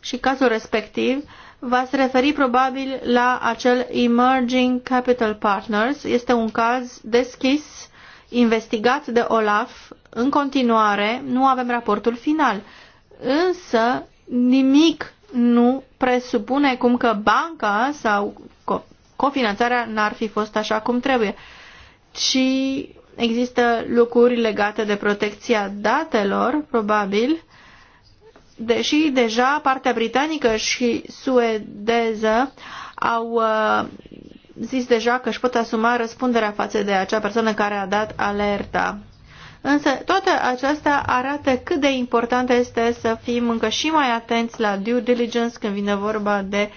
și cazul respectiv, v-ați referi probabil la acel Emerging Capital Partners. Este un caz deschis, investigat de OLAF în continuare, nu avem raportul final. Însă nimic nu presupune cum că banca sau cofinanțarea n-ar fi fost așa cum trebuie, Și există lucruri legate de protecția datelor, probabil, deși deja partea britanică și suedeză au uh, zis deja că își pot asuma răspunderea față de acea persoană care a dat alerta. Însă toate acestea arată cât de important este să fim încă și mai atenți la due diligence când vine vorba de uh,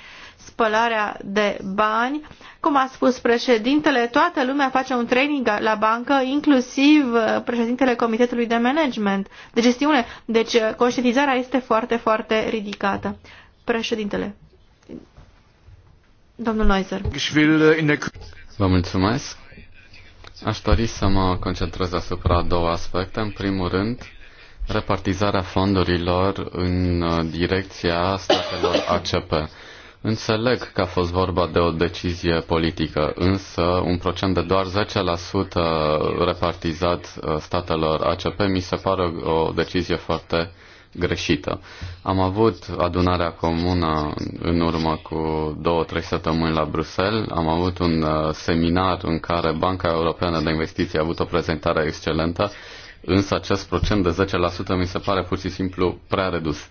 spălarea de bani. Cum a spus președintele, toată lumea face un training la bancă, inclusiv uh, președintele Comitetului de Management, de gestiune. Deci uh, conștientizarea este foarte, foarte ridicată. Președintele. Domnul Neuser. Uh, Vă mulțumesc. Aș dori să mă concentrez asupra două aspecte. În primul rând, repartizarea fondurilor în direcția statelor ACP. Înțeleg că a fost vorba de o decizie politică, însă un procent de doar 10% repartizat uh, statelor ACP mi se pare o decizie foarte greșită. Am avut adunarea comună în urmă cu două-trei săptămâni la Bruxelles, am avut un uh, seminar în care Banca Europeană de Investiții a avut o prezentare excelentă, însă acest procent de 10% mi se pare pur și simplu prea redus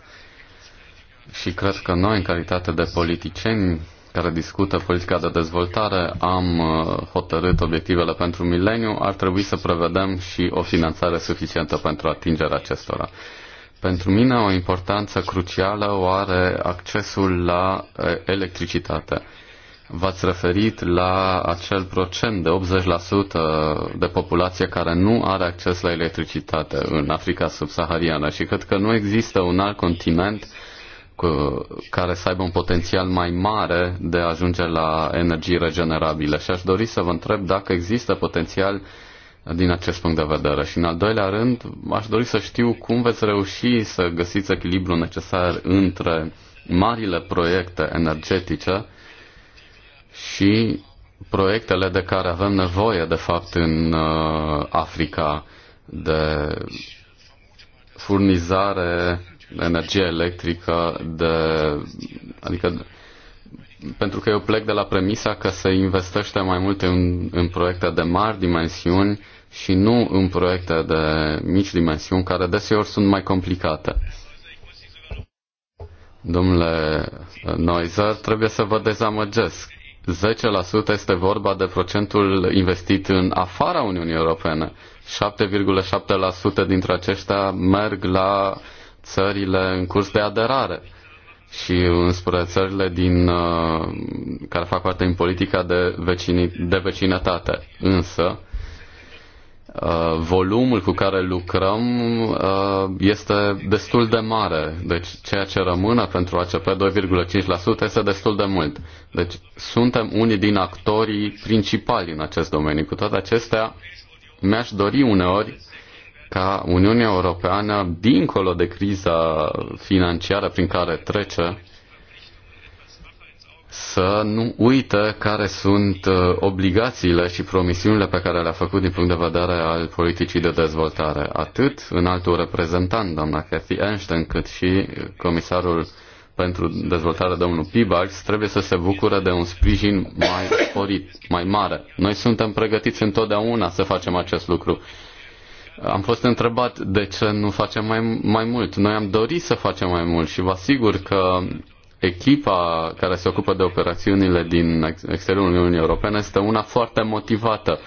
și cred că noi, în calitate de politicieni care discută politica de dezvoltare, am uh, hotărât obiectivele pentru mileniu, ar trebui să prevedem și o finanțare suficientă pentru atingerea acestora. Pentru mine o importanță crucială o are accesul la electricitate. V-ați referit la acel procent de 80% de populație care nu are acces la electricitate în Africa subsahariană și cred că nu există un alt continent uh, care să aibă un potențial mai mare de a ajunge la energii regenerabile. Și aș dori să vă întreb dacă există potențial din acest punct de vedere. Și în al doilea rând, aș dori să știu cum veți reuși să găsiți echilibru necesar între marile proiecte energetice și proiectele de care avem nevoie, de fapt, în uh, Africa, de furnizare energie electrică, de, adică pentru că eu plec de la premisa că se investește mai mult în, în proiecte de mari dimensiuni și nu în proiecte de mici dimensiuni, care deseori sunt mai complicate. Domnule Noizer, trebuie să vă dezamăgesc. 10% este vorba de procentul investit în afara Uniunii Europene. 7,7% dintre aceștia merg la țările în curs de aderare și înspre țările din, uh, care fac parte din politica de, vecini, de vecinătate. Însă, uh, volumul cu care lucrăm uh, este destul de mare. Deci ceea ce rămâne pentru ACP 2,5% este destul de mult. Deci suntem unii din actorii principali în acest domeniu. Cu toate acestea, mi-aș dori uneori ca Uniunea Europeană, dincolo de criza financiară prin care trece, să nu uită care sunt uh, obligațiile și promisiunile pe care le-a făcut din punct de vedere al politicii de dezvoltare, atât în altul reprezentant, doamna Cathy Einstein, cât și comisarul pentru dezvoltare, domnul Pibax, trebuie să se bucure de un sprijin mai sporit, mai mare. Noi suntem pregătiți întotdeauna să facem acest lucru am fost întrebat de ce nu facem mai, mai mult. Noi am dorit să facem mai mult și vă asigur că echipa care se ocupă de operațiunile din exteriorul Uniunii Europene este una foarte motivată.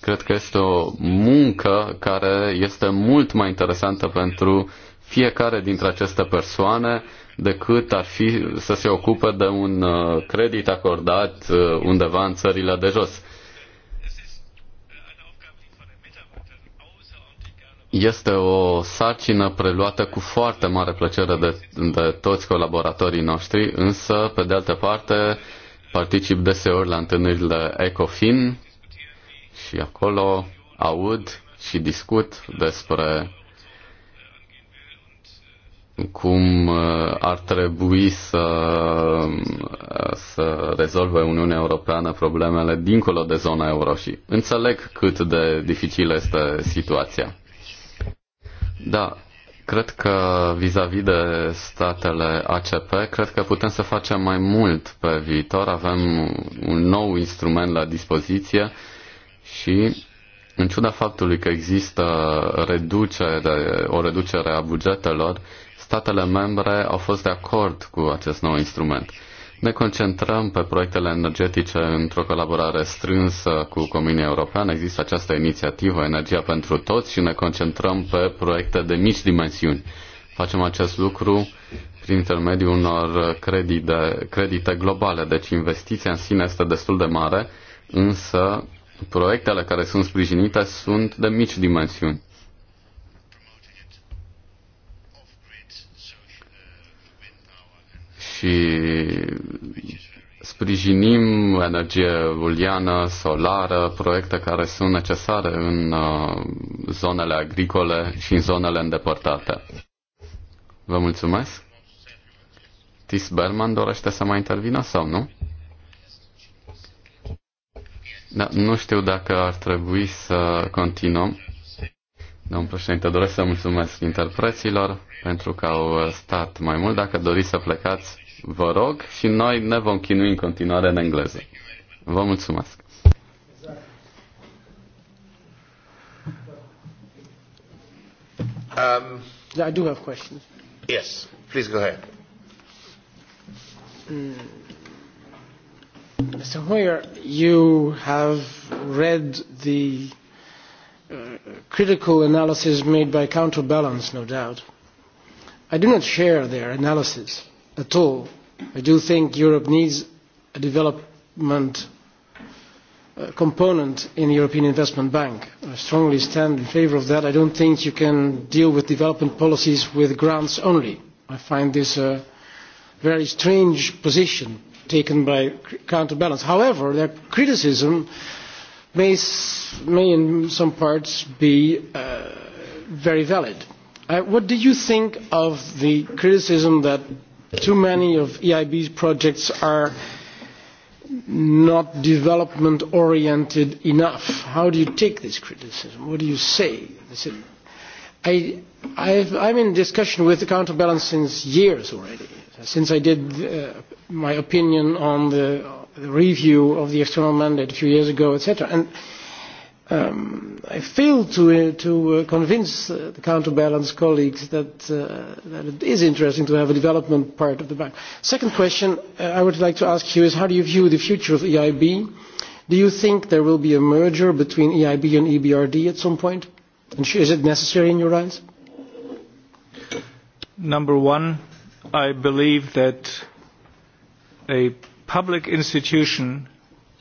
Cred că este o muncă care este mult mai interesantă pentru fiecare dintre aceste persoane decât ar fi să se ocupe de un uh, credit acordat uh, undeva în țările de jos. Este o sarcină preluată cu foarte mare plăcere de, de toți colaboratorii noștri, însă, pe de altă parte, particip deseori la întâlnirile ECOFIN și acolo aud și discut despre cum uh, ar trebui să, uh, să rezolve Uniunea Europeană problemele dincolo de zona euro și înțeleg cât de dificilă este situația. Da, cred că vis-a-vis -vis de statele ACP, cred că putem să facem mai mult pe viitor. Avem un nou instrument la dispoziție și în ciuda faptului că există reducere, o reducere a bugetelor, statele membre au fost de acord cu acest nou instrument. Ne concentrăm pe proiectele energetice într-o colaborare strânsă cu Comunia Europeană. Există această inițiativă Energia pentru Toți și ne concentrăm pe proiecte de mici dimensiuni. Facem acest lucru prin intermediul unor credite, credite globale, deci investiția în sine este destul de mare, însă proiectele care sunt sprijinite sunt de mici dimensiuni. și sprijinim energie uliană, solară, proiecte care sunt necesare în uh, zonele agricole și în zonele îndepărtate. Vă mulțumesc. Tis Berman dorește să mai intervină sau nu? Da, nu știu dacă ar trebui să continuăm. Domnul președinte, doresc să mulțumesc interpreților pentru că au stat mai mult. Dacă doriți să plecați, vă rog, și noi ne vom chinui în continuare în engleză. Vă mulțumesc! Um, I do have questions. Yes, please go ahead. Mr. Hmm. Hoyer, you have read the uh, critical analysis made by Counterbalance, no doubt. I do not share their analysis at all. I do think Europe needs a development uh, component in the European Investment Bank. I strongly stand in favour of that. I don't think you can deal with development policies with grants only. I find this a very strange position taken by counterbalance. However, their criticism may, may in some parts be uh, very valid. Uh, what do you think of the criticism that Too many of EIB's projects are not development oriented enough. How do you take this criticism? What do you say? Is it, I, I've, I'm in discussion with the counterbalance since years already, since I did uh, my opinion on the, the review of the external mandate a few years ago, etc. And Um, I failed to, uh, to uh, convince uh, the counterbalance colleagues that, uh, that, it is interesting to have a development part of the bank. Second question uh, I would like to ask you is how do you view the future of EIB? Do you think there will be a merger between EIB and EBRD at some point? And is it necessary in your eyes? Number one, I believe that a public institution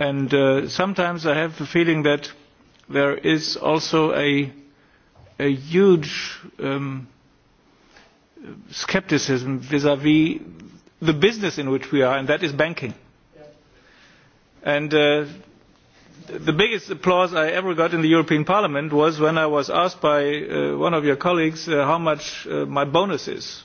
and uh, sometimes I have the feeling that there is also a, huge um, scepticism vis-à-vis the business in which we are, and that is banking. And uh, the biggest applause I ever got in the European Parliament was when I was asked by uh, one of your colleagues how much my bonus is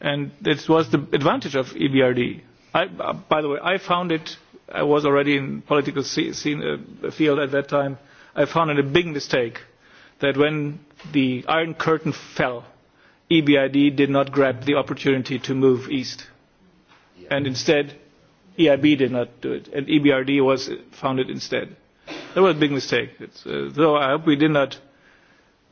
and this was the advantage of ebrd. I, uh, by the way i found it i was already in political scene, uh, field at that time i found it a big mistake that when the iron curtain fell ebrd did not grab the opportunity to move east and instead eib did not do it and ebrd was uh, founded instead. that was a big mistake. Uh, though i hope we did not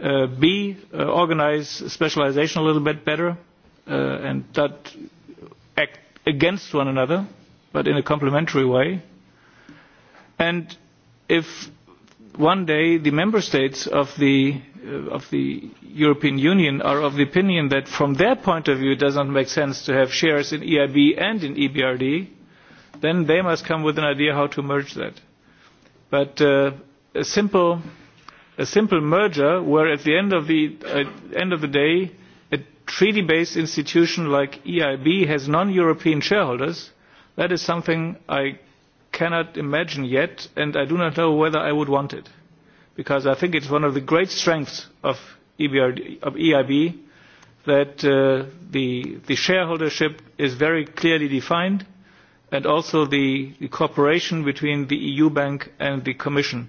Uh, b uh, organise specialisation a little bit better uh, and not act against one another but in a complementary way and if one day the member states of the, uh, of the European Union are of the opinion that from their point of view it doesn't make sense to have shares in EIB and in EBRD then they must come with an idea how to merge that but a simple a simple merger where at the end of the, uh, end of the day a treaty based institution like eib has non european shareholders that is something i cannot imagine yet and i do not know whether i would want it because i think it is one of the great strengths of, EBRD, of eib that uh, the, the shareholdership is very clearly defined and also the, the cooperation between the eu bank and the commission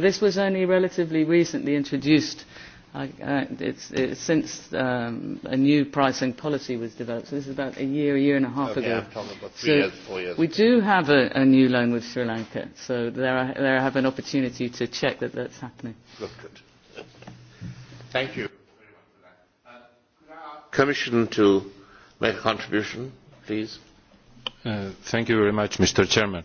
this was only relatively recently introduced uh, it's, it's since um, a new pricing policy was developed. So this is about a year, a year and a half okay, ago. About three so years, four years we ago. do have a, a new loan with Sri Lanka. So there, I, there I have an opportunity to check that that's happening. Good. good. Thank you. Commission to make a contribution, please. Uh, thank you very much, Mr. Chairman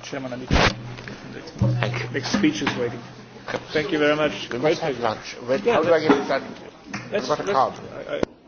Mr. chairman. I need to make next, next speech waiting. Thank you very much. We must have lunch. Where, yeah, how do I get that? Let's, what a card. I, I,